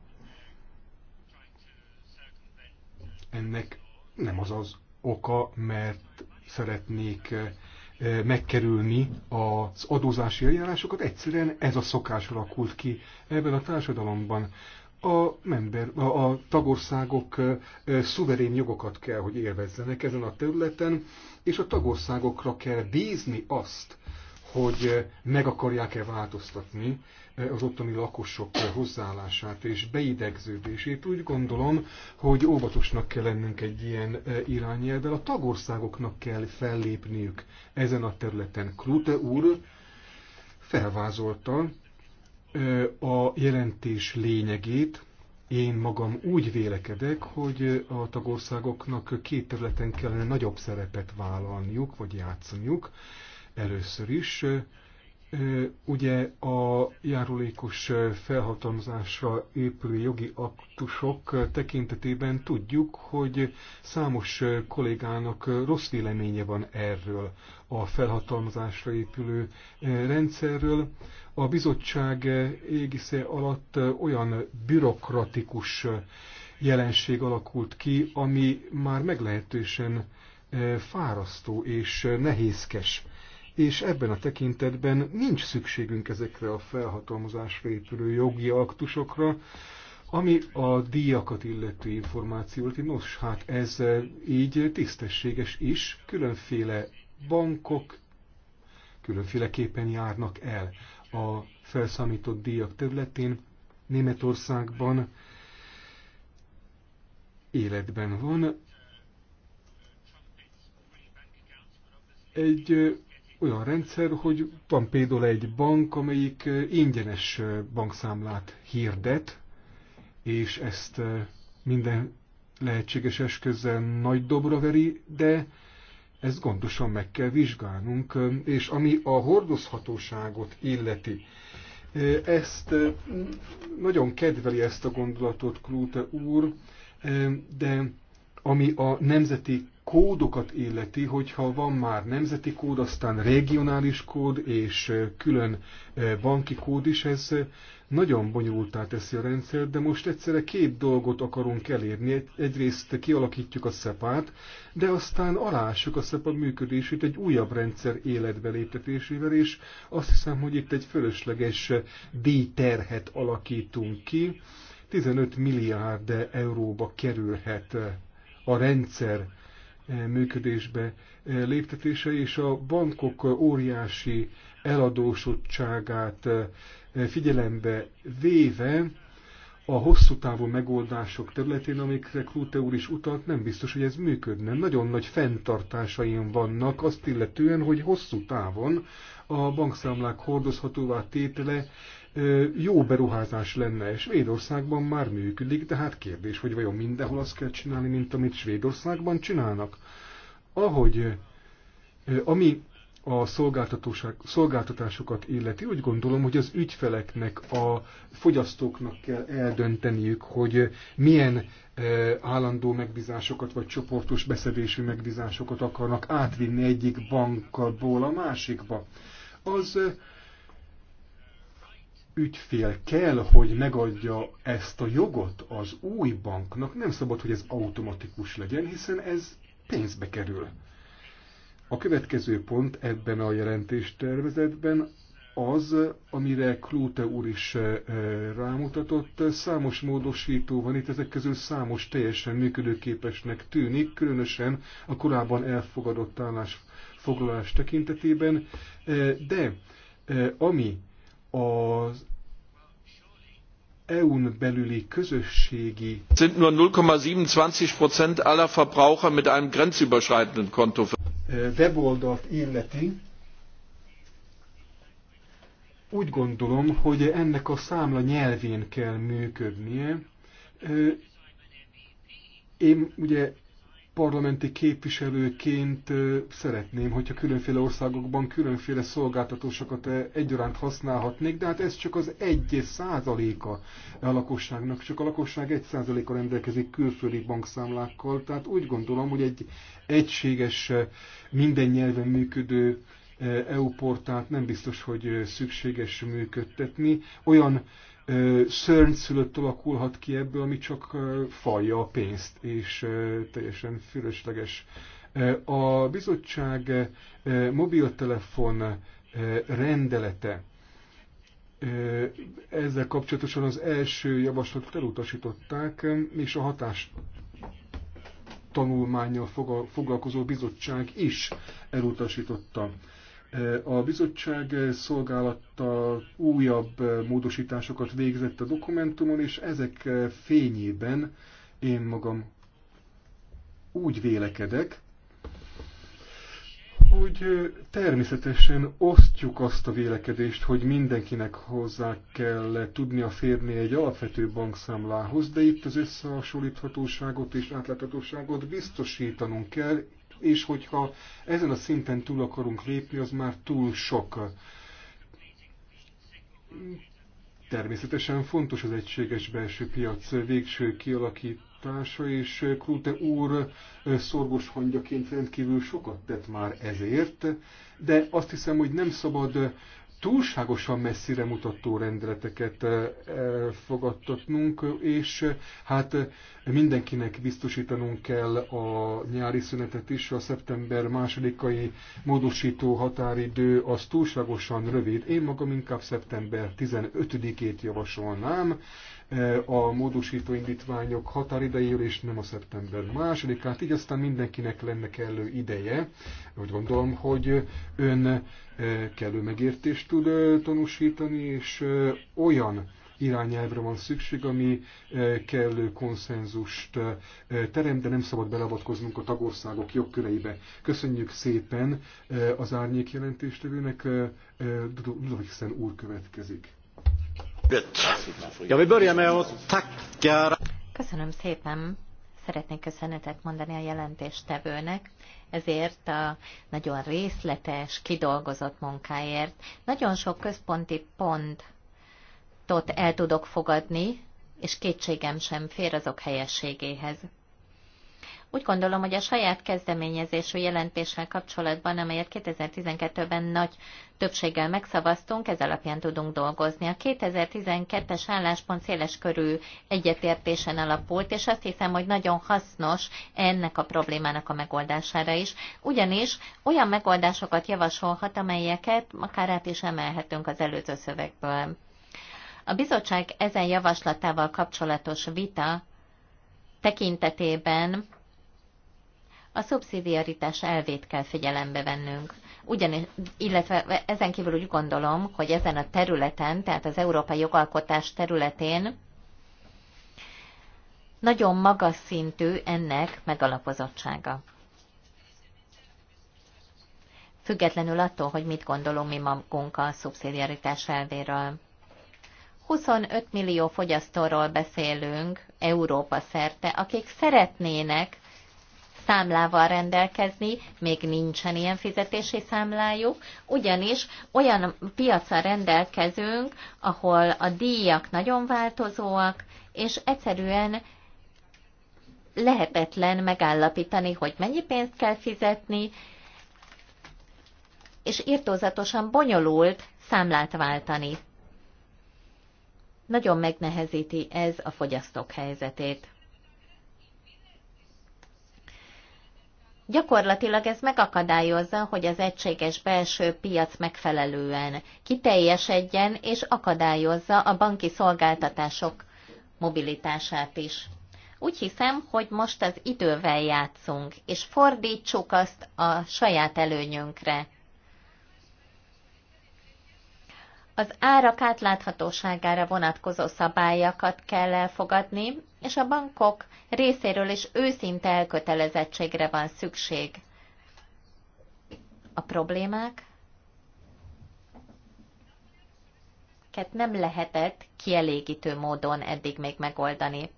Ennek nem az az oka, mert szeretnék eh, megkerülni az adózási eljárásokat. Egyszerűen ez a szokás alakult ki ebben a társadalomban a, member, a, a tagországok szuverén jogokat kell, hogy élvezzenek ezen a területen, és a tagországokra kell bízni azt, hogy meg akarják-e változtatni az ottani lakosok hozzáállását és beidegződését. Úgy gondolom, hogy óvatosnak kell lennünk egy ilyen irányelvvel. A tagországoknak kell fellépniük ezen a területen. Krute úr felvázolta, a jelentés lényegét. Én magam úgy vélekedek, hogy a tagországoknak két területen kellene nagyobb szerepet vállalniuk, vagy játszaniuk. Először is Ugye a járulékos felhatalmazásra épülő jogi aktusok tekintetében tudjuk, hogy számos kollégának rossz véleménye van erről a felhatalmazásra épülő rendszerről. A bizottság égisze alatt olyan bürokratikus jelenség alakult ki, ami már meglehetősen fárasztó és nehézkes és ebben a tekintetben nincs szükségünk ezekre a felhatalmazásra épülő jogi aktusokra, ami a díjakat illető információt, nos, hát ez így tisztességes is, különféle bankok különféleképpen járnak el a felszámított díjak területén. Németországban életben van egy olyan rendszer, hogy van például egy bank, amelyik ingyenes bankszámlát hirdet, és ezt minden lehetséges eszközzel nagy dobra veri, de ezt gondosan meg kell vizsgálnunk, és ami a hordozhatóságot illeti, ezt nagyon kedveli ezt a gondolatot Klúte úr, de ami a nemzeti kódokat illeti, hogyha van már nemzeti kód, aztán regionális kód és külön banki kód is, ez nagyon bonyolultá teszi a rendszer, de most egyszerre két dolgot akarunk elérni. Egyrészt kialakítjuk a szepát, de aztán alássuk a SEPA működését egy újabb rendszer életbe léptetésével, és azt hiszem, hogy itt egy fölösleges díjterhet alakítunk ki. 15 milliárd euróba kerülhet a rendszer működésbe eh, léptetése, és a bankok óriási eladósodtságát eh, figyelembe véve a hosszú távú megoldások területén, amikre Krúte úr is utalt, nem biztos, hogy ez működne. Nagyon nagy fenntartásaim vannak azt illetően, hogy hosszú távon a bankszámlák hordozhatóvá tétele jó beruházás lenne, és Svédországban már működik, de hát kérdés, hogy vajon mindenhol azt kell csinálni, mint amit Svédországban csinálnak. Ahogy ami a szolgáltatásokat illeti, úgy gondolom, hogy az ügyfeleknek, a fogyasztóknak kell eldönteniük, hogy milyen állandó megbízásokat vagy csoportos beszedésű megbízásokat akarnak átvinni egyik bankból a másikba. Az ügyfél kell, hogy megadja ezt a jogot az új banknak, nem szabad, hogy ez automatikus legyen, hiszen ez pénzbe kerül. A következő pont ebben a jelentéstervezetben az, amire Klóte úr is eh, rámutatott, számos módosító van itt, ezek közül számos teljesen működőképesnek tűnik, különösen a korábban elfogadott állásfoglalás tekintetében, eh, de eh, ami az EU-n belüli közösségi sind nur 0,27% aller Verbraucher mit einem grenzüberschreitenden Konto e, weboldalt illeti, úgy gondolom, hogy ennek a számla nyelvén kell működnie. E, én ugye parlamenti képviselőként szeretném, hogyha különféle országokban különféle szolgáltatósokat egyaránt használhatnék, de hát ez csak az egy százaléka a lakosságnak, csak a lakosság egy százaléka rendelkezik külföldi bankszámlákkal, tehát úgy gondolom, hogy egy egységes, minden nyelven működő EU portált nem biztos, hogy szükséges működtetni. Olyan szörnyszülött alakulhat ki ebből, ami csak falja a pénzt, és teljesen fülösleges. A bizottság mobiltelefon rendelete ezzel kapcsolatosan az első javaslatot elutasították, és a hatás tanulmányjal foglalkozó bizottság is elutasította a bizottság szolgálata újabb módosításokat végzett a dokumentumon, és ezek fényében én magam úgy vélekedek, hogy természetesen osztjuk azt a vélekedést, hogy mindenkinek hozzá kell tudnia férni egy alapvető bankszámlához, de itt az összehasonlíthatóságot és átláthatóságot biztosítanunk kell, és hogyha ezen a szinten túl akarunk lépni, az már túl sok. Természetesen fontos az egységes belső piac végső kialakítása, és Krúte úr szorgos hangyaként rendkívül sokat tett már ezért, de azt hiszem, hogy nem szabad túlságosan messzire mutató rendeleteket eh, fogadtatnunk, és eh, hát eh, mindenkinek biztosítanunk kell a nyári szünetet is, a szeptember másodikai módosító határidő az túlságosan rövid. Én magam inkább szeptember 15-ét javasolnám, E, a módosító indítványok határidejéről, és nem a szeptember másodikát, így aztán mindenkinek lenne kellő ideje. Úgy gondolom, hogy ön e, kellő megértést tud e, tanúsítani, és olyan irányelvre van szükség, ami kellő konszenzust terem, de nem szabad beleavatkoznunk a tagországok jogköreibe. Köszönjük szépen az árnyék jelentéstevőnek, Ludovixen úr következik. Köszönöm szépen. Szeretnék köszönetet mondani a jelentéstevőnek ezért a nagyon részletes, kidolgozott munkáért. Nagyon sok központi pontot el tudok fogadni, és kétségem sem fér azok helyességéhez. Úgy gondolom, hogy a saját kezdeményezésű jelentéssel kapcsolatban, amelyet 2012-ben nagy többséggel megszavaztunk, ez alapján tudunk dolgozni. A 2012-es álláspont széles körű egyetértésen alapult, és azt hiszem, hogy nagyon hasznos ennek a problémának a megoldására is, ugyanis olyan megoldásokat javasolhat, amelyeket akár át is emelhetünk az előző szövegből. A bizottság ezen javaslatával kapcsolatos vita tekintetében a szubszidiaritás elvét kell figyelembe vennünk. Ugyanis, illetve ezen kívül úgy gondolom, hogy ezen a területen, tehát az európai jogalkotás területén nagyon magas szintű ennek megalapozottsága. Függetlenül attól, hogy mit gondolunk mi magunk a szubszidiaritás elvéről. 25 millió fogyasztóról beszélünk Európa szerte, akik szeretnének számlával rendelkezni, még nincsen ilyen fizetési számlájuk, ugyanis olyan piacra rendelkezünk, ahol a díjak nagyon változóak, és egyszerűen lehetetlen megállapítani, hogy mennyi pénzt kell fizetni, és írtózatosan bonyolult számlát váltani. Nagyon megnehezíti ez a fogyasztók helyzetét. Gyakorlatilag ez megakadályozza, hogy az egységes belső piac megfelelően kiteljesedjen, és akadályozza a banki szolgáltatások mobilitását is. Úgy hiszem, hogy most az idővel játszunk, és fordítsuk azt a saját előnyünkre. Az árak átláthatóságára vonatkozó szabályokat kell elfogadni, és a bankok részéről is őszinte elkötelezettségre van szükség. A problémák? nem lehetett kielégítő módon eddig még megoldani.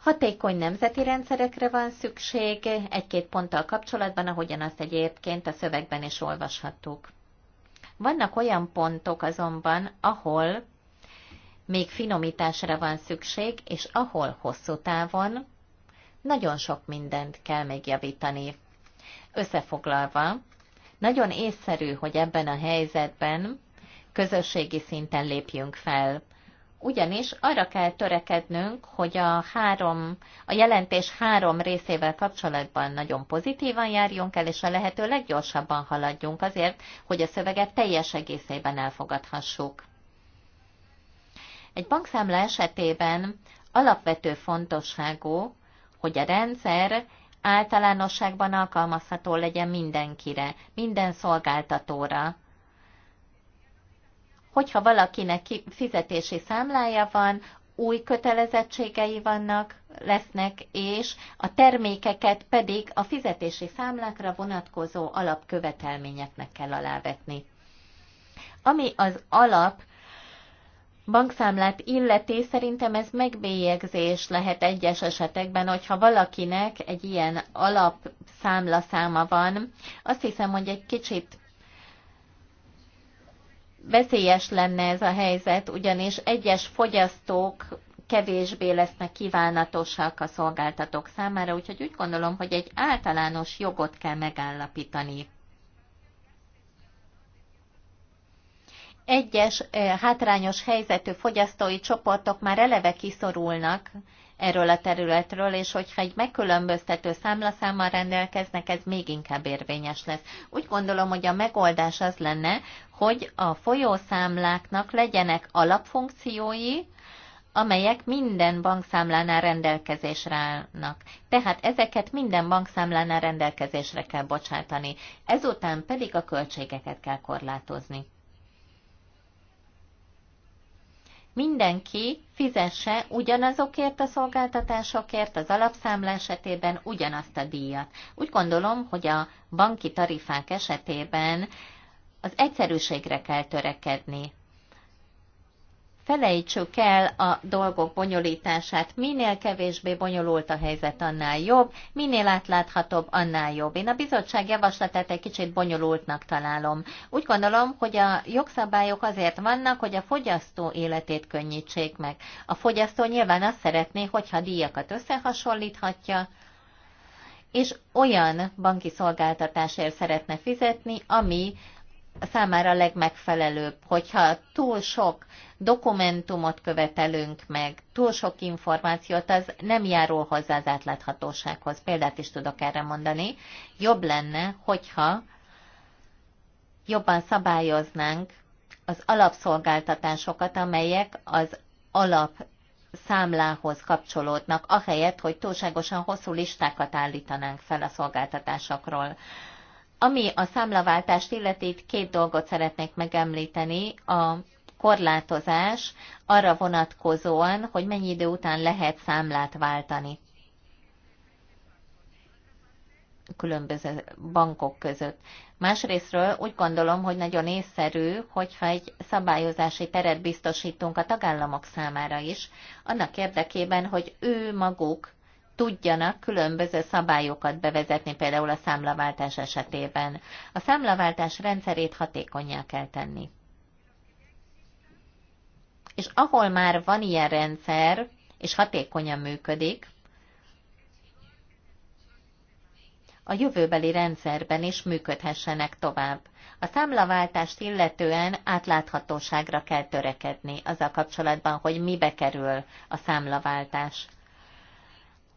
Hatékony nemzeti rendszerekre van szükség, egy-két ponttal kapcsolatban, ahogyan azt egyébként a szövegben is olvashattuk. Vannak olyan pontok azonban, ahol még finomításra van szükség, és ahol hosszú távon nagyon sok mindent kell megjavítani. Összefoglalva, nagyon észszerű, hogy ebben a helyzetben közösségi szinten lépjünk fel. Ugyanis arra kell törekednünk, hogy a, három, a jelentés három részével kapcsolatban nagyon pozitívan járjunk el, és a lehető leggyorsabban haladjunk azért, hogy a szöveget teljes egészében elfogadhassuk. Egy bankszámla esetében alapvető fontosságú, hogy a rendszer általánosságban alkalmazható legyen mindenkire, minden szolgáltatóra. Hogyha valakinek fizetési számlája van, új kötelezettségei vannak, lesznek, és a termékeket pedig a fizetési számlákra vonatkozó alapkövetelményeknek kell alávetni. Ami az alap bankszámlát illeti, szerintem ez megbélyegzés lehet egyes esetekben, hogyha valakinek egy ilyen alapszámla száma van. Azt hiszem, hogy egy kicsit veszélyes lenne ez a helyzet, ugyanis egyes fogyasztók kevésbé lesznek kívánatosak a szolgáltatók számára, úgyhogy úgy gondolom, hogy egy általános jogot kell megállapítani. egyes hátrányos helyzetű fogyasztói csoportok már eleve kiszorulnak erről a területről, és hogyha egy megkülönböztető számlaszámmal rendelkeznek, ez még inkább érvényes lesz. Úgy gondolom, hogy a megoldás az lenne, hogy a folyószámláknak legyenek alapfunkciói, amelyek minden bankszámlánál rendelkezésre állnak. Tehát ezeket minden bankszámlánál rendelkezésre kell bocsátani. Ezután pedig a költségeket kell korlátozni. mindenki fizesse ugyanazokért a szolgáltatásokért az alapszámla esetében ugyanazt a díjat. Úgy gondolom, hogy a banki tarifák esetében az egyszerűségre kell törekedni. Felejtsük el a dolgok bonyolítását, minél kevésbé bonyolult a helyzet, annál jobb, minél átláthatóbb, annál jobb. Én a bizottság javaslatát egy kicsit bonyolultnak találom. Úgy gondolom, hogy a jogszabályok azért vannak, hogy a fogyasztó életét könnyítsék meg. A fogyasztó nyilván azt szeretné, hogyha díjakat összehasonlíthatja, és olyan banki szolgáltatásért szeretne fizetni, ami számára a legmegfelelőbb, hogyha túl sok dokumentumot követelünk meg, túl sok információt, az nem járul hozzá az átláthatósághoz. Példát is tudok erre mondani. Jobb lenne, hogyha jobban szabályoznánk az alapszolgáltatásokat, amelyek az alap számlához kapcsolódnak, ahelyett, hogy túlságosan hosszú listákat állítanánk fel a szolgáltatásokról. Ami a számlaváltást illeti, itt két dolgot szeretnék megemlíteni. A korlátozás arra vonatkozóan, hogy mennyi idő után lehet számlát váltani különböző bankok között. Másrésztről úgy gondolom, hogy nagyon észszerű, hogyha egy szabályozási teret biztosítunk a tagállamok számára is, annak érdekében, hogy ő maguk tudjanak különböző szabályokat bevezetni, például a számlaváltás esetében. A számlaváltás rendszerét hatékonyá kell tenni. És ahol már van ilyen rendszer, és hatékonyan működik, a jövőbeli rendszerben is működhessenek tovább. A számlaváltást illetően átláthatóságra kell törekedni azzal kapcsolatban, hogy mibe kerül a számlaváltás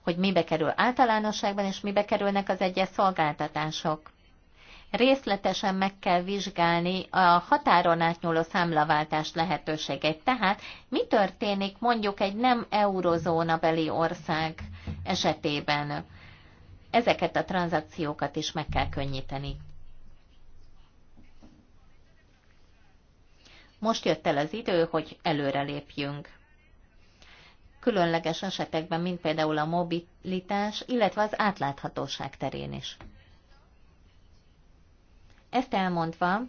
hogy mibe kerül általánosságban, és mibe kerülnek az egyes szolgáltatások. Részletesen meg kell vizsgálni a határon átnyúló számlaváltás lehetőségeit. Tehát mi történik mondjuk egy nem beli ország esetében? Ezeket a tranzakciókat is meg kell könnyíteni. Most jött el az idő, hogy előrelépjünk különleges esetekben, mint például a mobilitás, illetve az átláthatóság terén is. Ezt elmondva,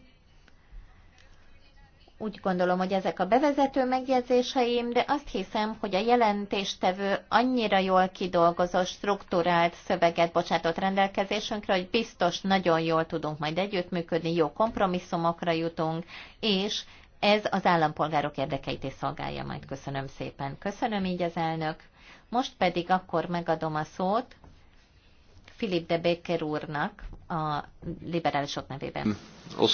úgy gondolom, hogy ezek a bevezető megjegyzéseim, de azt hiszem, hogy a jelentéstevő annyira jól kidolgozott, strukturált szöveget bocsátott rendelkezésünkre, hogy biztos nagyon jól tudunk majd együttműködni, jó kompromisszumokra jutunk, és ez az állampolgárok érdekeit is szolgálja majd. Köszönöm szépen. Köszönöm így az elnök. Most pedig akkor megadom a szót Filip de Becker úrnak a liberálisok nevében.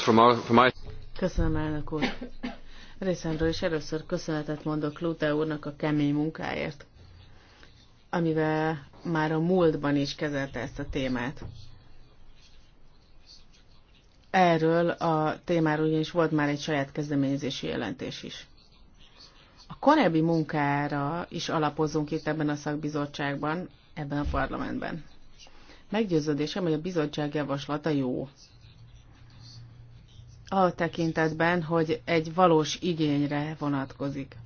Hmm. Köszönöm, elnök úr. Részemről is először köszönetet mondok Lute úrnak a kemény munkáért, amivel már a múltban is kezelte ezt a témát. Erről a témáról ugyanis volt már egy saját kezdeményezési jelentés is. A korábbi munkára is alapozunk itt ebben a szakbizottságban, ebben a parlamentben. Meggyőződésem, hogy a bizottság javaslata jó. A tekintetben, hogy egy valós igényre vonatkozik.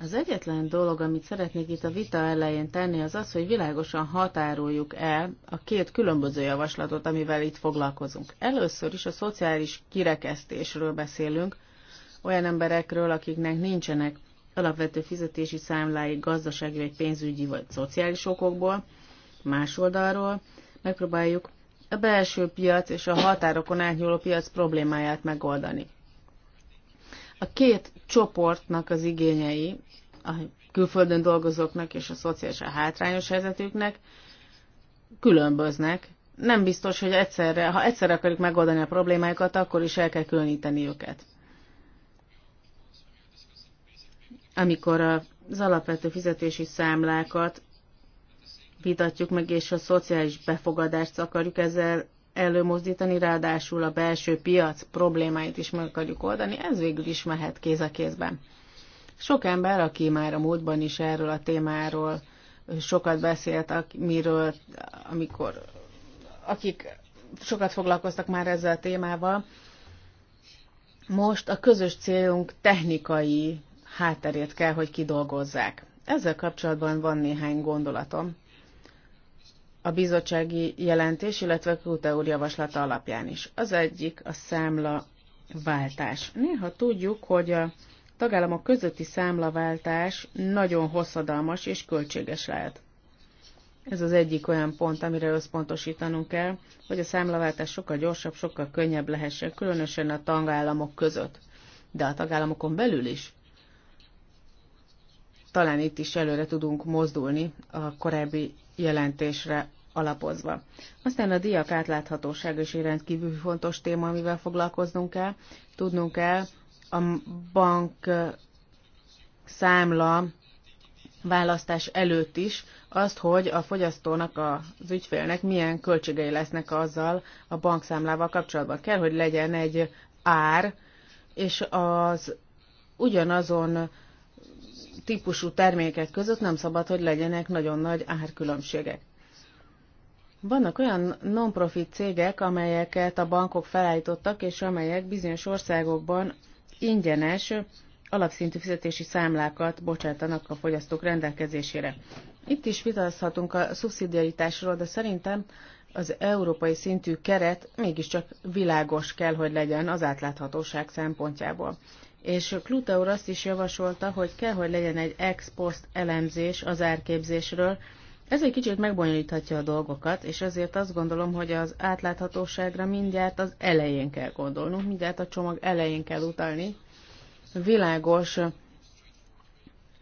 Az egyetlen dolog, amit szeretnék itt a vita elején tenni, az az, hogy világosan határoljuk el a két különböző javaslatot, amivel itt foglalkozunk. Először is a szociális kirekesztésről beszélünk, olyan emberekről, akiknek nincsenek alapvető fizetési számlái gazdasági vagy pénzügyi vagy szociális okokból, más oldalról megpróbáljuk a belső piac és a határokon átnyúló piac problémáját megoldani. A két csoportnak az igényei, a külföldön dolgozóknak és a szociálisan hátrányos helyzetüknek különböznek. Nem biztos, hogy egyszerre, ha egyszerre akarjuk megoldani a problémáikat, akkor is el kell különíteni őket. Amikor az alapvető fizetési számlákat vitatjuk meg, és a szociális befogadást akarjuk ezzel előmozdítani, ráadásul a belső piac problémáit is meg akarjuk oldani, ez végül is mehet kéz a kézben. Sok ember, aki már a múltban is erről a témáról sokat beszélt, miről, amikor, akik sokat foglalkoztak már ezzel a témával, most a közös célunk technikai hátterét kell, hogy kidolgozzák. Ezzel kapcsolatban van néhány gondolatom a bizottsági jelentés, illetve Kute úr javaslata alapján is. Az egyik a számla váltás. Néha tudjuk, hogy a tagállamok közötti számlaváltás nagyon hosszadalmas és költséges lehet. Ez az egyik olyan pont, amire összpontosítanunk kell, hogy a számlaváltás sokkal gyorsabb, sokkal könnyebb lehessen, különösen a tagállamok között, de a tagállamokon belül is talán itt is előre tudunk mozdulni a korábbi jelentésre alapozva. Aztán a diák átláthatóság is egy rendkívül fontos téma, amivel foglalkoznunk kell. Tudnunk kell a bank számla választás előtt is azt, hogy a fogyasztónak, az ügyfélnek milyen költségei lesznek azzal a bankszámlával kapcsolatban. Kell, hogy legyen egy ár, és az ugyanazon típusú termékek között nem szabad, hogy legyenek nagyon nagy árkülönbségek. Vannak olyan non-profit cégek, amelyeket a bankok felállítottak, és amelyek bizonyos országokban ingyenes alapszintű fizetési számlákat bocsátanak a fogyasztók rendelkezésére. Itt is vitázhatunk a szubszidiaritásról, de szerintem az európai szintű keret mégiscsak világos kell, hogy legyen az átláthatóság szempontjából és Kluta úr azt is javasolta, hogy kell, hogy legyen egy ex post elemzés az árképzésről. Ez egy kicsit megbonyolíthatja a dolgokat, és azért azt gondolom, hogy az átláthatóságra mindjárt az elején kell gondolnunk, mindjárt a csomag elején kell utalni. Világos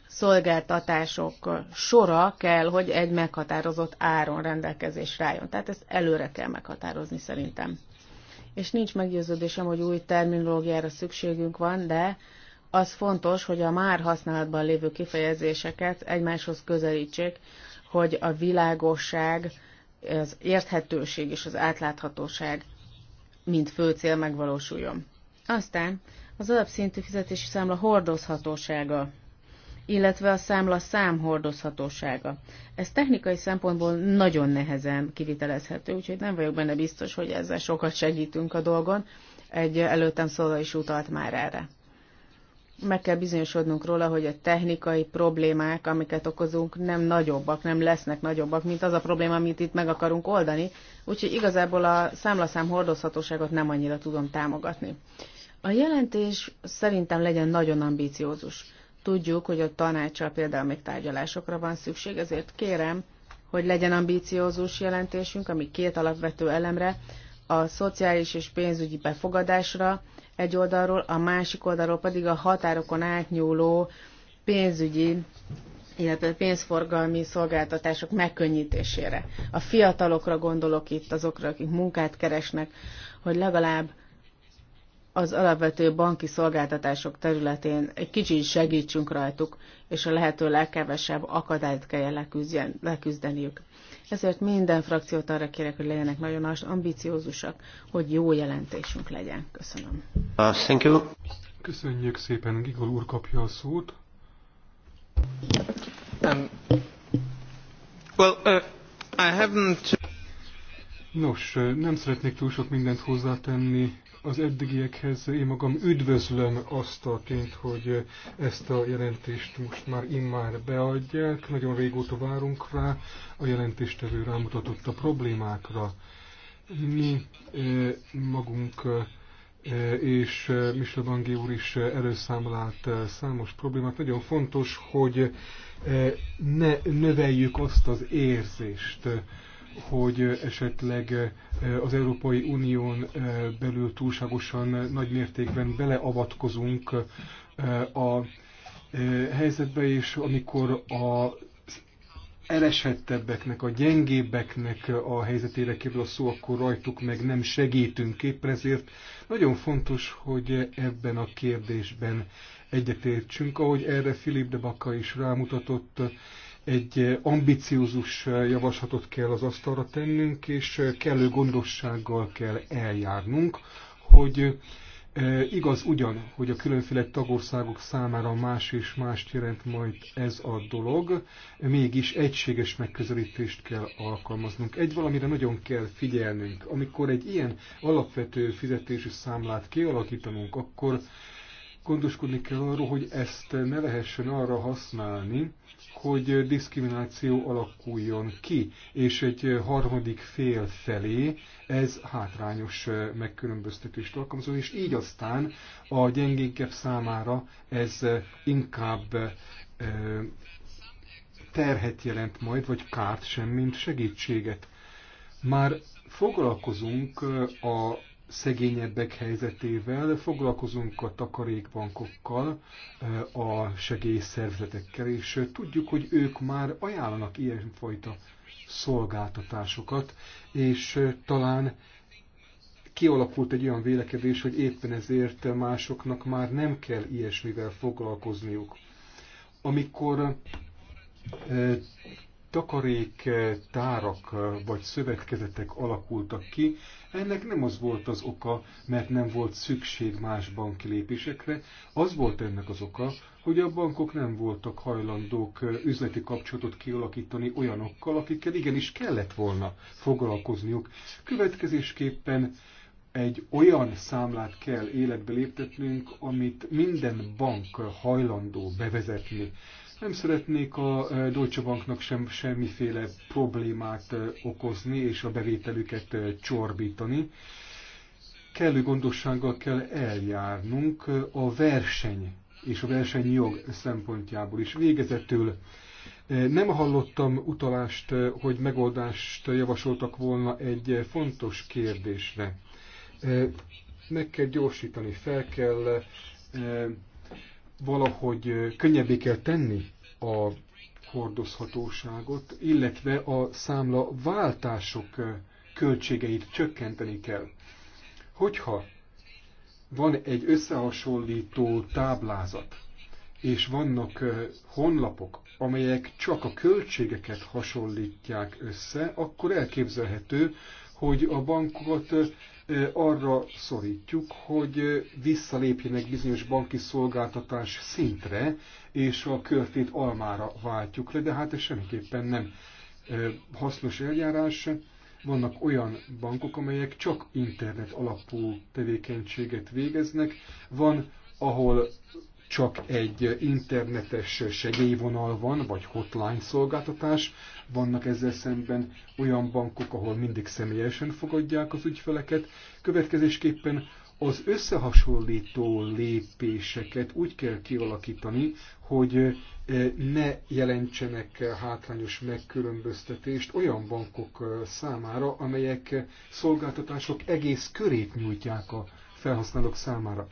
szolgáltatások sora kell, hogy egy meghatározott áron rendelkezésre álljon. Tehát ezt előre kell meghatározni szerintem és nincs meggyőződésem, hogy új terminológiára szükségünk van, de az fontos, hogy a már használatban lévő kifejezéseket egymáshoz közelítsék, hogy a világosság, az érthetőség és az átláthatóság mint fő cél megvalósuljon. Aztán az alapszintű fizetési számla hordozhatósága illetve a számla számhordozhatósága. Ez technikai szempontból nagyon nehezen kivitelezhető, úgyhogy nem vagyok benne biztos, hogy ezzel sokat segítünk a dolgon. Egy előttem szólva is utalt már erre. Meg kell bizonyosodnunk róla, hogy a technikai problémák, amiket okozunk, nem nagyobbak, nem lesznek nagyobbak, mint az a probléma, amit itt meg akarunk oldani. Úgyhogy igazából a számlaszám hordozhatóságot nem annyira tudom támogatni. A jelentés szerintem legyen nagyon ambíciózus. Tudjuk, hogy a tanácsal például még tárgyalásokra van szükség, ezért kérem, hogy legyen ambíciózus jelentésünk, ami két alapvető elemre, a szociális és pénzügyi befogadásra egy oldalról, a másik oldalról pedig a határokon átnyúló pénzügyi, illetve pénzforgalmi szolgáltatások megkönnyítésére. A fiatalokra gondolok itt, azokra, akik munkát keresnek, hogy legalább az alapvető banki szolgáltatások területén egy kicsit segítsünk rajtuk, és a lehető legkevesebb akadályt kelljen leküzdeniük. Ezért minden frakciót arra kérek, hogy legyenek nagyon ambiciózusak, hogy jó jelentésünk legyen. Köszönöm. Uh, thank you. Köszönjük szépen, Gigol úr kapja a szót. Um, well, uh, I haven't... Nos, uh, nem szeretnék túl sok mindent hozzátenni az eddigiekhez. Én magam üdvözlöm azt a tényt, hogy ezt a jelentést most már immár beadják. Nagyon régóta várunk rá. A jelentéstevő rámutatott a problémákra. Mi eh, magunk eh, és eh, Michel Bangé úr is előszámlált számos problémát. Nagyon fontos, hogy ne növeljük azt az érzést, hogy esetleg az Európai Unión belül túlságosan nagy mértékben beleavatkozunk a helyzetbe, és amikor a elesettebbeknek, a gyengébbeknek a helyzetére kerül a szó, akkor rajtuk meg nem segítünk éppen ezért. Nagyon fontos, hogy ebben a kérdésben egyetértsünk, ahogy erre Filip de Baka is rámutatott, egy eh, ambiciózus eh, javaslatot kell az asztalra tennünk, és eh, kellő gondossággal kell eljárnunk, hogy igaz ugyan, hogy a különféle tagországok számára más és mást jelent majd ez a dolog, mégis egységes megközelítést kell alkalmaznunk. Egy valamire nagyon kell figyelnünk. Amikor egy ilyen alapvető fizetési számlát kialakítanunk, akkor gondoskodni kell arról, hogy ezt ne lehessen arra használni, hogy diszkrimináció alakuljon ki, és egy harmadik fél felé ez hátrányos megkülönböztetést alkalmazó, és így aztán a gyengénkebb számára ez inkább terhet jelent majd, vagy kárt sem, mint segítséget. Már foglalkozunk a szegényebbek helyzetével, foglalkozunk a takarékbankokkal, eh, a segélyszervezetekkel, és eh, tudjuk, hogy ők már ajánlanak ilyenfajta szolgáltatásokat, és eh, talán kialakult egy olyan vélekedés, hogy éppen ezért másoknak már nem kell ilyesmivel foglalkozniuk. Amikor takarék eh, tárak eh, vagy szövetkezetek alakultak ki. Ennek nem az volt az oka, mert nem volt szükség más banki lépésekre, az volt ennek az oka, hogy a bankok nem voltak hajlandók eh, üzleti kapcsolatot kialakítani olyanokkal, akikkel igenis kellett volna foglalkozniuk. Következésképpen egy olyan számlát kell életbe léptetnünk, amit minden bank hajlandó bevezetni. Nem szeretnék a e, Deutsche Banknak sem semmiféle problémát e, okozni és a bevételüket e, csorbítani. Kellő gondossággal kell eljárnunk a verseny és a versenyjog szempontjából is. Végezetül nem hallottam utalást, hogy megoldást javasoltak volna egy fontos kérdésre. Meg kell gyorsítani, fel kell valahogy könnyebbé kell tenni a hordozhatóságot, illetve a számla váltások költségeit csökkenteni kell. Hogyha van egy összehasonlító táblázat, és vannak honlapok, amelyek csak a költségeket hasonlítják össze, akkor elképzelhető, hogy a bankokat arra szorítjuk, hogy visszalépjenek bizonyos banki szolgáltatás szintre, és a körtét almára váltjuk le, de hát ez semmiképpen nem hasznos eljárás. Vannak olyan bankok, amelyek csak internet alapú tevékenységet végeznek, van, ahol csak egy internetes segélyvonal van, vagy hotline szolgáltatás. Vannak ezzel szemben olyan bankok, ahol mindig személyesen fogadják az ügyfeleket. Következésképpen az összehasonlító lépéseket úgy kell kialakítani, hogy eh, ne jelentsenek hátrányos megkülönböztetést olyan bankok eh, számára, amelyek szolgáltatások egész körét nyújtják a felhasználók számára.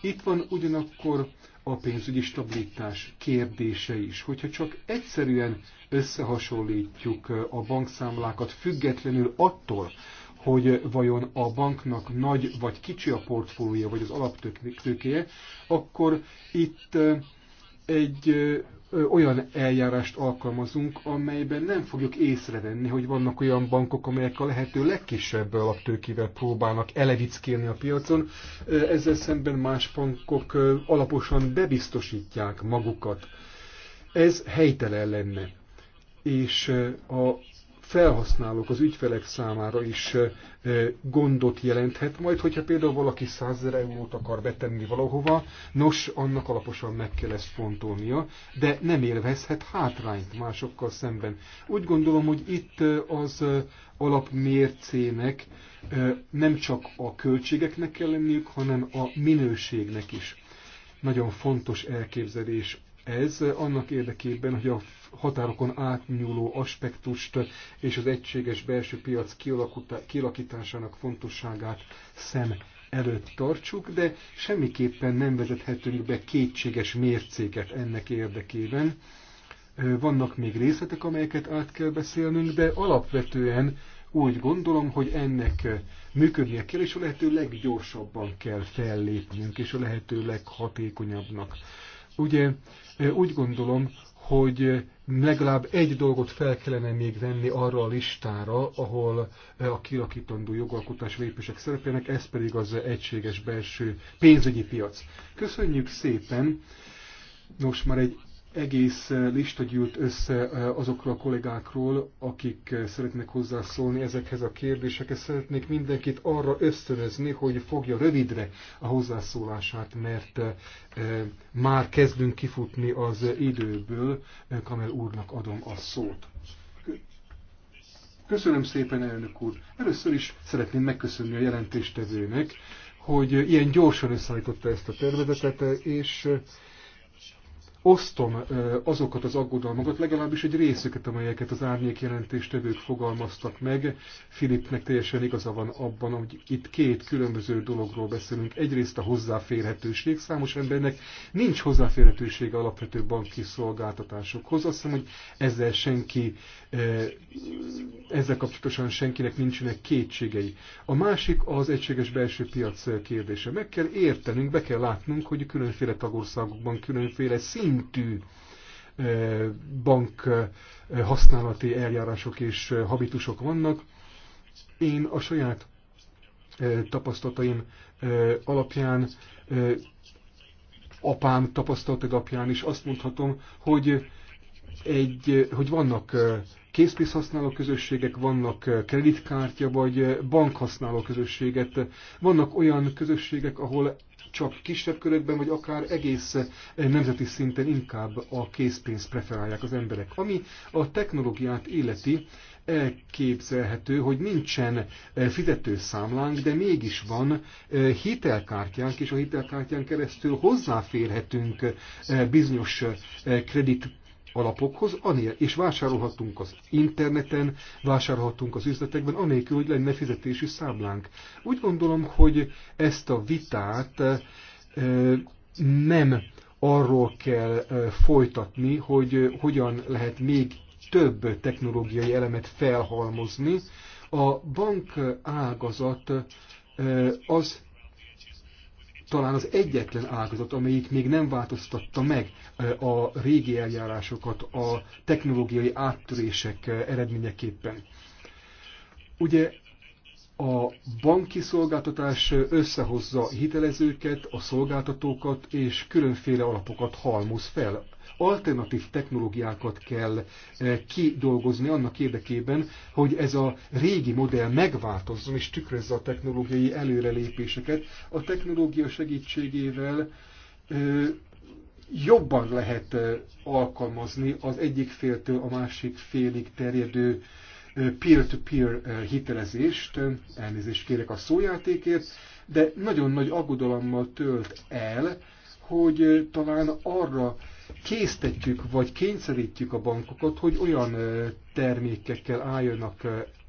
Itt van ugyanakkor a pénzügyi stabilitás kérdése is. Hogyha csak egyszerűen összehasonlítjuk a bankszámlákat függetlenül attól, hogy vajon a banknak nagy vagy kicsi a portfóliója, vagy az alaptőkéje, akkor itt egy olyan eljárást alkalmazunk, amelyben nem fogjuk észrevenni, hogy vannak olyan bankok, amelyek a lehető legkisebb alaptőkével próbálnak elevickélni a piacon. Ezzel szemben más bankok alaposan bebiztosítják magukat. Ez helytelen lenne. És a felhasználók, az ügyfelek számára is gondot jelenthet. Majd, hogyha például valaki 100 eurót akar betenni valahova, nos, annak alaposan meg kell ezt fontolnia, de nem élvezhet hátrányt másokkal szemben. Úgy gondolom, hogy itt az alapmércének nem csak a költségeknek kell lenniük, hanem a minőségnek is. Nagyon fontos elképzelés ez annak érdekében, hogy a határokon átnyúló aspektust és az egységes belső piac kialakításának fontosságát szem előtt tartsuk, de semmiképpen nem vezethetünk be kétséges mércéket ennek érdekében. Vannak még részletek, amelyeket át kell beszélnünk, de alapvetően úgy gondolom, hogy ennek működnie kell, és a lehető leggyorsabban kell fellépnünk, és a lehető leghatékonyabbnak Ugye úgy gondolom, hogy legalább egy dolgot fel kellene még venni arra a listára, ahol a kirakítandó jogalkotás lépések szerepelnek, ez pedig az egységes belső pénzügyi piac. Köszönjük szépen! Nos, már egy egész eh, lista gyűlt össze eh, azokról a kollégákról, akik eh, szeretnek hozzászólni ezekhez a kérdésekhez. Szeretnék mindenkit arra ösztönözni, hogy fogja rövidre a hozzászólását, mert már kezdünk kifutni az időből. Kamel úrnak adom a szót. Köszönöm szépen, elnök úr! Először is szeretném megköszönni a jelentéstevőnek, hogy ilyen gyorsan összeállította ezt a tervezetet, és osztom azokat az aggodalmakat, legalábbis egy részüket, amelyeket az árnyék jelentéstevők fogalmaztak meg. Filipnek teljesen igaza van abban, hogy itt két különböző dologról beszélünk. Egyrészt a hozzáférhetőség. Számos embernek nincs hozzáférhetősége alapvető banki szolgáltatásokhoz. Azt hiszem, hogy ezzel senki Eh, ezzel kapcsolatosan senkinek nincsenek kétségei. A másik az egységes belső piac kérdése. Meg kell értenünk, be kell látnunk, hogy különféle tagországokban különféle szintű eh, bank eh, használati eljárások és habitusok vannak. Én a saját tapasztalataim alapján apám tapasztalatok alapján is azt mondhatom, hogy, egy, hogy vannak készpénzhasználó közösségek, vannak eh, kreditkártya vagy eh, bankhasználó közösséget, vannak olyan közösségek, ahol csak kisebb körökben, vagy akár egész eh, nemzeti szinten inkább a készpénzt preferálják az emberek. Ami a technológiát illeti, elképzelhető, hogy nincsen fizetőszámlánk, de mégis van hitelkártyánk, és a hitelkártyán keresztül hozzáférhetünk bizonyos kredit alapokhoz, anél, és vásárolhatunk az interneten, vásárolhatunk az üzletekben, anélkül, hogy lenne fizetési számlánk. Úgy gondolom, hogy ezt a vitát nem arról kell folytatni, hogy hogyan lehet még több technológiai elemet felhalmozni. A bank ágazat az talán az egyetlen áldozat, amelyik még nem változtatta meg a régi eljárásokat a technológiai áttörések eredményeképpen. Ugye a banki szolgáltatás összehozza hitelezőket, a szolgáltatókat és különféle alapokat halmoz fel alternatív technológiákat kell eh, kidolgozni annak érdekében, hogy ez a régi modell megváltozzon és tükrözze a technológiai előrelépéseket. A technológia segítségével eh, jobban lehet eh, alkalmazni az egyik féltől a másik félig terjedő peer-to-peer -peer hitelezést, elnézést kérek a szójátékért, de nagyon nagy aggodalommal tölt el, hogy talán arra késztetjük vagy kényszerítjük a bankokat, hogy olyan termékekkel álljanak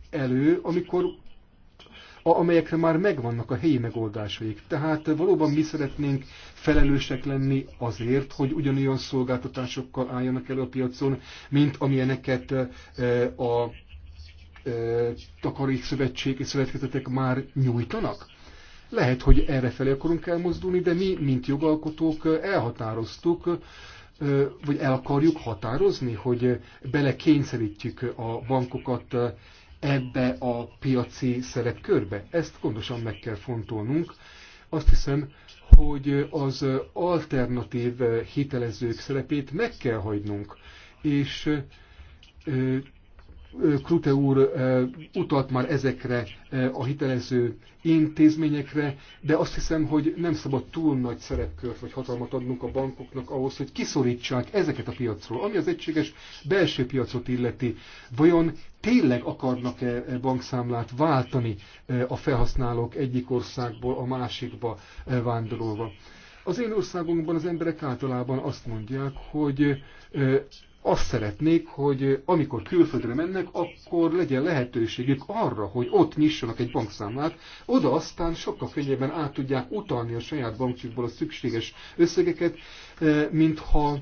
elő, amikor amelyekre már megvannak a helyi megoldásaik. Tehát valóban mi szeretnénk felelősek lenni azért, hogy ugyanolyan szolgáltatásokkal álljanak elő a piacon, mint amilyeneket a és szövetkezetek már nyújtanak? Lehet, hogy erre felé akarunk elmozdulni, de mi, mint jogalkotók elhatároztuk, vagy el akarjuk határozni, hogy belekényszerítjük a bankokat ebbe a piaci szerepkörbe? Ezt gondosan meg kell fontolnunk. Azt hiszem, hogy az alternatív hitelezők szerepét meg kell hagynunk, és Krute úr eh, utalt már ezekre eh, a hitelező intézményekre, de azt hiszem, hogy nem szabad túl nagy szerepkört vagy hatalmat adnunk a bankoknak ahhoz, hogy kiszorítsák ezeket a piacról. Ami az egységes belső piacot illeti, vajon tényleg akarnak-e eh, bankszámlát váltani a felhasználók egyik országból a másikba vándorolva? Az én országunkban az emberek általában azt mondják, hogy azt szeretnék, hogy eh, amikor külföldre mennek, akkor legyen lehetőségük arra, hogy ott nyissanak egy bankszámlát, oda aztán sokkal könnyebben át tudják utalni a saját bankjukból a szükséges összegeket, eh, mintha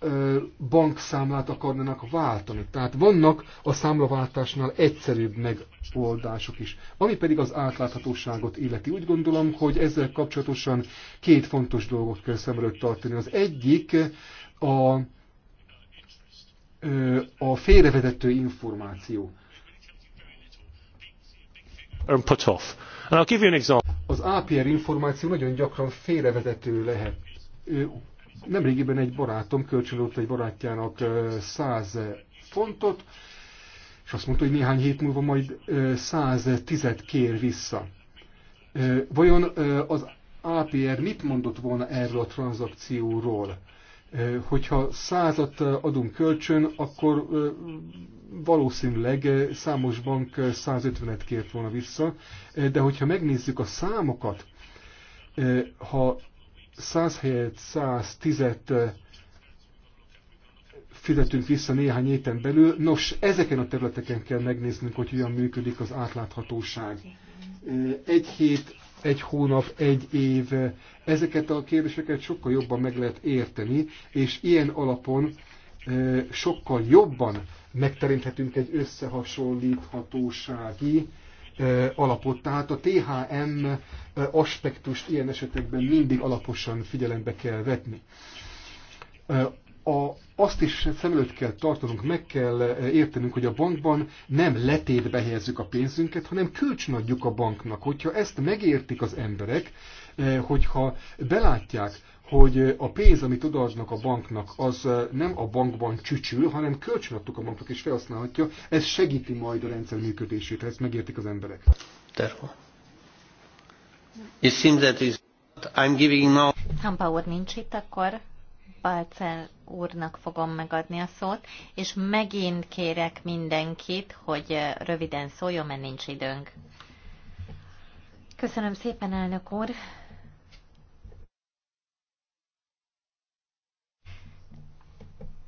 eh, bankszámlát akarnának váltani. Tehát vannak a számlaváltásnál egyszerűbb megoldások is. Ami pedig az átláthatóságot illeti. Úgy gondolom, hogy ezzel kapcsolatosan két fontos dolgot kell szem előtt tartani. Az egyik a a félrevezető információ. And um, put off. And I'll give you an example. Az APR információ nagyon gyakran félrevezető lehet. Nemrégiben egy barátom kölcsönött egy barátjának 100 fontot, és azt mondta, hogy néhány hét múlva majd 110 kér vissza. Vajon az APR mit mondott volna erről a tranzakcióról? Hogyha százat adunk kölcsön, akkor valószínűleg számos bank 150-et kért volna vissza, de hogyha megnézzük a számokat, ha 100 helyett 110-et fizetünk vissza néhány éten belül. Nos, ezeken a területeken kell megnéznünk, hogy hogyan működik az átláthatóság. Egy hét egy hónap, egy év. Ezeket a kérdéseket sokkal jobban meg lehet érteni, és ilyen alapon sokkal jobban megteremthetünk egy összehasonlíthatósági alapot. Tehát a THM aspektust ilyen esetekben mindig alaposan figyelembe kell vetni a, azt is szem előtt kell tartanunk, meg kell eh, értenünk, hogy a bankban nem letétbe helyezzük a pénzünket, hanem kölcsönadjuk a banknak. Hogyha ezt megértik az emberek, eh, hogyha belátják, hogy a pénz, amit odaadnak a banknak, az eh, nem a bankban csücsül, hanem kölcsönadtuk a banknak és felhasználhatja, ez segíti majd a rendszer működését, ha ezt megértik az emberek. Therefore. It seems that is I'm giving now. Kampa úr nincs itt, akkor Balcel úrnak fogom megadni a szót, és megint kérek mindenkit, hogy röviden szóljon, mert nincs időnk. Köszönöm szépen, elnök úr!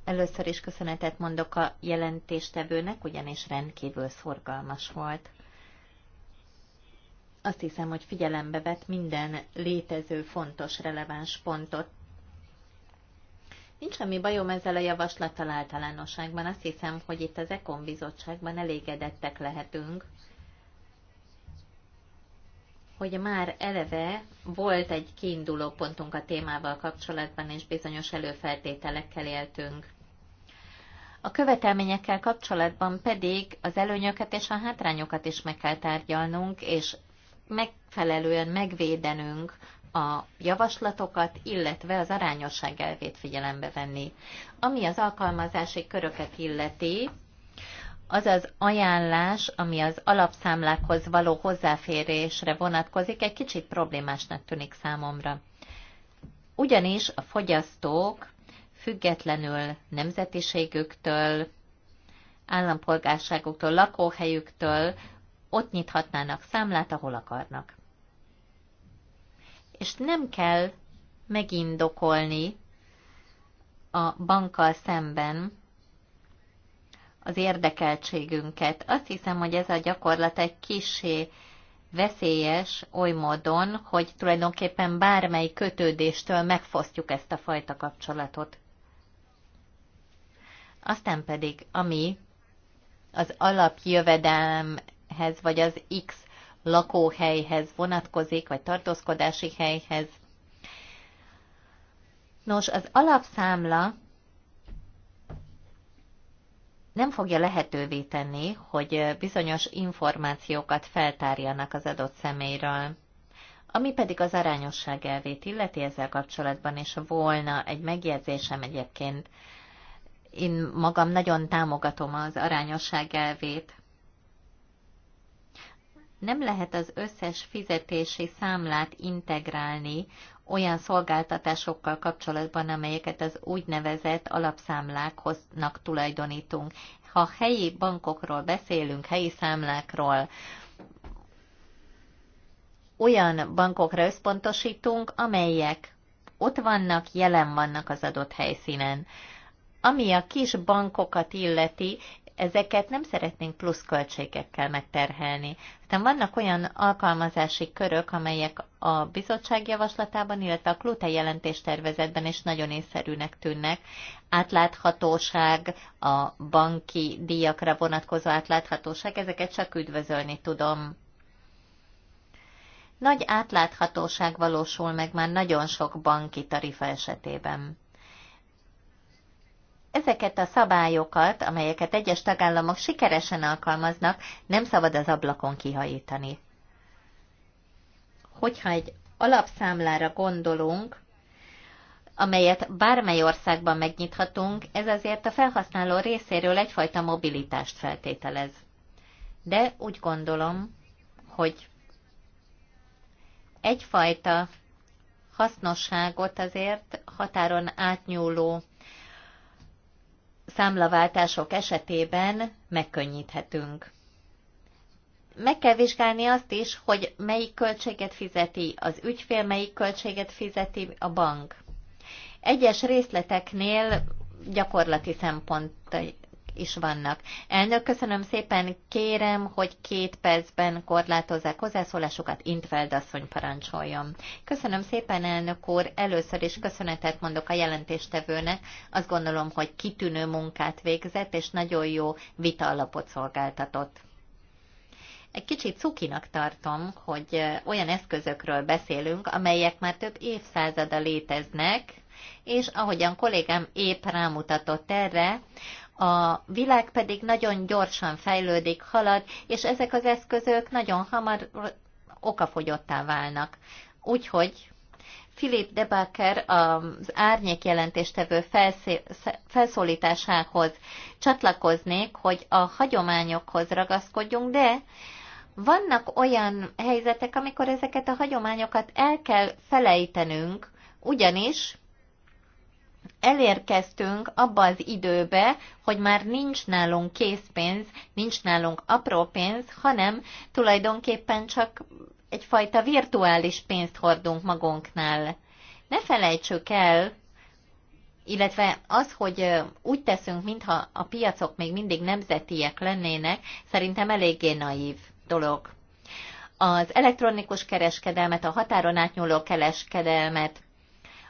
Először is köszönetet mondok a jelentéstevőnek, ugyanis rendkívül szorgalmas volt. Azt hiszem, hogy figyelembe vett minden létező fontos releváns pontot. Nincs semmi bajom ezzel a javaslattal általánosságban. Azt hiszem, hogy itt az Ekon bizottságban elégedettek lehetünk, hogy már eleve volt egy kiinduló pontunk a témával kapcsolatban, és bizonyos előfeltételekkel éltünk. A követelményekkel kapcsolatban pedig az előnyöket és a hátrányokat is meg kell tárgyalnunk, és megfelelően megvédenünk a javaslatokat, illetve az arányosság elvét figyelembe venni. Ami az alkalmazási köröket illeti, az az ajánlás, ami az alapszámlákhoz való hozzáférésre vonatkozik, egy kicsit problémásnak tűnik számomra. Ugyanis a fogyasztók függetlenül nemzetiségüktől, állampolgárságuktól, lakóhelyüktől ott nyithatnának számlát, ahol akarnak és nem kell megindokolni a bankkal szemben az érdekeltségünket. Azt hiszem, hogy ez a gyakorlat egy kisé veszélyes oly módon, hogy tulajdonképpen bármely kötődéstől megfosztjuk ezt a fajta kapcsolatot. Aztán pedig, ami az alapjövedelmhez vagy az X lakóhelyhez vonatkozik, vagy tartózkodási helyhez. Nos, az alapszámla nem fogja lehetővé tenni, hogy bizonyos információkat feltárjanak az adott személyről. Ami pedig az arányosság elvét illeti ezzel kapcsolatban, és volna egy megjegyzésem egyébként, én magam nagyon támogatom az arányosság elvét, nem lehet az összes fizetési számlát integrálni olyan szolgáltatásokkal kapcsolatban, amelyeket az úgynevezett alapszámlákhoznak tulajdonítunk. Ha helyi bankokról beszélünk, helyi számlákról, olyan bankokra összpontosítunk, amelyek ott vannak, jelen vannak az adott helyszínen. Ami a kis bankokat illeti, ezeket nem szeretnénk plusz költségekkel megterhelni. Aztán vannak olyan alkalmazási körök, amelyek a bizottság javaslatában, illetve a Klute jelentéstervezetben is nagyon észszerűnek tűnnek. Átláthatóság, a banki díjakra vonatkozó átláthatóság, ezeket csak üdvözölni tudom. Nagy átláthatóság valósul meg már nagyon sok banki tarifa esetében ezeket a szabályokat, amelyeket egyes tagállamok sikeresen alkalmaznak, nem szabad az ablakon kihajítani. Hogyha egy alapszámlára gondolunk, amelyet bármely országban megnyithatunk, ez azért a felhasználó részéről egyfajta mobilitást feltételez. De úgy gondolom, hogy egyfajta hasznosságot azért határon átnyúló számlaváltások esetében megkönnyíthetünk. Meg kell vizsgálni azt is, hogy melyik költséget fizeti az ügyfél, melyik költséget fizeti a bank. Egyes részleteknél gyakorlati szempont is vannak. Elnök, köszönöm szépen, kérem, hogy két percben korlátozzák hozzászólásokat, Intveld asszony parancsoljon. Köszönöm szépen, elnök úr, először is köszönetet mondok a jelentéstevőnek, azt gondolom, hogy kitűnő munkát végzett, és nagyon jó vita alapot szolgáltatott egy kicsit cukinak tartom, hogy olyan eszközökről beszélünk, amelyek már több évszázada léteznek, és ahogyan kollégám épp rámutatott erre, a világ pedig nagyon gyorsan fejlődik, halad, és ezek az eszközök nagyon hamar okafogyottá válnak. Úgyhogy Philip Debaker az árnyék jelentéstevő felszólításához csatlakoznék, hogy a hagyományokhoz ragaszkodjunk, de vannak olyan helyzetek, amikor ezeket a hagyományokat el kell felejtenünk, ugyanis elérkeztünk abba az időbe, hogy már nincs nálunk készpénz, nincs nálunk apró pénz, hanem tulajdonképpen csak egyfajta virtuális pénzt hordunk magunknál. Ne felejtsük el, illetve az, hogy úgy teszünk, mintha a piacok még mindig nemzetiek lennének, szerintem eléggé naív dolog. Az elektronikus kereskedelmet, a határon átnyúló kereskedelmet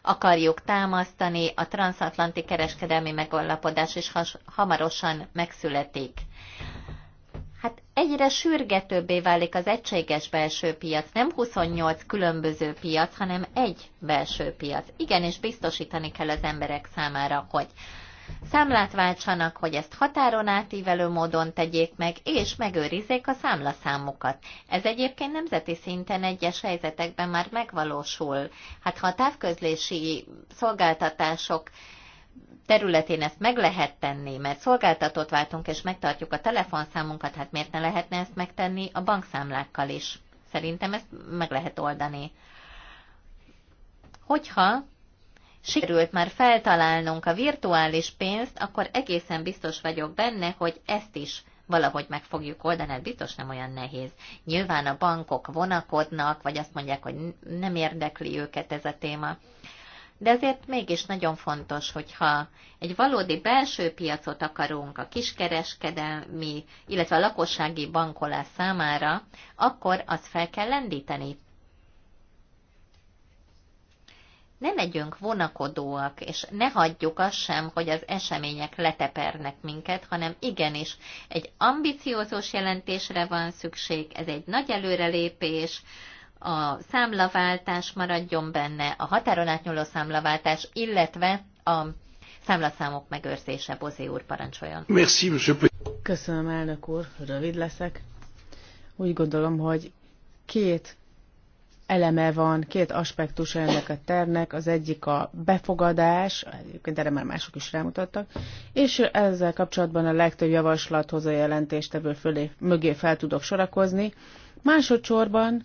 akarjuk támasztani, a transatlanti kereskedelmi megállapodás is has, hamarosan megszületik. Hát egyre sürgetőbbé válik az egységes belső piac, nem 28 különböző piac, hanem egy belső piac. Igen, és biztosítani kell az emberek számára, hogy számlát váltsanak, hogy ezt határon átívelő módon tegyék meg, és megőrizzék a számlaszámokat. Ez egyébként nemzeti szinten egyes helyzetekben már megvalósul. Hát ha a távközlési szolgáltatások területén ezt meg lehet tenni, mert szolgáltatót váltunk és megtartjuk a telefonszámunkat, hát miért ne lehetne ezt megtenni a bankszámlákkal is? Szerintem ezt meg lehet oldani. Hogyha sikerült már feltalálnunk a virtuális pénzt, akkor egészen biztos vagyok benne, hogy ezt is valahogy meg fogjuk oldani, hát biztos nem olyan nehéz. Nyilván a bankok vonakodnak, vagy azt mondják, hogy nem érdekli őket ez a téma. De ezért mégis nagyon fontos, hogyha egy valódi belső piacot akarunk a kiskereskedelmi, illetve a lakossági bankolás számára, akkor azt fel kell lendíteni. ne legyünk vonakodóak, és ne hagyjuk azt sem, hogy az események letepernek minket, hanem igenis egy ambiciózus jelentésre van szükség, ez egy nagy előrelépés, a számlaváltás maradjon benne, a határon átnyúló számlaváltás, illetve a számlaszámok megőrzése, Bozé úr parancsoljon. Merci, Köszönöm, elnök úr, rövid leszek. Úgy gondolom, hogy két eleme van, két aspektus ennek a tervnek, az egyik a befogadás, egyébként erre már mások is rámutattak, és ezzel kapcsolatban a legtöbb javaslathoz a ebből fölé, mögé fel tudok sorakozni. Másodszorban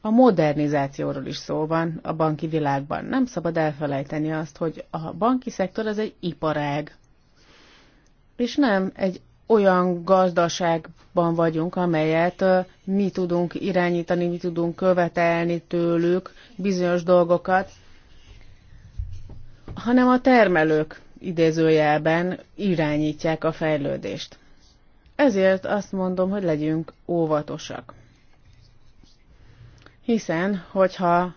a modernizációról is szó van a banki világban. Nem szabad elfelejteni azt, hogy a banki szektor az egy iparág, és nem egy olyan gazdaságban vagyunk, amelyet mi tudunk irányítani, mi tudunk követelni tőlük bizonyos dolgokat, hanem a termelők idézőjelben irányítják a fejlődést. Ezért azt mondom, hogy legyünk óvatosak. Hiszen, hogyha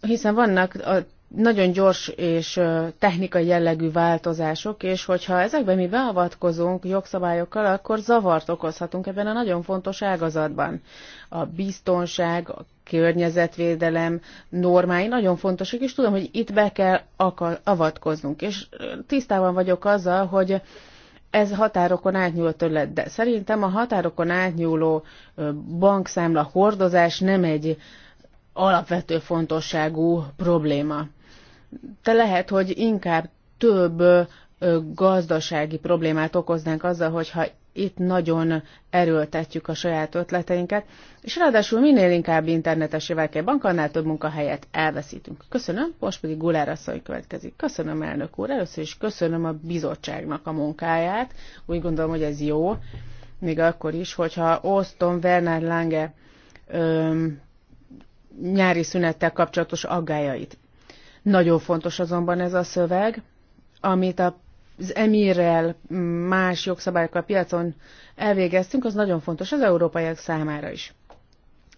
hiszen vannak a nagyon gyors és technikai jellegű változások, és hogyha ezekben mi beavatkozunk jogszabályokkal, akkor zavart okozhatunk ebben a nagyon fontos ágazatban. A biztonság, a környezetvédelem normái nagyon fontosak, és tudom, hogy itt be kell avatkoznunk. És tisztában vagyok azzal, hogy ez határokon átnyúló terület, de szerintem a határokon átnyúló bankszámla hordozás nem egy alapvető fontosságú probléma de lehet, hogy inkább több gazdasági problémát okoznánk azzal, hogyha itt nagyon erőltetjük a saját ötleteinket, és ráadásul minél inkább internetes kell bank, annál több munkahelyet elveszítünk. Köszönöm, most pedig Gulár asszony következik. Köszönöm, elnök úr, először is köszönöm a bizottságnak a munkáját, úgy gondolom, hogy ez jó, még akkor is, hogyha osztom Werner Lange öm, nyári szünettel kapcsolatos aggájait. Nagyon fontos azonban ez a szöveg, amit az emírrel, más jogszabályokkal piacon elvégeztünk, az nagyon fontos az európaiak számára is.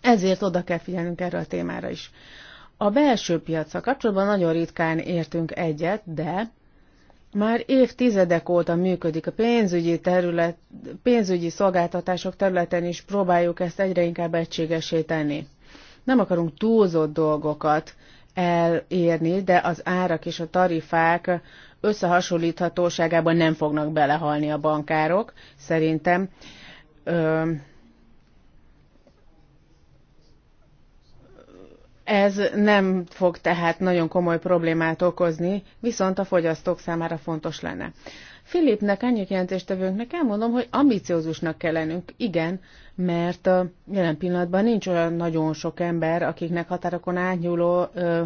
Ezért oda kell figyelnünk erre a témára is. A belső piacra kapcsolatban nagyon ritkán értünk egyet, de már évtizedek óta működik a pénzügyi, terület, pénzügyi szolgáltatások területen is próbáljuk ezt egyre inkább egységesé tenni. Nem akarunk túlzott dolgokat elérni, de az árak és a tarifák összehasonlíthatóságában nem fognak belehalni a bankárok, szerintem. Ez nem fog tehát nagyon komoly problémát okozni, viszont a fogyasztók számára fontos lenne. Filipnek, ennyi jelentéstevőnknek elmondom, hogy ambiciózusnak kell lennünk. Igen, mert jelen pillanatban nincs olyan nagyon sok ember, akiknek határokon átnyúló ö,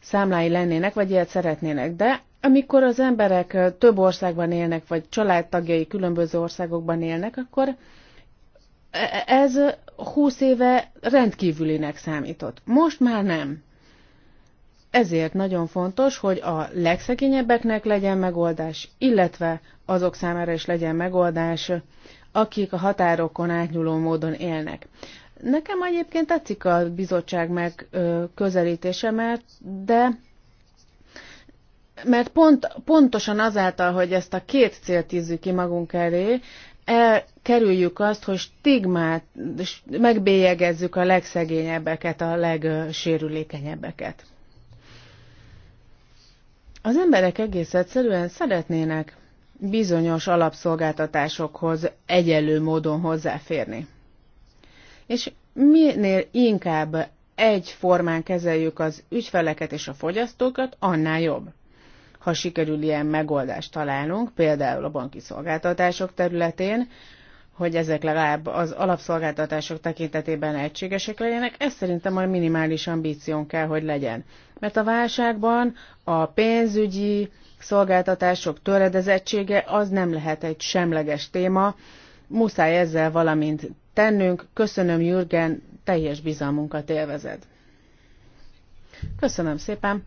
számlái lennének, vagy ilyet szeretnének. De amikor az emberek több országban élnek, vagy családtagjai különböző országokban élnek, akkor e, e, ez húsz éve rendkívülinek számított. Most már nem. Ezért nagyon fontos, hogy a legszegényebbeknek legyen megoldás, illetve azok számára is legyen megoldás, akik a határokon átnyúló módon élnek. Nekem egyébként tetszik a bizottság megközelítése, mert de mert pont, pontosan azáltal, hogy ezt a két célt tízzük ki magunk elé, elkerüljük azt, hogy stigmát, megbélyegezzük a legszegényebbeket, a legsérülékenyebbeket. Az emberek egész egyszerűen szeretnének bizonyos alapszolgáltatásokhoz egyenlő módon hozzáférni. És minél inkább egyformán kezeljük az ügyfeleket és a fogyasztókat, annál jobb. Ha sikerül ilyen megoldást találnunk, például a banki szolgáltatások területén, hogy ezek legalább az alapszolgáltatások tekintetében egységesek legyenek, ez szerintem a minimális ambíción kell, hogy legyen mert a válságban a pénzügyi szolgáltatások töredezettsége az nem lehet egy semleges téma, muszáj ezzel valamint tennünk. Köszönöm, Jürgen, teljes bizalmunkat élvezed. Köszönöm szépen.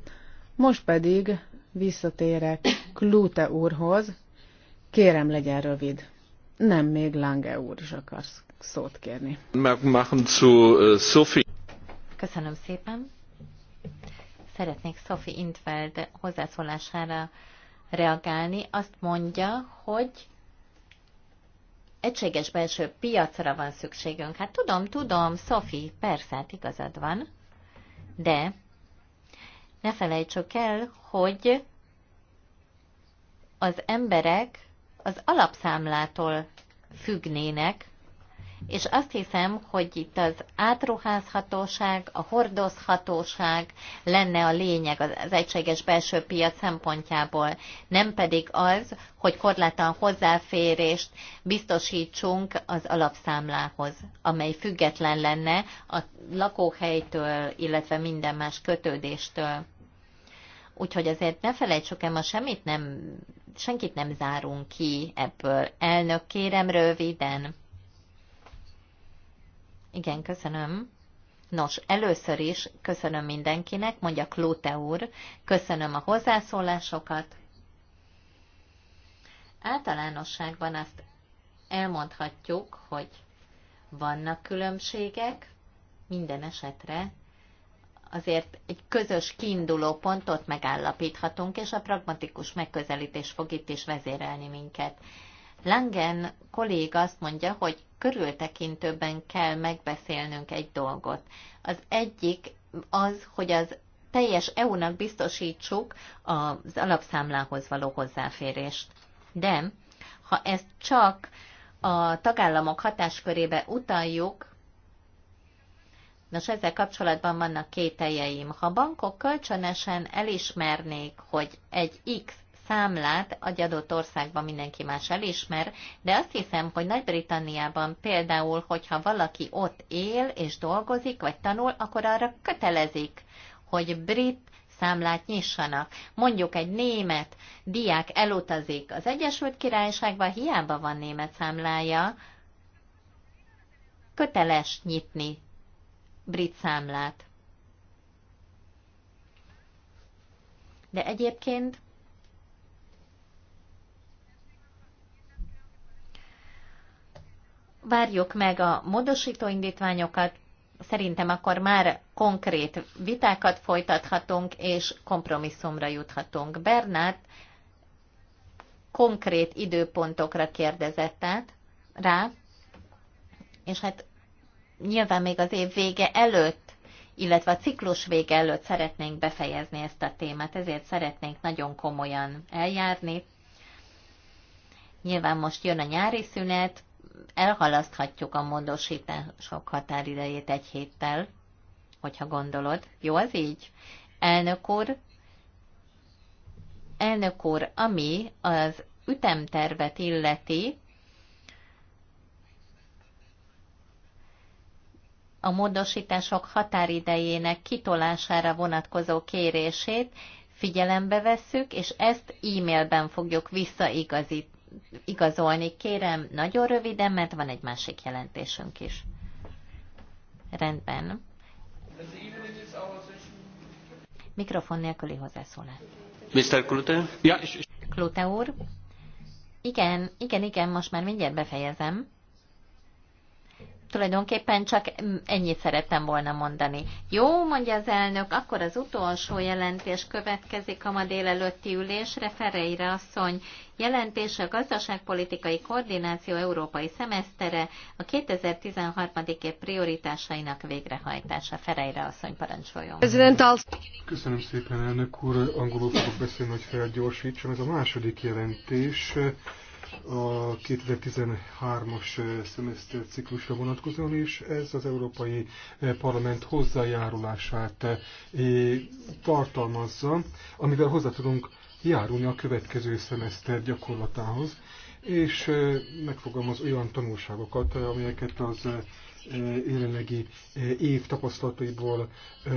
Most pedig visszatérek Klute úrhoz. Kérem, legyen rövid. Nem, még Lange úr is akarsz szót kérni. Äh, Köszönöm szépen. Szeretnék Sophie Intveld hozzászólására reagálni. Azt mondja, hogy egységes belső piacra van szükségünk. Hát tudom, tudom, Sophie, persze, hát igazad van, de ne felejtsük el, hogy az emberek az alapszámlától függnének, és azt hiszem, hogy itt az átruházhatóság, a hordozhatóság lenne a lényeg az egységes belső piac szempontjából, nem pedig az, hogy korlátlan hozzáférést biztosítsunk az alapszámlához, amely független lenne a lakóhelytől, illetve minden más kötődéstől. Úgyhogy azért ne felejtsük el, ma semmit nem, senkit nem zárunk ki ebből. Elnök, kérem röviden. Igen, köszönöm. Nos, először is köszönöm mindenkinek, mondja Klóte úr, köszönöm a hozzászólásokat. Általánosságban azt elmondhatjuk, hogy vannak különbségek, minden esetre azért egy közös kiinduló pontot megállapíthatunk, és a pragmatikus megközelítés fog itt is vezérelni minket. Langen kolléga azt mondja, hogy körültekintőbben kell megbeszélnünk egy dolgot. Az egyik az, hogy az teljes EU-nak biztosítsuk az alapszámlához való hozzáférést. De ha ezt csak a tagállamok hatáskörébe utaljuk, Nos, ezzel kapcsolatban vannak kételjeim. Ha bankok kölcsönösen elismernék, hogy egy X számlát egy adott országban mindenki más elismer, de azt hiszem, hogy Nagy-Britanniában például, hogyha valaki ott él és dolgozik, vagy tanul, akkor arra kötelezik, hogy brit számlát nyissanak. Mondjuk egy német diák elutazik az Egyesült Királyságba, hiába van német számlája, köteles nyitni brit számlát. De egyébként várjuk meg a módosító indítványokat, szerintem akkor már konkrét vitákat folytathatunk, és kompromisszumra juthatunk. Bernát konkrét időpontokra kérdezett át rá, és hát nyilván még az év vége előtt, illetve a ciklus vége előtt szeretnénk befejezni ezt a témát, ezért szeretnénk nagyon komolyan eljárni. Nyilván most jön a nyári szünet, elhalaszthatjuk a módosítások határidejét egy héttel, hogyha gondolod. Jó az így? Elnök úr, elnök úr, ami az ütemtervet illeti, a módosítások határidejének kitolására vonatkozó kérését figyelembe vesszük, és ezt e-mailben fogjuk visszaigazítani igazolni. Kérem, nagyon röviden, mert van egy másik jelentésünk is. Rendben. Mikrofon nélküli hozzászólás. Mr. Klute? Ja, és... Klute úr? Igen, igen, igen, most már mindjárt befejezem. Tulajdonképpen csak ennyit szerettem volna mondani. Jó, mondja az elnök, akkor az utolsó jelentés következik a ma délelőtti ülésre. Ferreira asszony jelentése a gazdaságpolitikai koordináció európai szemesztere a 2013. év prioritásainak végrehajtása. Ferreira asszony parancsoljon. Köszönöm szépen, elnök úr. Angolul fogok beszélni, hogy felgyorsítsam. Ez a második jelentés a 2013-as szemeszter ciklusra vonatkozóan, és ez az Európai Parlament hozzájárulását tartalmazza, amivel hozzá tudunk járulni a következő szemeszter gyakorlatához, és megfogalmaz olyan tanulságokat, amelyeket az jelenlegi év tapasztalataiból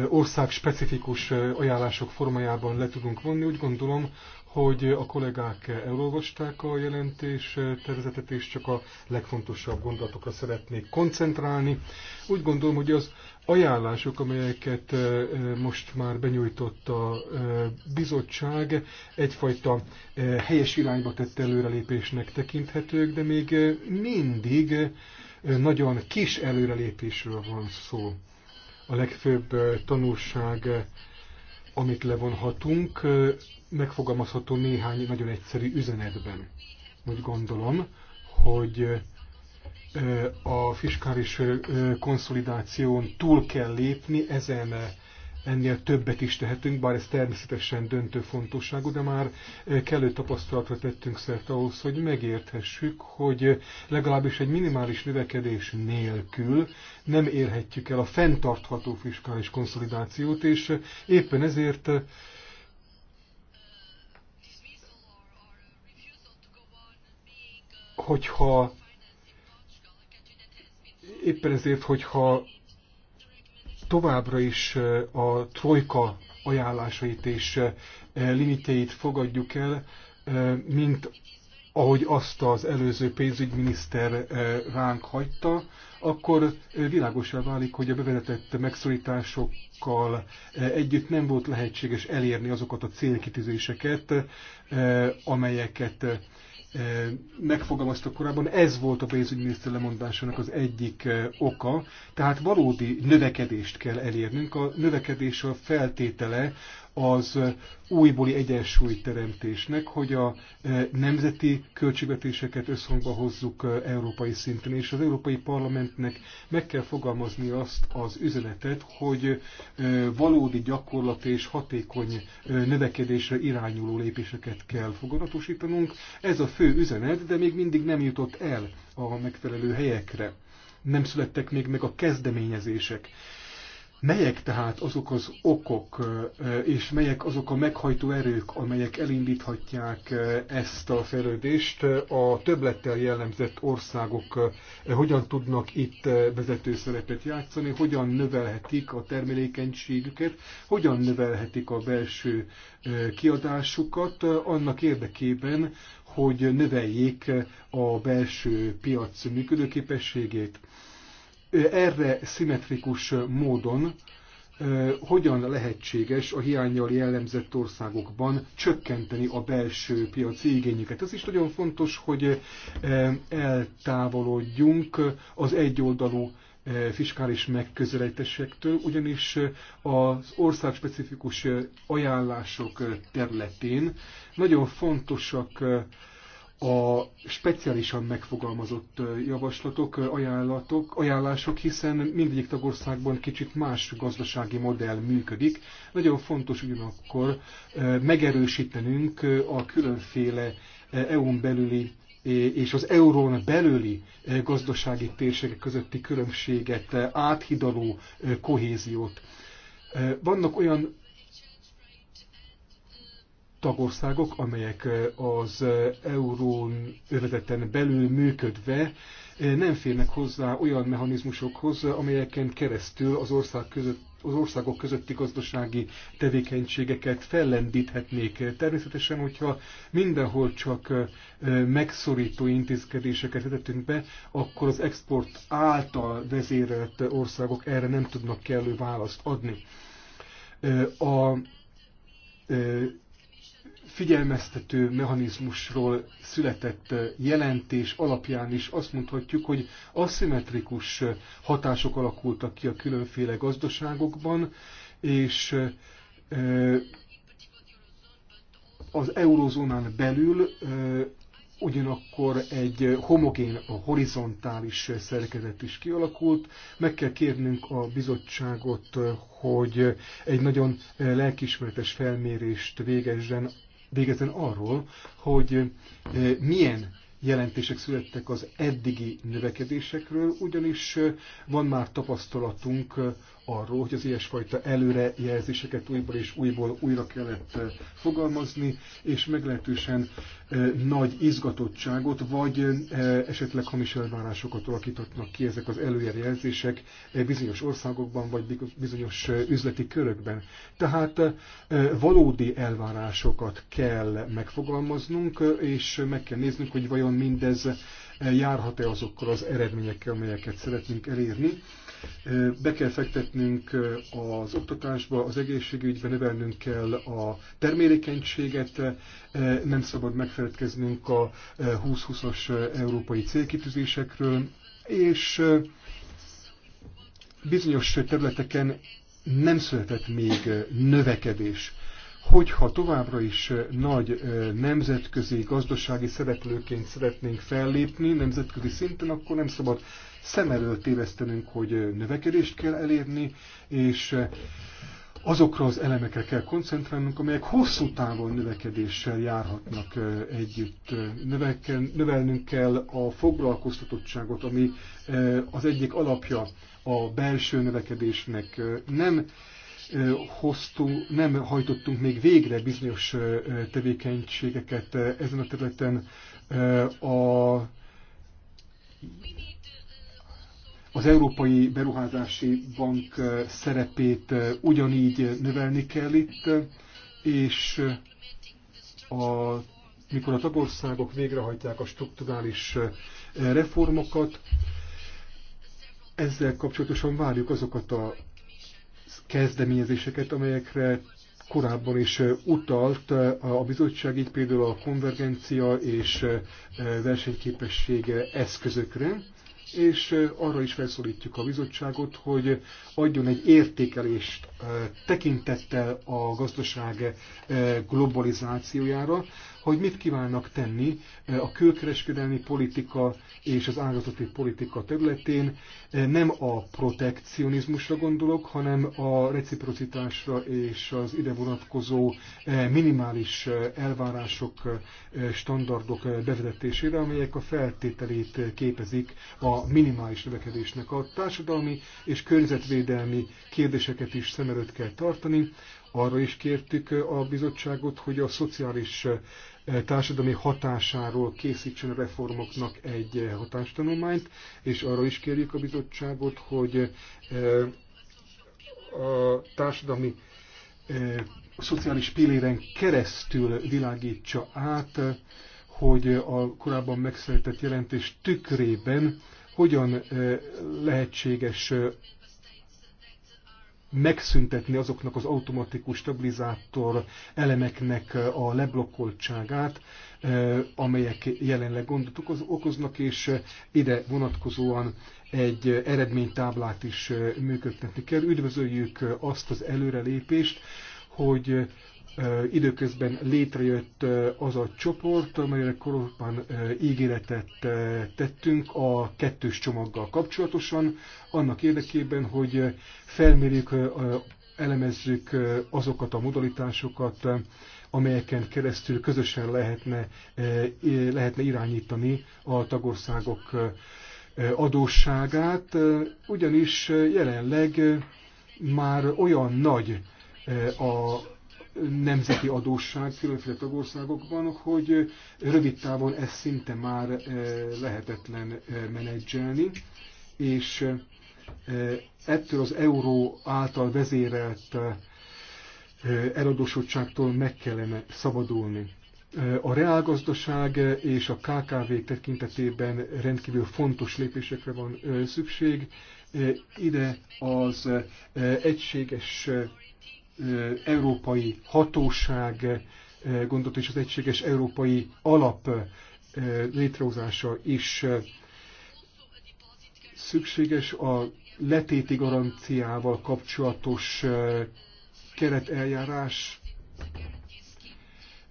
országspecifikus ajánlások formájában le tudunk vonni. Úgy gondolom, hogy a kollégák elolvasták a jelentés tervezetet, és csak a legfontosabb gondolatokra szeretnék koncentrálni. Úgy gondolom, hogy az ajánlások, amelyeket most már benyújtott a bizottság, egyfajta helyes irányba tett előrelépésnek tekinthetők, de még mindig nagyon kis előrelépésről van szó. A legfőbb tanulság, amit levonhatunk, megfogalmazható néhány nagyon egyszerű üzenetben. Úgy gondolom, hogy a fiskális konszolidáción túl kell lépni, ezen ennél többet is tehetünk, bár ez természetesen döntő fontosságú, de már kellő tapasztalatra tettünk szert ahhoz, hogy megérthessük, hogy legalábbis egy minimális növekedés nélkül nem érhetjük el a fenntartható fiskális konszolidációt, és éppen ezért hogyha éppen ezért, hogyha továbbra is a trojka ajánlásait és limitjeit fogadjuk el, mint ahogy azt az előző pénzügyminiszter ránk hagyta, akkor világosá válik, hogy a bevezetett megszorításokkal együtt nem volt lehetséges elérni azokat a célkitűzéseket, amelyeket megfogalmazta korábban, ez volt a pénzügyminiszter lemondásának az egyik oka. Tehát valódi növekedést kell elérnünk. A növekedés a feltétele az újbóli egyensúlyteremtésnek, hogy a nemzeti költségvetéseket összhangba hozzuk európai szinten, és az Európai Parlamentnek meg kell fogalmazni azt az üzenetet, hogy valódi gyakorlat és hatékony növekedésre irányuló lépéseket kell fogadatosítanunk. Ez a fő üzenet, de még mindig nem jutott el a megfelelő helyekre. Nem születtek még meg a kezdeményezések. Melyek tehát azok az okok, és melyek azok a meghajtó erők, amelyek elindíthatják ezt a fejlődést? A többlettel jellemzett országok hogyan tudnak itt vezető szerepet játszani, hogyan növelhetik a termelékenységüket, hogyan növelhetik a belső kiadásukat annak érdekében, hogy növeljék a belső piac működőképességét erre szimmetrikus módon hogyan lehetséges a hiányjal jellemzett országokban csökkenteni a belső piaci igényüket. Ez is nagyon fontos, hogy eltávolodjunk az egyoldalú fiskális megközelítésektől, ugyanis az országspecifikus ajánlások területén nagyon fontosak a speciálisan megfogalmazott javaslatok, ajánlatok, ajánlások, hiszen mindegyik tagországban kicsit más gazdasági modell működik. Nagyon fontos ugyanakkor megerősítenünk a különféle EU-n belüli és az eurón belüli gazdasági térségek közötti különbséget áthidaló kohéziót. Vannak olyan tagországok, amelyek az eurón övezeten belül működve nem férnek hozzá olyan mechanizmusokhoz, amelyeken keresztül az, ország között, az országok közötti gazdasági tevékenységeket fellendíthetnék. Természetesen, hogyha mindenhol csak megszorító intézkedéseket vezetünk be, akkor az export által vezérelt országok erre nem tudnak kellő választ adni. A figyelmeztető mechanizmusról született eh, jelentés alapján is azt mondhatjuk, hogy aszimmetrikus eh, hatások alakultak ki a különféle gazdaságokban, és eh, az eurozónán belül ugyanakkor egy homogén, a horizontális szerkezet is kialakult. Meg kell kérnünk a bizottságot, hogy egy nagyon lelkismeretes felmérést végezzen végezen arról, hogy eh, milyen jelentések születtek az eddigi növekedésekről, ugyanis eh, van már tapasztalatunk eh, arról, hogy az ilyesfajta előrejelzéseket újból és újból újra kellett eh, fogalmazni, és meglehetősen eh, nagy izgatottságot, vagy eh, esetleg hamis elvárásokat alakítottnak ki ezek az előrejelzések bizonyos országokban, vagy bizonyos üzleti körökben. Tehát valódi elvárásokat kell megfogalmaznunk, és meg kell néznünk, hogy vajon mindez járhat-e azokkal az eredményekkel, amelyeket szeretnénk elérni be kell fektetnünk az oktatásba, az egészségügybe, növelnünk kell a termékenységet, nem szabad megfeledkeznünk a 2020-as európai célkitűzésekről, és bizonyos területeken nem született még növekedés hogyha továbbra is nagy nemzetközi gazdasági szereplőként szeretnénk fellépni nemzetközi szinten, akkor nem szabad szem előtt tévesztenünk, hogy növekedést kell elérni, és azokra az elemekre kell koncentrálnunk, amelyek hosszú távon növekedéssel járhatnak együtt. Növeken, növelnünk kell a foglalkoztatottságot, ami az egyik alapja a belső növekedésnek. Nem hoztó, nem hajtottunk még végre bizonyos tevékenységeket ezen a területen a az Európai Beruházási Bank szerepét ugyanígy növelni kell itt, és a, mikor a tagországok végrehajtják a strukturális reformokat, ezzel kapcsolatosan várjuk azokat a kezdeményezéseket, amelyekre korábban is utalt a bizottság, így például a konvergencia és versenyképessége eszközökre és arra is felszólítjuk a bizottságot, hogy adjon egy értékelést tekintettel a gazdaság globalizációjára, hogy mit kívánnak tenni eh, a külkereskedelmi politika és az ágazati politika területén. Eh, nem a protekcionizmusra gondolok, hanem a reciprocitásra és az ide vonatkozó eh, minimális elvárások, standardok bevezetésére, amelyek a feltételét képezik a minimális növekedésnek. A társadalmi és környezetvédelmi kérdéseket is szem előtt kell tartani, arra is kértük a bizottságot, hogy a szociális Eh, társadalmi hatásáról készítsen a reformoknak egy eh, hatástanulmányt, és arra is kérjük a bizottságot, hogy eh, a társadalmi a szociális piléren keresztül világítsa át, hogy a korábban megszületett jelentés tükrében hogyan lehetséges megszüntetni azoknak az automatikus stabilizátor elemeknek a leblokkoltságát, eh, amelyek jelenleg gondot okoznak, és eh, ide vonatkozóan egy eredménytáblát is eh, működtetni kell. Üdvözöljük azt az előrelépést, hogy időközben létrejött az a csoport, amelyre korábban ígéretet tettünk a kettős csomaggal kapcsolatosan, annak érdekében, hogy felmérjük, elemezzük azokat a modalitásokat, amelyeken keresztül közösen lehetne, lehetne irányítani a tagországok adósságát, ugyanis jelenleg már olyan nagy a nemzeti adósság különféle tagországokban, hogy rövid távon ez szinte már eh, lehetetlen eh, menedzselni, és eh, ettől az euró által vezérelt eladósodtságtól meg kellene szabadulni. A reálgazdaság és a kkv tekintetében rendkívül fontos lépésekre van szükség. Ide az egységes európai hatóság gondot és az egységes európai alap létrehozása is szükséges a letéti garanciával kapcsolatos kereteljárás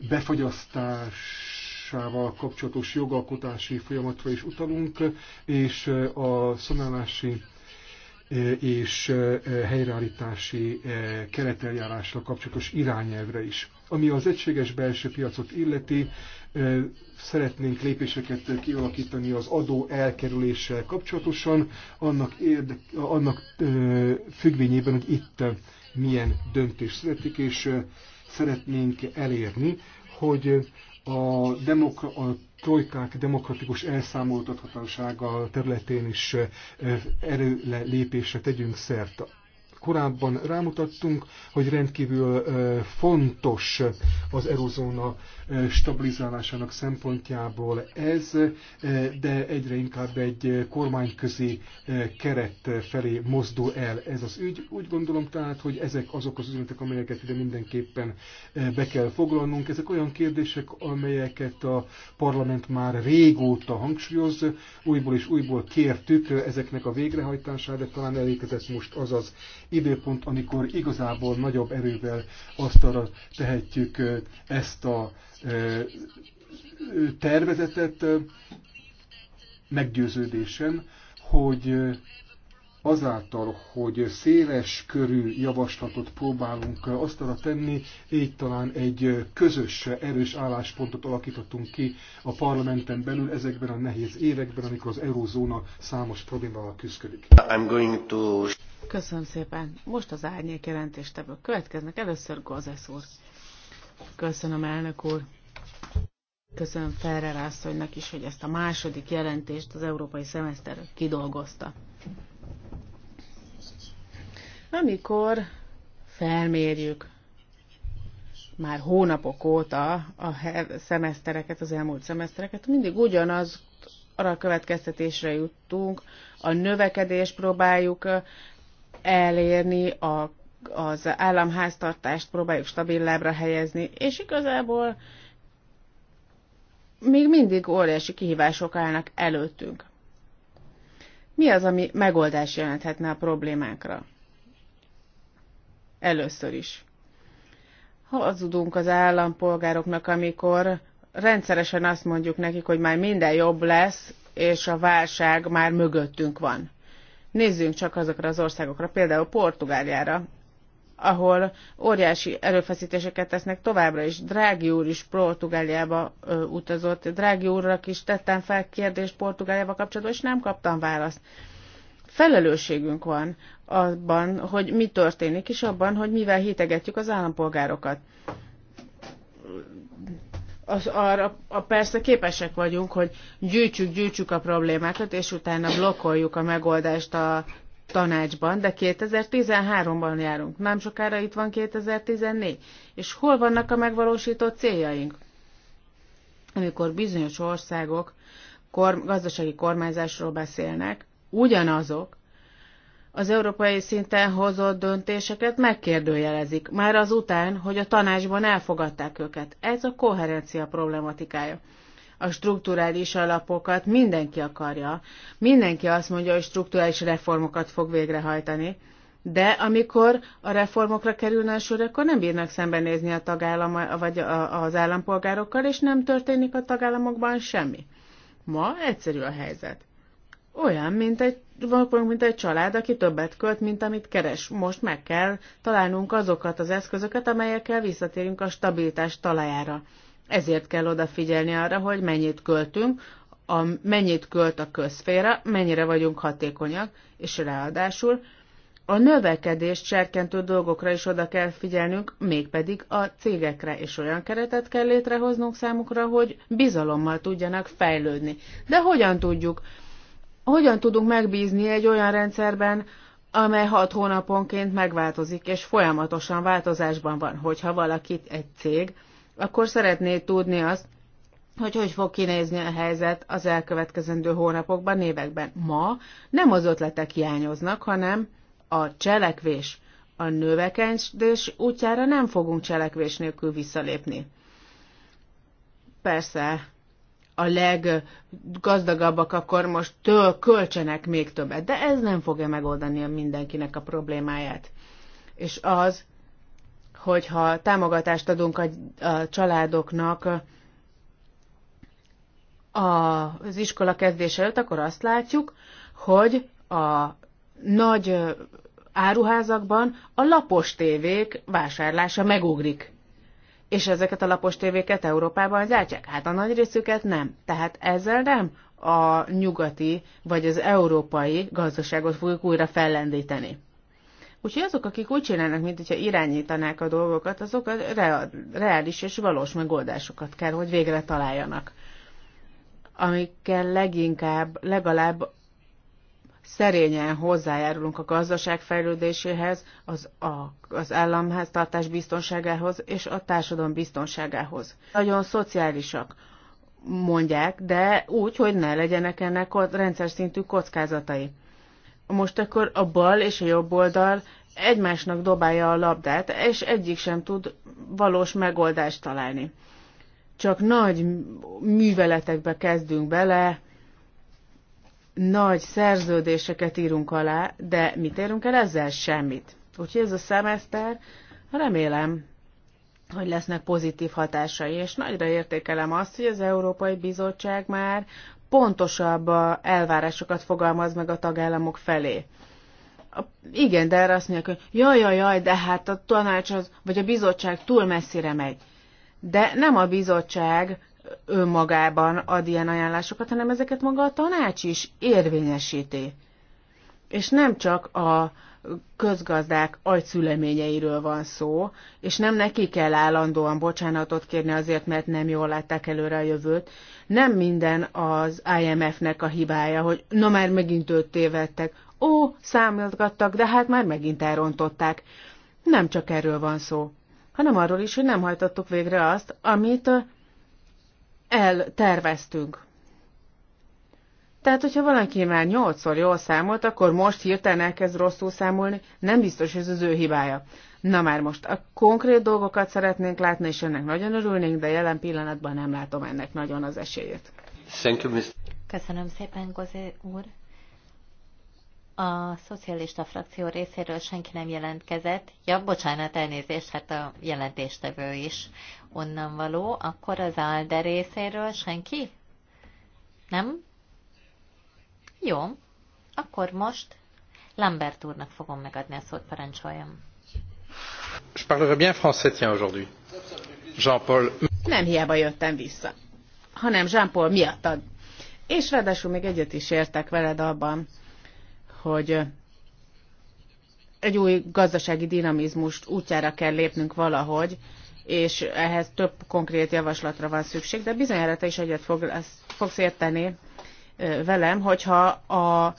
befagyasztásával kapcsolatos jogalkotási folyamatra is utalunk, és a szanálási és helyreállítási kereteljárásra kapcsolatos irányelvre is. Ami az egységes belső piacot illeti, szeretnénk lépéseket kialakítani az adó elkerüléssel kapcsolatosan, annak, érde, annak függvényében, hogy itt milyen döntés születik, és szeretnénk elérni, hogy a, demokra, a trojkák demokratikus elszámoltathatósága területén is erőle lépésre tegyünk szert. Korábban rámutattunk, hogy rendkívül fontos az erózóna stabilizálásának szempontjából ez, de egyre inkább egy kormányközi keret felé mozdul el ez az ügy. Úgy gondolom tehát, hogy ezek azok az üzenetek, amelyeket ide mindenképpen be kell foglalnunk. Ezek olyan kérdések, amelyeket a parlament már régóta hangsúlyoz, újból és újból kértük ezeknek a végrehajtását, de talán elékezett most az az időpont, amikor igazából nagyobb erővel azt arra tehetjük ezt a tervezetet meggyőződésem, hogy azáltal, hogy széles körű javaslatot próbálunk asztalra tenni, így talán egy közös, erős álláspontot alakítottunk ki a parlamenten belül ezekben a nehéz években, amikor az eurozóna számos problémával küzdik. To... Köszönöm szépen. Most az árnyék jelentéstebből következnek. Először Gozesz úr. Köszönöm, elnök úr. Köszönöm Ferrer asszonynak is, hogy ezt a második jelentést az európai szemeszter kidolgozta. Amikor felmérjük már hónapok óta a szemesztereket, az elmúlt szemesztereket, mindig ugyanaz arra a következtetésre juttunk, a növekedést próbáljuk elérni, a az államháztartást próbáljuk stabil lábra helyezni, és igazából még mindig óriási kihívások állnak előttünk. Mi az, ami megoldás jelenthetne a problémákra? Először is. Hazudunk az állampolgároknak, amikor rendszeresen azt mondjuk nekik, hogy már minden jobb lesz, és a válság már mögöttünk van. Nézzünk csak azokra az országokra, például Portugáliára, ahol óriási erőfeszítéseket tesznek továbbra is. Drági úr is Portugáliába ö, utazott. Drági úrnak is tettem fel kérdést Portugáliába kapcsolatban, és nem kaptam választ. Felelősségünk van abban, hogy mi történik, és abban, hogy mivel hitegetjük az állampolgárokat. Az, arra a, persze képesek vagyunk, hogy gyűjtsük, gyűjtsük a problémákat, és utána blokkoljuk a megoldást a tanácsban, de 2013-ban járunk. Nem sokára itt van 2014. És hol vannak a megvalósított céljaink? Amikor bizonyos országok kor, gazdasági kormányzásról beszélnek, ugyanazok az európai szinten hozott döntéseket megkérdőjelezik, már azután, hogy a tanácsban elfogadták őket. Ez a koherencia problematikája a strukturális alapokat mindenki akarja. Mindenki azt mondja, hogy strukturális reformokat fog végrehajtani. De amikor a reformokra kerülne a sor, akkor nem bírnak szembenézni a tagállam vagy az állampolgárokkal, és nem történik a tagállamokban semmi. Ma egyszerű a helyzet. Olyan, mint egy, mint egy család, aki többet költ, mint amit keres. Most meg kell találnunk azokat az eszközöket, amelyekkel visszatérünk a stabilitás talajára. Ezért kell odafigyelni arra, hogy mennyit költünk, a, mennyit költ a közféra, mennyire vagyunk hatékonyak, és ráadásul a növekedést serkentő dolgokra is oda kell figyelnünk, mégpedig a cégekre, és olyan keretet kell létrehoznunk számukra, hogy bizalommal tudjanak fejlődni. De hogyan tudjuk? Hogyan tudunk megbízni egy olyan rendszerben, amely hat hónaponként megváltozik, és folyamatosan változásban van, hogyha valakit egy cég akkor szeretné tudni azt, hogy hogy fog kinézni a helyzet az elkövetkezendő hónapokban, években. Ma nem az ötletek hiányoznak, hanem a cselekvés. A növekedés útjára nem fogunk cselekvés nélkül visszalépni. Persze, a leggazdagabbak akkor most től költsenek még többet, de ez nem fogja megoldani mindenkinek a problémáját. És az, hogyha támogatást adunk a, a családoknak az iskola kezdés előtt, akkor azt látjuk, hogy a nagy áruházakban a lapos tévék vásárlása megugrik. És ezeket a lapos tévéket Európában gyártják? Hát a nagy részüket nem. Tehát ezzel nem a nyugati vagy az európai gazdaságot fogjuk újra fellendíteni. Úgyhogy azok, akik úgy csinálnak, mint hogyha irányítanák a dolgokat, azok a reális és valós megoldásokat kell, hogy végre találjanak, amikkel leginkább, legalább szerényen hozzájárulunk a gazdaság fejlődéséhez, az, a, az államháztartás biztonságához és a társadalom biztonságához. Nagyon szociálisak mondják, de úgy, hogy ne legyenek ennek rendszer szintű kockázatai. Most akkor a bal és a jobb oldal egymásnak dobálja a labdát, és egyik sem tud valós megoldást találni. Csak nagy műveletekbe kezdünk bele, nagy szerződéseket írunk alá, de mit érünk el ezzel? Semmit. Úgyhogy ez a szemeszter, remélem, hogy lesznek pozitív hatásai, és nagyra értékelem azt, hogy az Európai Bizottság már pontosabb elvárásokat fogalmaz meg a tagállamok felé. A, igen, de erre azt mondják, hogy jaj, jaj, jaj, de hát a tanács az, vagy a bizottság túl messzire megy. De nem a bizottság önmagában ad ilyen ajánlásokat, hanem ezeket maga a tanács is érvényesíti. És nem csak a közgazdák agyszüleményeiről van szó, és nem neki kell állandóan bocsánatot kérni azért, mert nem jól látták előre a jövőt. Nem minden az IMF-nek a hibája, hogy na már megint őt tévedtek, ó, számolgattak, de hát már megint elrontották. Nem csak erről van szó, hanem arról is, hogy nem hajtottuk végre azt, amit elterveztünk. Tehát, hogyha valaki már nyolcszor jól számolt, akkor most hirtelen elkezd rosszul számolni, nem biztos, hogy ez az ő hibája. Na már most a konkrét dolgokat szeretnénk látni, és ennek nagyon örülnénk, de jelen pillanatban nem látom ennek nagyon az esélyét. Köszönöm szépen, Gozé úr. A szocialista frakció részéről senki nem jelentkezett. Ja, bocsánat, elnézést, hát a jelentéstevő is onnan való. Akkor az ALDE részéről senki? Nem? Jó, akkor most Lambert úrnak fogom megadni a szót, parancsoljam. Je parlerai bien français, tiens, aujourd'hui. Jean-Paul. Nem hiába jöttem vissza, hanem Jean-Paul miattad. És ráadásul még egyet is értek veled abban, hogy egy új gazdasági dinamizmust útjára kell lépnünk valahogy, és ehhez több konkrét javaslatra van szükség, de bizonyára te is egyet fog, fogsz érteni velem, hogyha a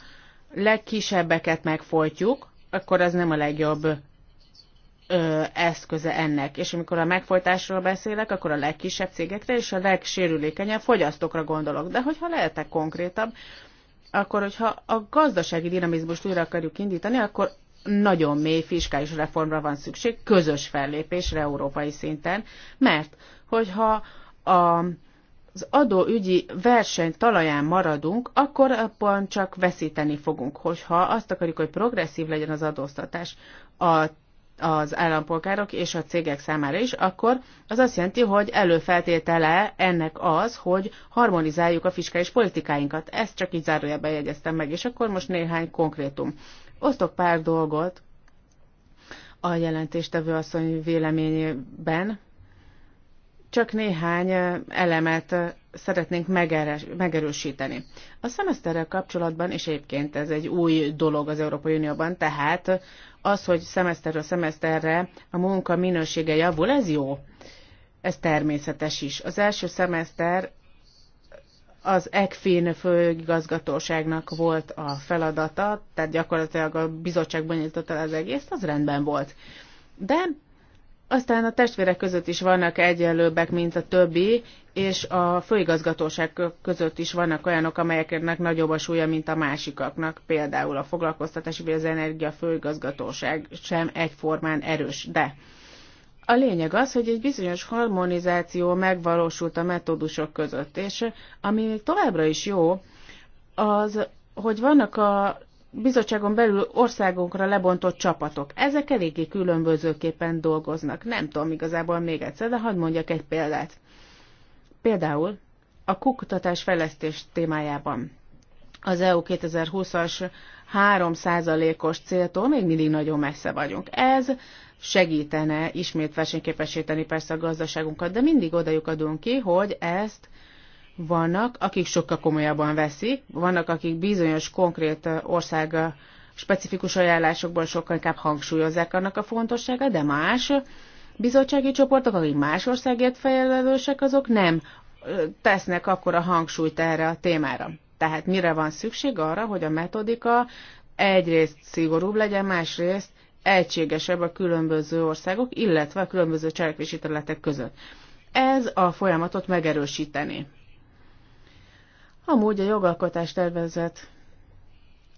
legkisebbeket megfojtjuk, akkor ez nem a legjobb ö, eszköze ennek. És amikor a megfojtásról beszélek, akkor a legkisebb cégekre és a legsérülékenyebb fogyasztókra gondolok. De hogyha lehetek konkrétabb, akkor hogyha a gazdasági dinamizmust újra akarjuk indítani, akkor nagyon mély fiskális reformra van szükség, közös fellépésre európai szinten, mert hogyha a az adóügyi verseny talaján maradunk, akkor abban csak veszíteni fogunk, hogyha azt akarjuk, hogy progresszív legyen az adóztatás a, az állampolgárok és a cégek számára is, akkor az azt jelenti, hogy előfeltétele ennek az, hogy harmonizáljuk a fiskális politikáinkat. Ezt csak így zárójelbe jegyeztem meg, és akkor most néhány konkrétum. Osztok pár dolgot a jelentéstevő asszony véleményében, csak néhány elemet szeretnénk megerősíteni. A szemeszterrel kapcsolatban, és egyébként ez egy új dolog az Európai Unióban, tehát az, hogy szemeszterről szemeszterre a munka minősége javul, ez jó. Ez természetes is. Az első szemeszter az ECFIN főigazgatóságnak volt a feladata, tehát gyakorlatilag a bizottság bonyolította az egész, az rendben volt. De aztán a testvérek között is vannak egyenlőbbek, mint a többi, és a főigazgatóság között is vannak olyanok, amelyeknek nagyobb a súlya, mint a másikaknak. Például a foglalkoztatási vagy az energia főigazgatóság sem egyformán erős, de a lényeg az, hogy egy bizonyos harmonizáció megvalósult a metódusok között, és ami továbbra is jó, az, hogy vannak a bizottságon belül országunkra lebontott csapatok. Ezek eléggé különbözőképpen dolgoznak. Nem tudom igazából még egyszer, de hadd mondjak egy példát. Például a kutatás fejlesztés témájában az EU 2020-as 3%-os céltól még mindig nagyon messze vagyunk. Ez segítene ismét versenyképesíteni persze a gazdaságunkat, de mindig odajuk adunk ki, hogy ezt vannak, akik sokkal komolyabban veszik, vannak, akik bizonyos konkrét ország specifikus ajánlásokból sokkal inkább hangsúlyozzák annak a fontossága, de más bizottsági csoportok, akik más országért felelősek, azok nem tesznek akkor a hangsúlyt erre a témára. Tehát mire van szükség arra, hogy a metodika egyrészt szigorúbb legyen, másrészt egységesebb a különböző országok, illetve a különböző cselekvési területek között. Ez a folyamatot megerősíteni. Amúgy a jogalkotás tervezet,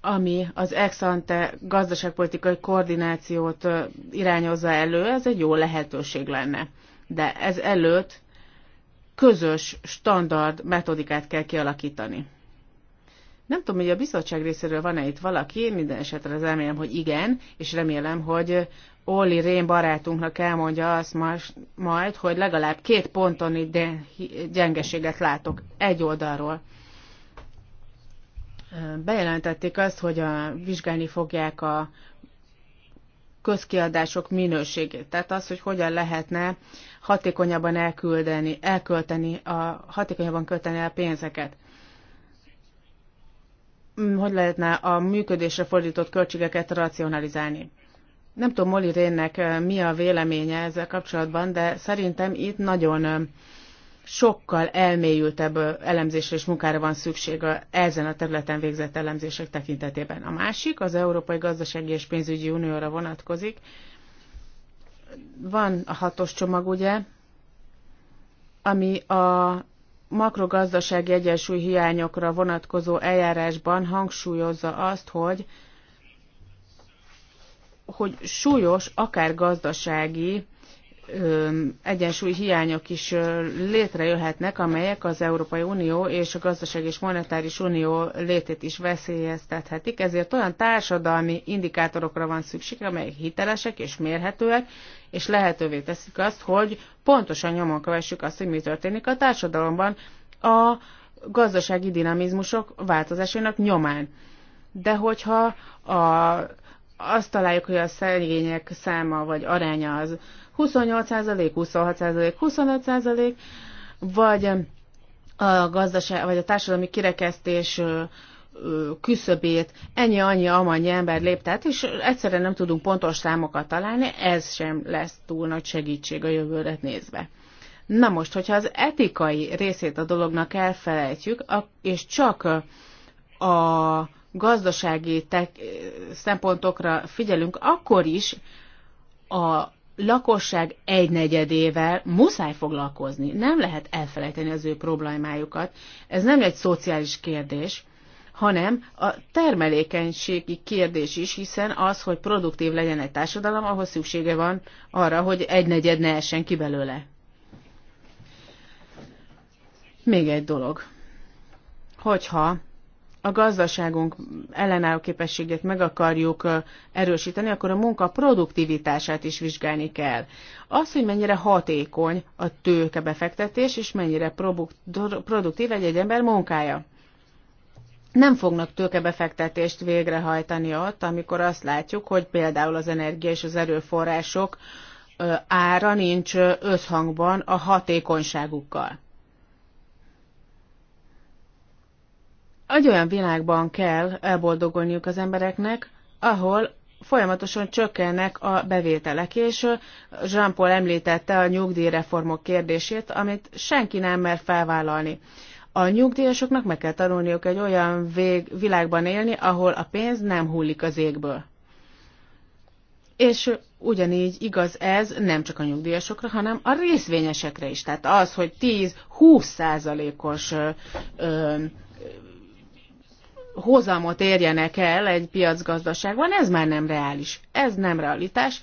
ami az ex-ante gazdaságpolitikai koordinációt irányozza elő, ez egy jó lehetőség lenne. De ez előtt közös, standard metodikát kell kialakítani. Nem tudom, hogy a bizottság részéről van-e itt valaki, minden esetre remélem, hogy igen, és remélem, hogy Olli Rén barátunknak elmondja azt majd, hogy legalább két ponton itt gyengeséget látok egy oldalról bejelentették azt, hogy a, vizsgálni fogják a közkiadások minőségét. Tehát az, hogy hogyan lehetne hatékonyabban elküldeni, elkölteni, a, hatékonyabban költeni a pénzeket. Mm, hogy lehetne a működésre fordított költségeket racionalizálni. Nem tudom, Moli Rénnek eh, mi a véleménye ezzel kapcsolatban, de szerintem itt nagyon eh, sokkal elmélyültebb elemzésre és munkára van szükség a, ezen a területen végzett elemzések tekintetében. A másik az Európai Gazdasági és Pénzügyi Unióra vonatkozik. Van a hatos csomag, ugye, ami a makrogazdasági egyensúly hiányokra vonatkozó eljárásban hangsúlyozza azt, hogy hogy súlyos, akár gazdasági egyensúly hiányok is létrejöhetnek, amelyek az Európai Unió és a Gazdaság és Monetáris Unió létét is veszélyeztethetik, ezért olyan társadalmi indikátorokra van szükség, amelyek hitelesek és mérhetőek, és lehetővé teszik azt, hogy pontosan nyomon kövessük azt, hogy mi történik a társadalomban a gazdasági dinamizmusok változásának nyomán. De hogyha a, azt találjuk, hogy a szegények száma vagy aránya az 28%, 26%, 25%, vagy a gazdaság, vagy a társadalmi kirekesztés küszöbét, ennyi, annyi, amannyi ember léptet, és egyszerűen nem tudunk pontos számokat találni, ez sem lesz túl nagy segítség a jövőre nézve. Na most, hogyha az etikai részét a dolognak elfelejtjük, és csak a gazdasági szempontokra figyelünk, akkor is a lakosság egynegyedével muszáj foglalkozni. Nem lehet elfelejteni az ő problémájukat. Ez nem egy szociális kérdés, hanem a termelékenységi kérdés is, hiszen az, hogy produktív legyen egy társadalom, ahhoz szüksége van arra, hogy egynegyed ne essen ki belőle. Még egy dolog. Hogyha a gazdaságunk ellenálló képességét meg akarjuk erősíteni, akkor a munka produktivitását is vizsgálni kell. Az, hogy mennyire hatékony a tőkebefektetés, és mennyire produktív egy-egy ember munkája. Nem fognak tőkebefektetést végrehajtani ott, amikor azt látjuk, hogy például az energia és az erőforrások ára nincs összhangban a hatékonyságukkal. egy olyan világban kell elboldogolniuk az embereknek, ahol folyamatosan csökkennek a bevételek, és Jean-Paul említette a nyugdíjreformok kérdését, amit senki nem mer felvállalni. A nyugdíjasoknak meg kell tanulniuk egy olyan vég, világban élni, ahol a pénz nem hullik az égből. És ugyanígy igaz ez nem csak a nyugdíjasokra, hanem a részvényesekre is. Tehát az, hogy 10-20 százalékos hozamot érjenek el egy piacgazdaságban, ez már nem reális, ez nem realitás.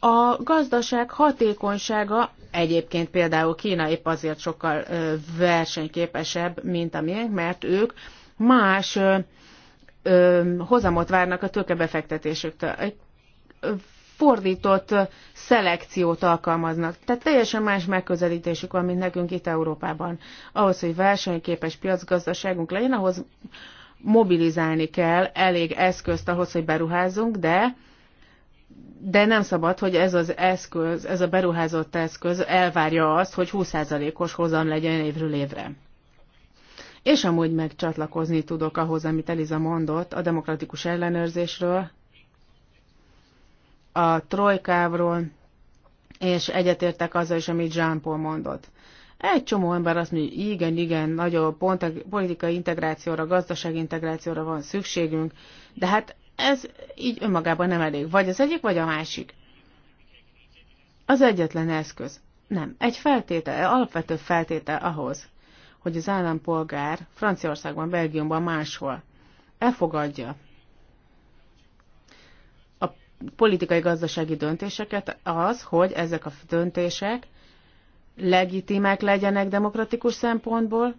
A gazdaság hatékonysága egyébként például Kína épp azért sokkal versenyképesebb, mint a miénk, mert ők más hozamot várnak a tőkebefektetésüktől. Egy fordított szelekciót alkalmaznak. Tehát teljesen más megközelítésük van, mint nekünk itt Európában. Ahhoz, hogy versenyképes piacgazdaságunk legyen, ahhoz mobilizálni kell elég eszközt ahhoz, hogy beruházunk, de de nem szabad, hogy ez az eszköz, ez a beruházott eszköz elvárja azt, hogy 20%-os hozam legyen évről évre. És amúgy megcsatlakozni tudok ahhoz, amit Eliza mondott a demokratikus ellenőrzésről, a trojkávról, és egyetértek azzal is, amit Jean Paul mondott. Egy csomó ember azt mondja, hogy igen, igen, nagyobb politikai integrációra, gazdasági integrációra van szükségünk, de hát ez így önmagában nem elég. Vagy az egyik, vagy a másik. Az egyetlen eszköz. Nem, egy feltétel, alapvető feltétel ahhoz, hogy az állampolgár Franciaországban, Belgiumban, máshol elfogadja a politikai-gazdasági döntéseket az, hogy ezek a döntések legitimek legyenek demokratikus szempontból,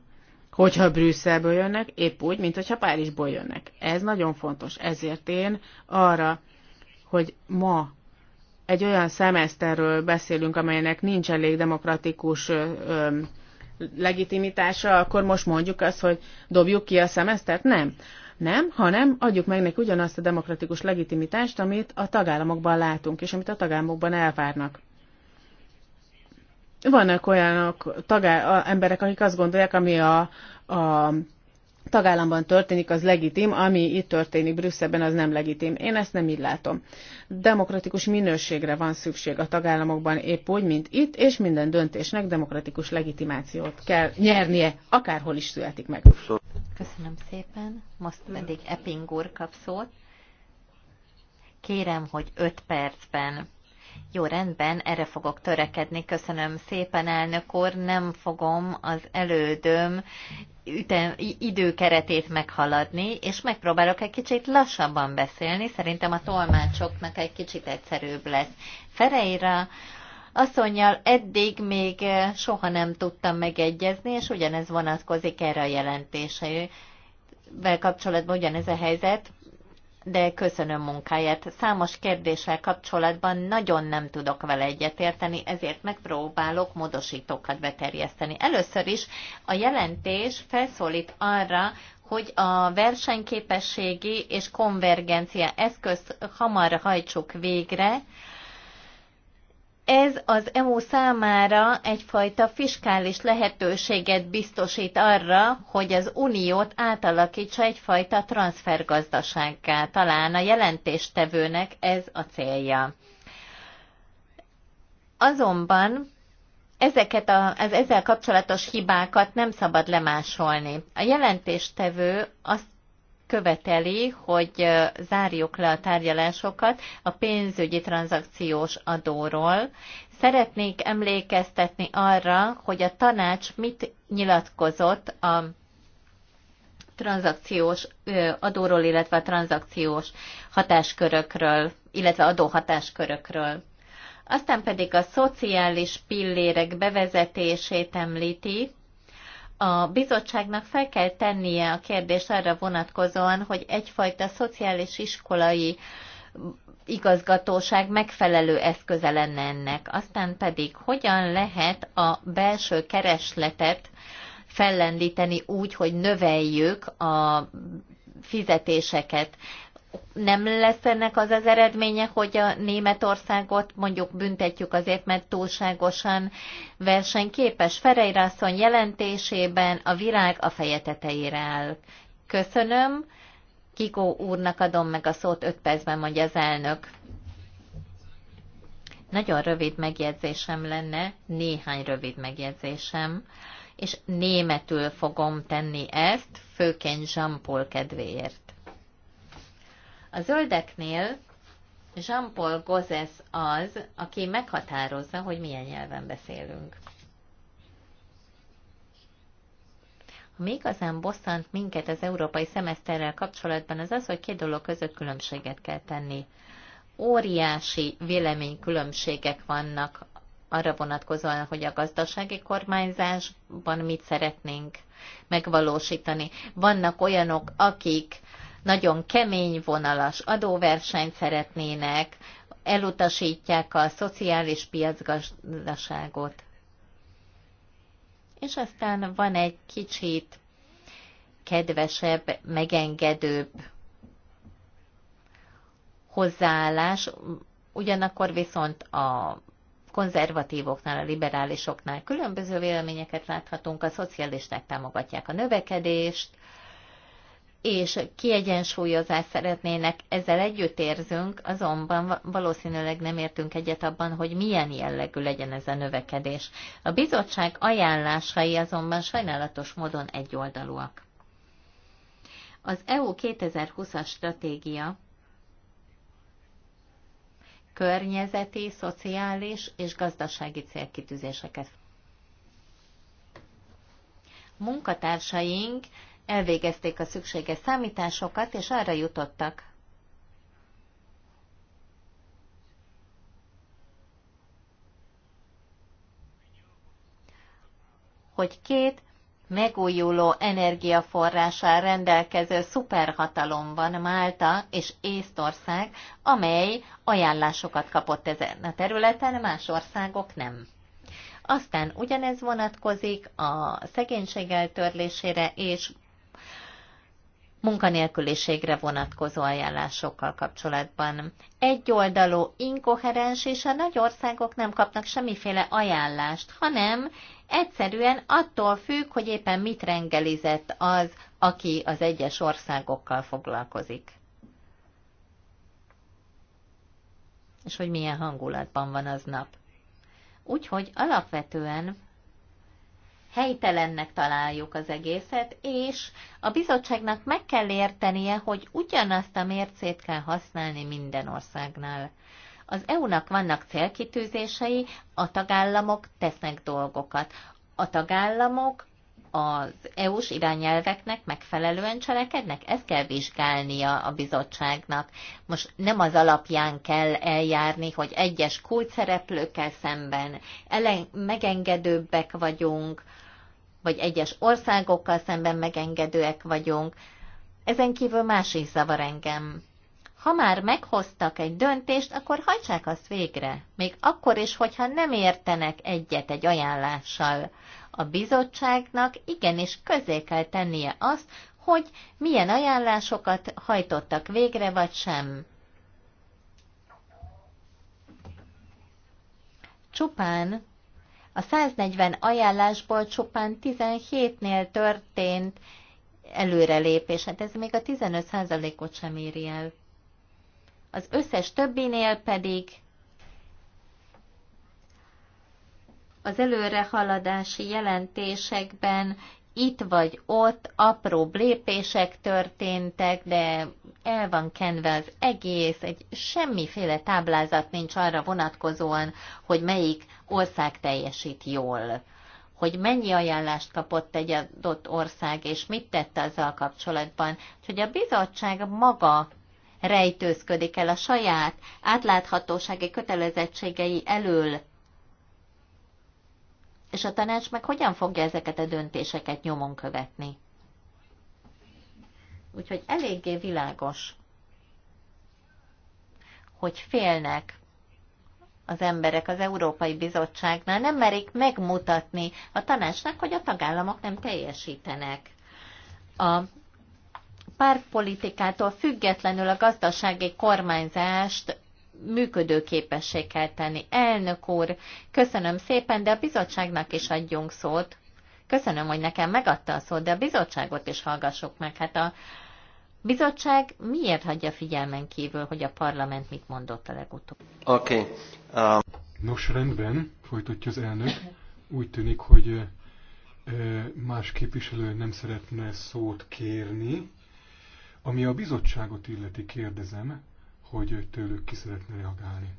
hogyha Brüsszelből jönnek, épp úgy, mint hogyha Párizsból jönnek. Ez nagyon fontos. Ezért én arra, hogy ma egy olyan szemeszterről beszélünk, amelynek nincs elég demokratikus ö, legitimitása, akkor most mondjuk azt, hogy dobjuk ki a szemesztert? Nem. Nem, hanem adjuk meg neki ugyanazt a demokratikus legitimitást, amit a tagállamokban látunk, és amit a tagállamokban elvárnak. Vannak olyanok tagá- emberek, akik azt gondolják, ami a, a tagállamban történik, az legitim, ami itt történik Brüsszelben, az nem legitim. Én ezt nem így látom. Demokratikus minőségre van szükség a tagállamokban épp úgy, mint itt, és minden döntésnek demokratikus legitimációt kell nyernie, akárhol is születik meg. Köszönöm szépen. Most pedig Epping úr kap szót. Kérem, hogy öt percben jó, rendben, erre fogok törekedni. Köszönöm szépen, elnök úr. Nem fogom az elődöm ütem, időkeretét meghaladni, és megpróbálok egy kicsit lassabban beszélni. Szerintem a tolmácsoknak egy kicsit egyszerűbb lesz. Fereira, asszonyjal eddig még eh, soha nem tudtam megegyezni, és ugyanez vonatkozik erre a jelentésével kapcsolatban ugyanez a helyzet de köszönöm munkáját. Számos kérdéssel kapcsolatban nagyon nem tudok vele egyetérteni, ezért megpróbálok módosítókat beterjeszteni. Először is a jelentés felszólít arra, hogy a versenyképességi és konvergencia eszközt hamar hajtsuk végre, ez az EMU számára egyfajta fiskális lehetőséget biztosít arra, hogy az uniót átalakítsa egyfajta transfergazdasággá. Talán a jelentéstevőnek ez a célja. Azonban ezeket a, az ezzel kapcsolatos hibákat nem szabad lemásolni. A jelentéstevő azt követeli, hogy zárjuk le a tárgyalásokat a pénzügyi tranzakciós adóról. Szeretnék emlékeztetni arra, hogy a tanács mit nyilatkozott a tranzakciós adóról, illetve a tranzakciós hatáskörökről, illetve adóhatáskörökről. Aztán pedig a szociális pillérek bevezetését említi, a bizottságnak fel kell tennie a kérdést arra vonatkozóan, hogy egyfajta szociális iskolai igazgatóság megfelelő eszköze lenne ennek. Aztán pedig hogyan lehet a belső keresletet fellendíteni úgy, hogy növeljük a fizetéseket nem lesz ennek az az eredménye, hogy a Németországot mondjuk büntetjük azért, mert túlságosan versenyképes. Ferejrászon jelentésében a virág a feje tetejére áll. Köszönöm. Kikó úrnak adom meg a szót, öt percben mondja az elnök. Nagyon rövid megjegyzésem lenne, néhány rövid megjegyzésem, és németül fogom tenni ezt, főként Jean-Paul kedvéért. A zöldeknél Jean-Paul Gozes az, aki meghatározza, hogy milyen nyelven beszélünk. Ami igazán bosszant minket az európai szemeszterrel kapcsolatban, az az, hogy két dolog között különbséget kell tenni. Óriási véleménykülönbségek vannak arra vonatkozóan, hogy a gazdasági kormányzásban mit szeretnénk megvalósítani. Vannak olyanok, akik nagyon kemény vonalas adóversenyt szeretnének, elutasítják a szociális piacgazdaságot. És aztán van egy kicsit kedvesebb, megengedőbb hozzáállás, ugyanakkor viszont a konzervatívoknál, a liberálisoknál különböző véleményeket láthatunk, a szocialisták támogatják a növekedést, és kiegyensúlyozást szeretnének, ezzel együtt érzünk, azonban valószínűleg nem értünk egyet abban, hogy milyen jellegű legyen ez a növekedés. A bizottság ajánlásai azonban sajnálatos módon egyoldalúak. Az EU 2020-as stratégia környezeti, szociális és gazdasági célkitűzéseket. Munkatársaink elvégezték a szükséges számításokat, és arra jutottak, hogy két megújuló energiaforrással rendelkező szuperhatalom van Málta és Észtország, amely ajánlásokat kapott ezen a területen, más országok nem. Aztán ugyanez vonatkozik a szegénység eltörlésére és munkanélküliségre vonatkozó ajánlásokkal kapcsolatban. oldalú inkoherens, és a nagy országok nem kapnak semmiféle ajánlást, hanem egyszerűen attól függ, hogy éppen mit rengelizett az, aki az egyes országokkal foglalkozik. És hogy milyen hangulatban van az nap. Úgyhogy alapvetően helytelennek találjuk az egészet, és a bizottságnak meg kell értenie, hogy ugyanazt a mércét kell használni minden országnál. Az EU-nak vannak célkitűzései, a tagállamok tesznek dolgokat. A tagállamok az EU-s irányelveknek megfelelően cselekednek? Ezt kell vizsgálnia a bizottságnak. Most nem az alapján kell eljárni, hogy egyes kulcszereplőkkel szemben elen- megengedőbbek vagyunk, vagy egyes országokkal szemben megengedőek vagyunk. Ezen kívül más is zavar engem. Ha már meghoztak egy döntést, akkor hajtsák azt végre, még akkor is, hogyha nem értenek egyet egy ajánlással. A bizottságnak igenis közé kell tennie azt, hogy milyen ajánlásokat hajtottak végre, vagy sem. Csupán a 140 ajánlásból csupán 17-nél történt előrelépés, hát ez még a 15%-ot sem éri el. Az összes többinél pedig az előrehaladási jelentésekben itt vagy ott apró lépések történtek, de el van kenve az egész, egy semmiféle táblázat nincs arra vonatkozóan, hogy melyik ország teljesít jól hogy mennyi ajánlást kapott egy adott ország, és mit tette azzal kapcsolatban, hogy a bizottság maga rejtőzködik el a saját átláthatósági kötelezettségei elől és a tanács meg hogyan fogja ezeket a döntéseket nyomon követni? Úgyhogy eléggé világos, hogy félnek az emberek az Európai Bizottságnál, nem merik megmutatni a tanácsnak, hogy a tagállamok nem teljesítenek. A pártpolitikától függetlenül a gazdasági kormányzást működőképessé kell tenni. Elnök úr, köszönöm szépen, de a bizottságnak is adjunk szót. Köszönöm, hogy nekem megadta a szót, de a bizottságot is hallgassuk meg. Hát a bizottság miért hagyja figyelmen kívül, hogy a parlament mit mondott a legutóbb? Oké. Okay. Um... Nos, rendben, folytatja az elnök. Úgy tűnik, hogy más képviselő nem szeretne szót kérni. Ami a bizottságot illeti, kérdezem, hogy tőlük ki szeretne reagálni.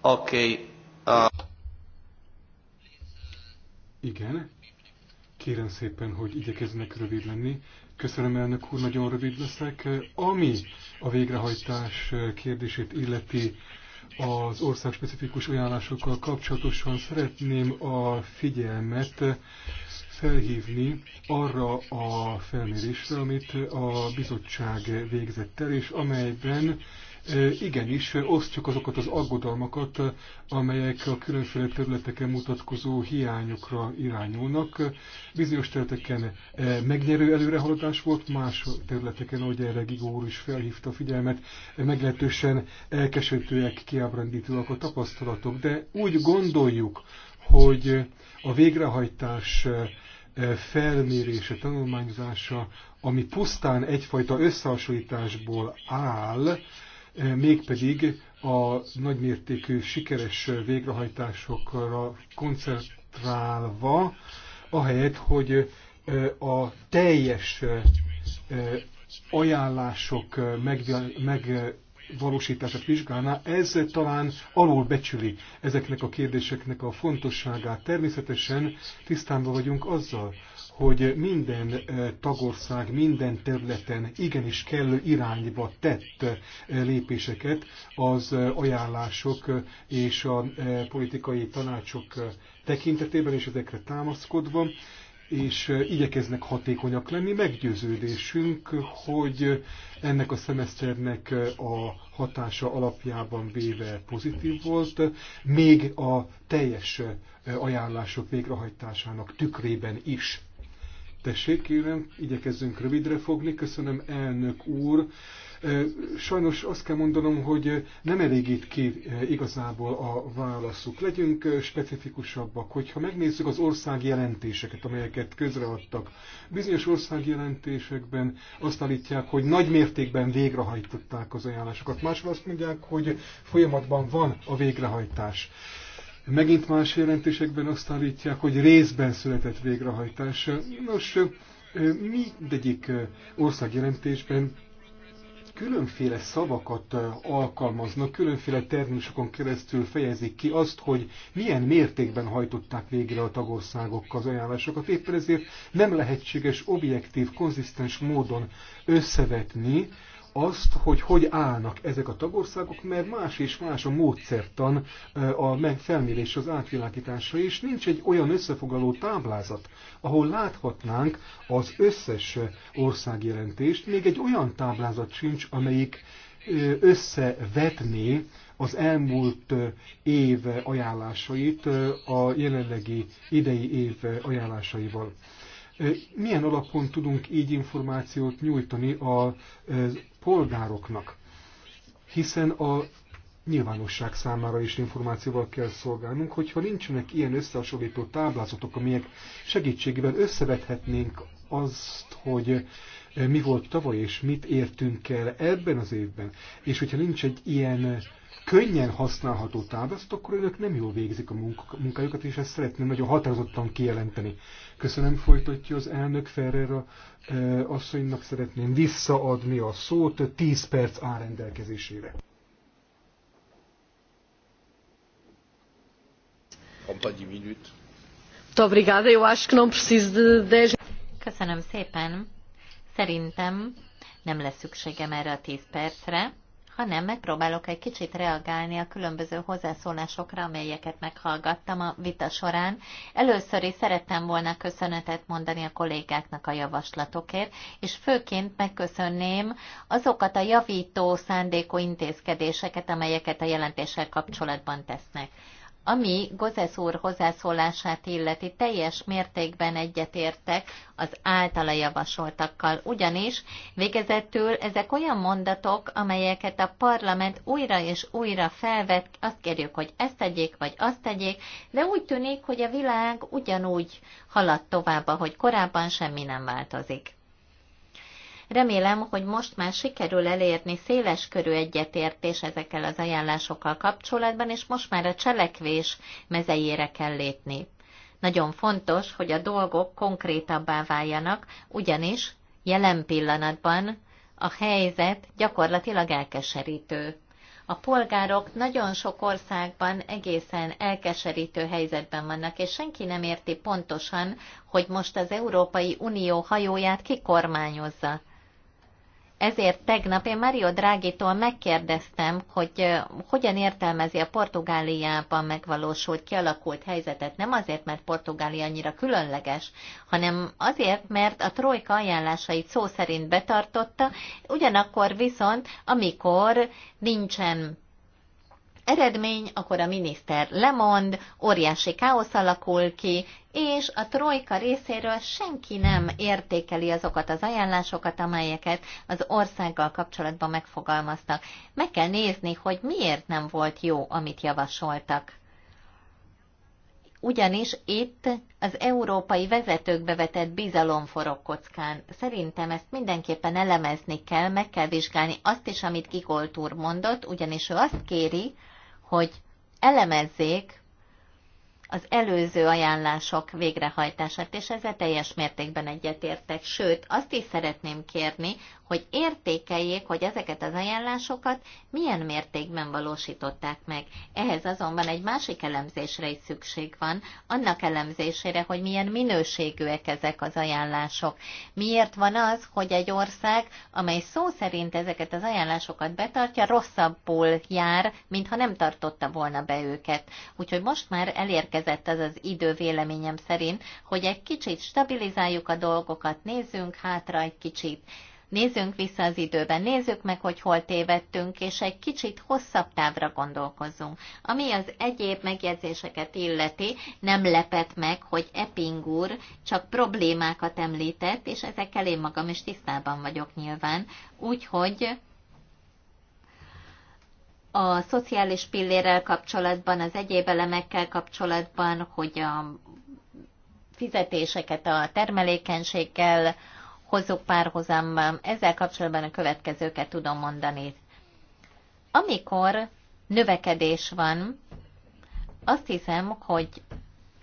Oké. Okay. Uh... Igen. Kérem szépen, hogy igyekeznek rövid lenni. Köszönöm, elnök úr, nagyon rövid leszek. Ami a végrehajtás kérdését illeti az országspecifikus ajánlásokkal kapcsolatosan, szeretném a figyelmet felhívni arra a felmérésre, amit a bizottság végzett el, és amelyben e, igenis osztjuk azokat az aggodalmakat, amelyek a különféle területeken mutatkozó hiányokra irányulnak. Bizonyos területeken e, megnyerő előrehaladás volt, más területeken, ahogy erre Gigó úr is felhívta a figyelmet, meglehetősen elkeserítőek, kiábrándítóak a tapasztalatok, de úgy gondoljuk, hogy a végrehajtás felmérése, tanulmányzása, ami pusztán egyfajta összehasonlításból áll, mégpedig a nagymértékű sikeres végrehajtásokra koncentrálva, ahelyett, hogy a teljes ajánlások meg, meg valósítását vizsgálná, ez talán becsüli ezeknek a kérdéseknek a fontosságát. Természetesen tisztában vagyunk azzal, hogy minden eh, tagország minden területen igenis kellő irányba tett eh, lépéseket az eh, ajánlások és a politikai tanácsok tekintetében, és ezekre támaszkodva és igyekeznek hatékonyak lenni. Meggyőződésünk, hogy ennek a szemeszternek a hatása alapjában véve pozitív volt, még a teljes ajánlások végrehajtásának tükrében is. Tessék, kérem, igyekezzünk rövidre fogni. Köszönöm, elnök úr. Sajnos azt kell mondanom, hogy nem elégít ki igazából a válaszuk. Legyünk specifikusabbak, hogyha megnézzük az ország jelentéseket, amelyeket közreadtak. Bizonyos ország jelentésekben azt állítják, hogy nagy mértékben végrehajtották az ajánlásokat. Máshol azt mondják, hogy folyamatban van a végrehajtás. Megint más jelentésekben azt állítják, hogy részben született végrehajtás. Nos, mindegyik országjelentésben különféle szavakat alkalmaznak, különféle terminusokon keresztül fejezik ki azt, hogy milyen mértékben hajtották végre a tagországok az ajánlásokat. Éppen ezért nem lehetséges objektív, konzisztens módon összevetni azt, hogy hogy állnak ezek a tagországok, mert más és más a módszertan eh, a felmérés az átvilágítása és nincs egy olyan összefoglaló táblázat, ahol láthatnánk az összes eh, országjelentést, még egy olyan táblázat sincs, amelyik eh, összevetné az elmúlt év ajánlásait a jelenlegi idei év ajánlásaival. Milyen alapon tudunk így információt nyújtani az polgároknak, hiszen a nyilvánosság számára is információval kell szolgálnunk, hogyha nincsenek ilyen összehasonlító táblázatok, amelyek segítségével összevethetnénk azt, hogy eh, mi volt tavaly és mit értünk el ebben az évben, és hogyha nincs egy ilyen könnyen használható táblaszt, akkor önök nem jól végzik a munkájukat, és ezt szeretném nagyon határozottan kijelenteni. Köszönöm, folytatja az elnök Ferrer eh, asszonynak, szeretném visszaadni a szót, 10 perc áll rendelkezésére. Köszönöm szépen. Szerintem nem lesz szükségem erre a 10 percre hanem megpróbálok egy kicsit reagálni a különböző hozzászólásokra, amelyeket meghallgattam a vita során. Először is szerettem volna köszönetet mondani a kollégáknak a javaslatokért, és főként megköszönném azokat a javító szándékú intézkedéseket, amelyeket a jelentéssel kapcsolatban tesznek. Ami Gozesz úr hozzászólását illeti, teljes mértékben egyetértek az általa javasoltakkal, ugyanis végezetül ezek olyan mondatok, amelyeket a parlament újra és újra felvet, azt kérjük, hogy ezt tegyék, vagy azt tegyék, de úgy tűnik, hogy a világ ugyanúgy halad tovább, ahogy korábban semmi nem változik. Remélem, hogy most már sikerül elérni széles körű egyetértés ezekkel az ajánlásokkal kapcsolatban, és most már a cselekvés mezejére kell lépni. Nagyon fontos, hogy a dolgok konkrétabbá váljanak, ugyanis jelen pillanatban a helyzet gyakorlatilag elkeserítő. A polgárok nagyon sok országban egészen elkeserítő helyzetben vannak, és senki nem érti pontosan, hogy most az Európai Unió hajóját kikormányozza ezért tegnap én Mario Drágitól megkérdeztem, hogy hogyan értelmezi a Portugáliában megvalósult, kialakult helyzetet. Nem azért, mert Portugália annyira különleges, hanem azért, mert a trojka ajánlásait szó szerint betartotta, ugyanakkor viszont, amikor nincsen eredmény, akkor a miniszter lemond, óriási káosz alakul ki, és a trojka részéről senki nem értékeli azokat az ajánlásokat, amelyeket az országgal kapcsolatban megfogalmaztak. Meg kell nézni, hogy miért nem volt jó, amit javasoltak ugyanis itt az európai vezetőkbe vetett bizalom forog kockán. Szerintem ezt mindenképpen elemezni kell, meg kell vizsgálni azt is, amit Gigoltúr mondott, ugyanis ő azt kéri, hogy elemezzék az előző ajánlások végrehajtását, és ezzel teljes mértékben egyetértek. Sőt, azt is szeretném kérni, hogy értékeljék, hogy ezeket az ajánlásokat milyen mértékben valósították meg. Ehhez azonban egy másik elemzésre is szükség van, annak elemzésére, hogy milyen minőségűek ezek az ajánlások. Miért van az, hogy egy ország, amely szó szerint ezeket az ajánlásokat betartja, rosszabbul jár, mintha nem tartotta volna be őket. Úgyhogy most már elérkezik érkezett az az idő véleményem szerint, hogy egy kicsit stabilizáljuk a dolgokat, nézzünk hátra egy kicsit, nézzünk vissza az időben, nézzük meg, hogy hol tévedtünk, és egy kicsit hosszabb távra gondolkozzunk. Ami az egyéb megjegyzéseket illeti, nem lepett meg, hogy Epping úr csak problémákat említett, és ezekkel én magam is tisztában vagyok nyilván, úgyhogy a szociális pillérrel kapcsolatban, az egyéb elemekkel kapcsolatban, hogy a fizetéseket a termelékenységgel hozok párhozamban, Ezzel kapcsolatban a következőket tudom mondani. Amikor növekedés van, azt hiszem, hogy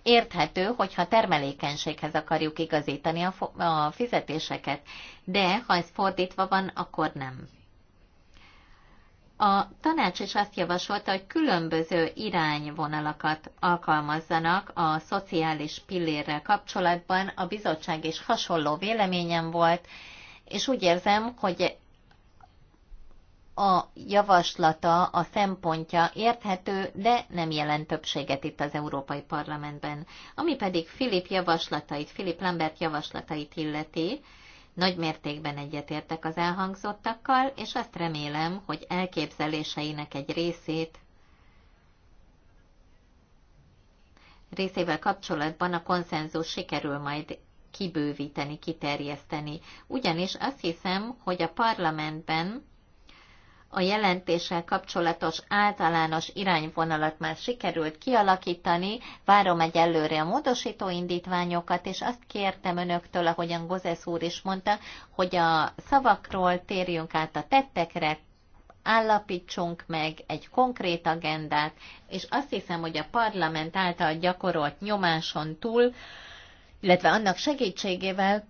érthető, hogyha termelékenységhez akarjuk igazítani a fizetéseket, de ha ez fordítva van, akkor nem. A tanács is azt javasolta, hogy különböző irányvonalakat alkalmazzanak a szociális pillérrel kapcsolatban. A bizottság is hasonló véleményem volt, és úgy érzem, hogy a javaslata, a szempontja érthető, de nem jelent többséget itt az Európai Parlamentben. Ami pedig Filip javaslatait, Filip Lambert javaslatait illeti, nagy mértékben egyetértek az elhangzottakkal, és azt remélem, hogy elképzeléseinek egy részét részével kapcsolatban a konszenzus sikerül majd kibővíteni, kiterjeszteni. Ugyanis azt hiszem, hogy a parlamentben a jelentéssel kapcsolatos általános irányvonalat már sikerült kialakítani, várom egyelőre a módosító indítványokat, és azt kértem önöktől, ahogyan Gozesz úr is mondta, hogy a szavakról térjünk át a tettekre, állapítsunk meg egy konkrét agendát, és azt hiszem, hogy a parlament által gyakorolt nyomáson túl, illetve annak segítségével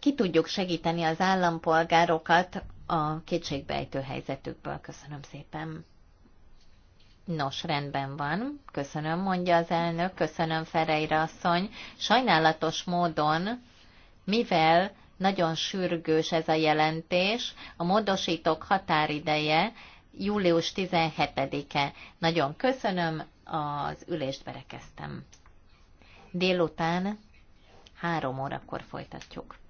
ki tudjuk segíteni az állampolgárokat a kétségbejtő helyzetükből. Köszönöm szépen. Nos, rendben van. Köszönöm, mondja az elnök. Köszönöm, Ferejre asszony. Sajnálatos módon, mivel nagyon sürgős ez a jelentés, a módosítók határideje július 17-e. Nagyon köszönöm, az ülést berekeztem. Délután három órakor folytatjuk.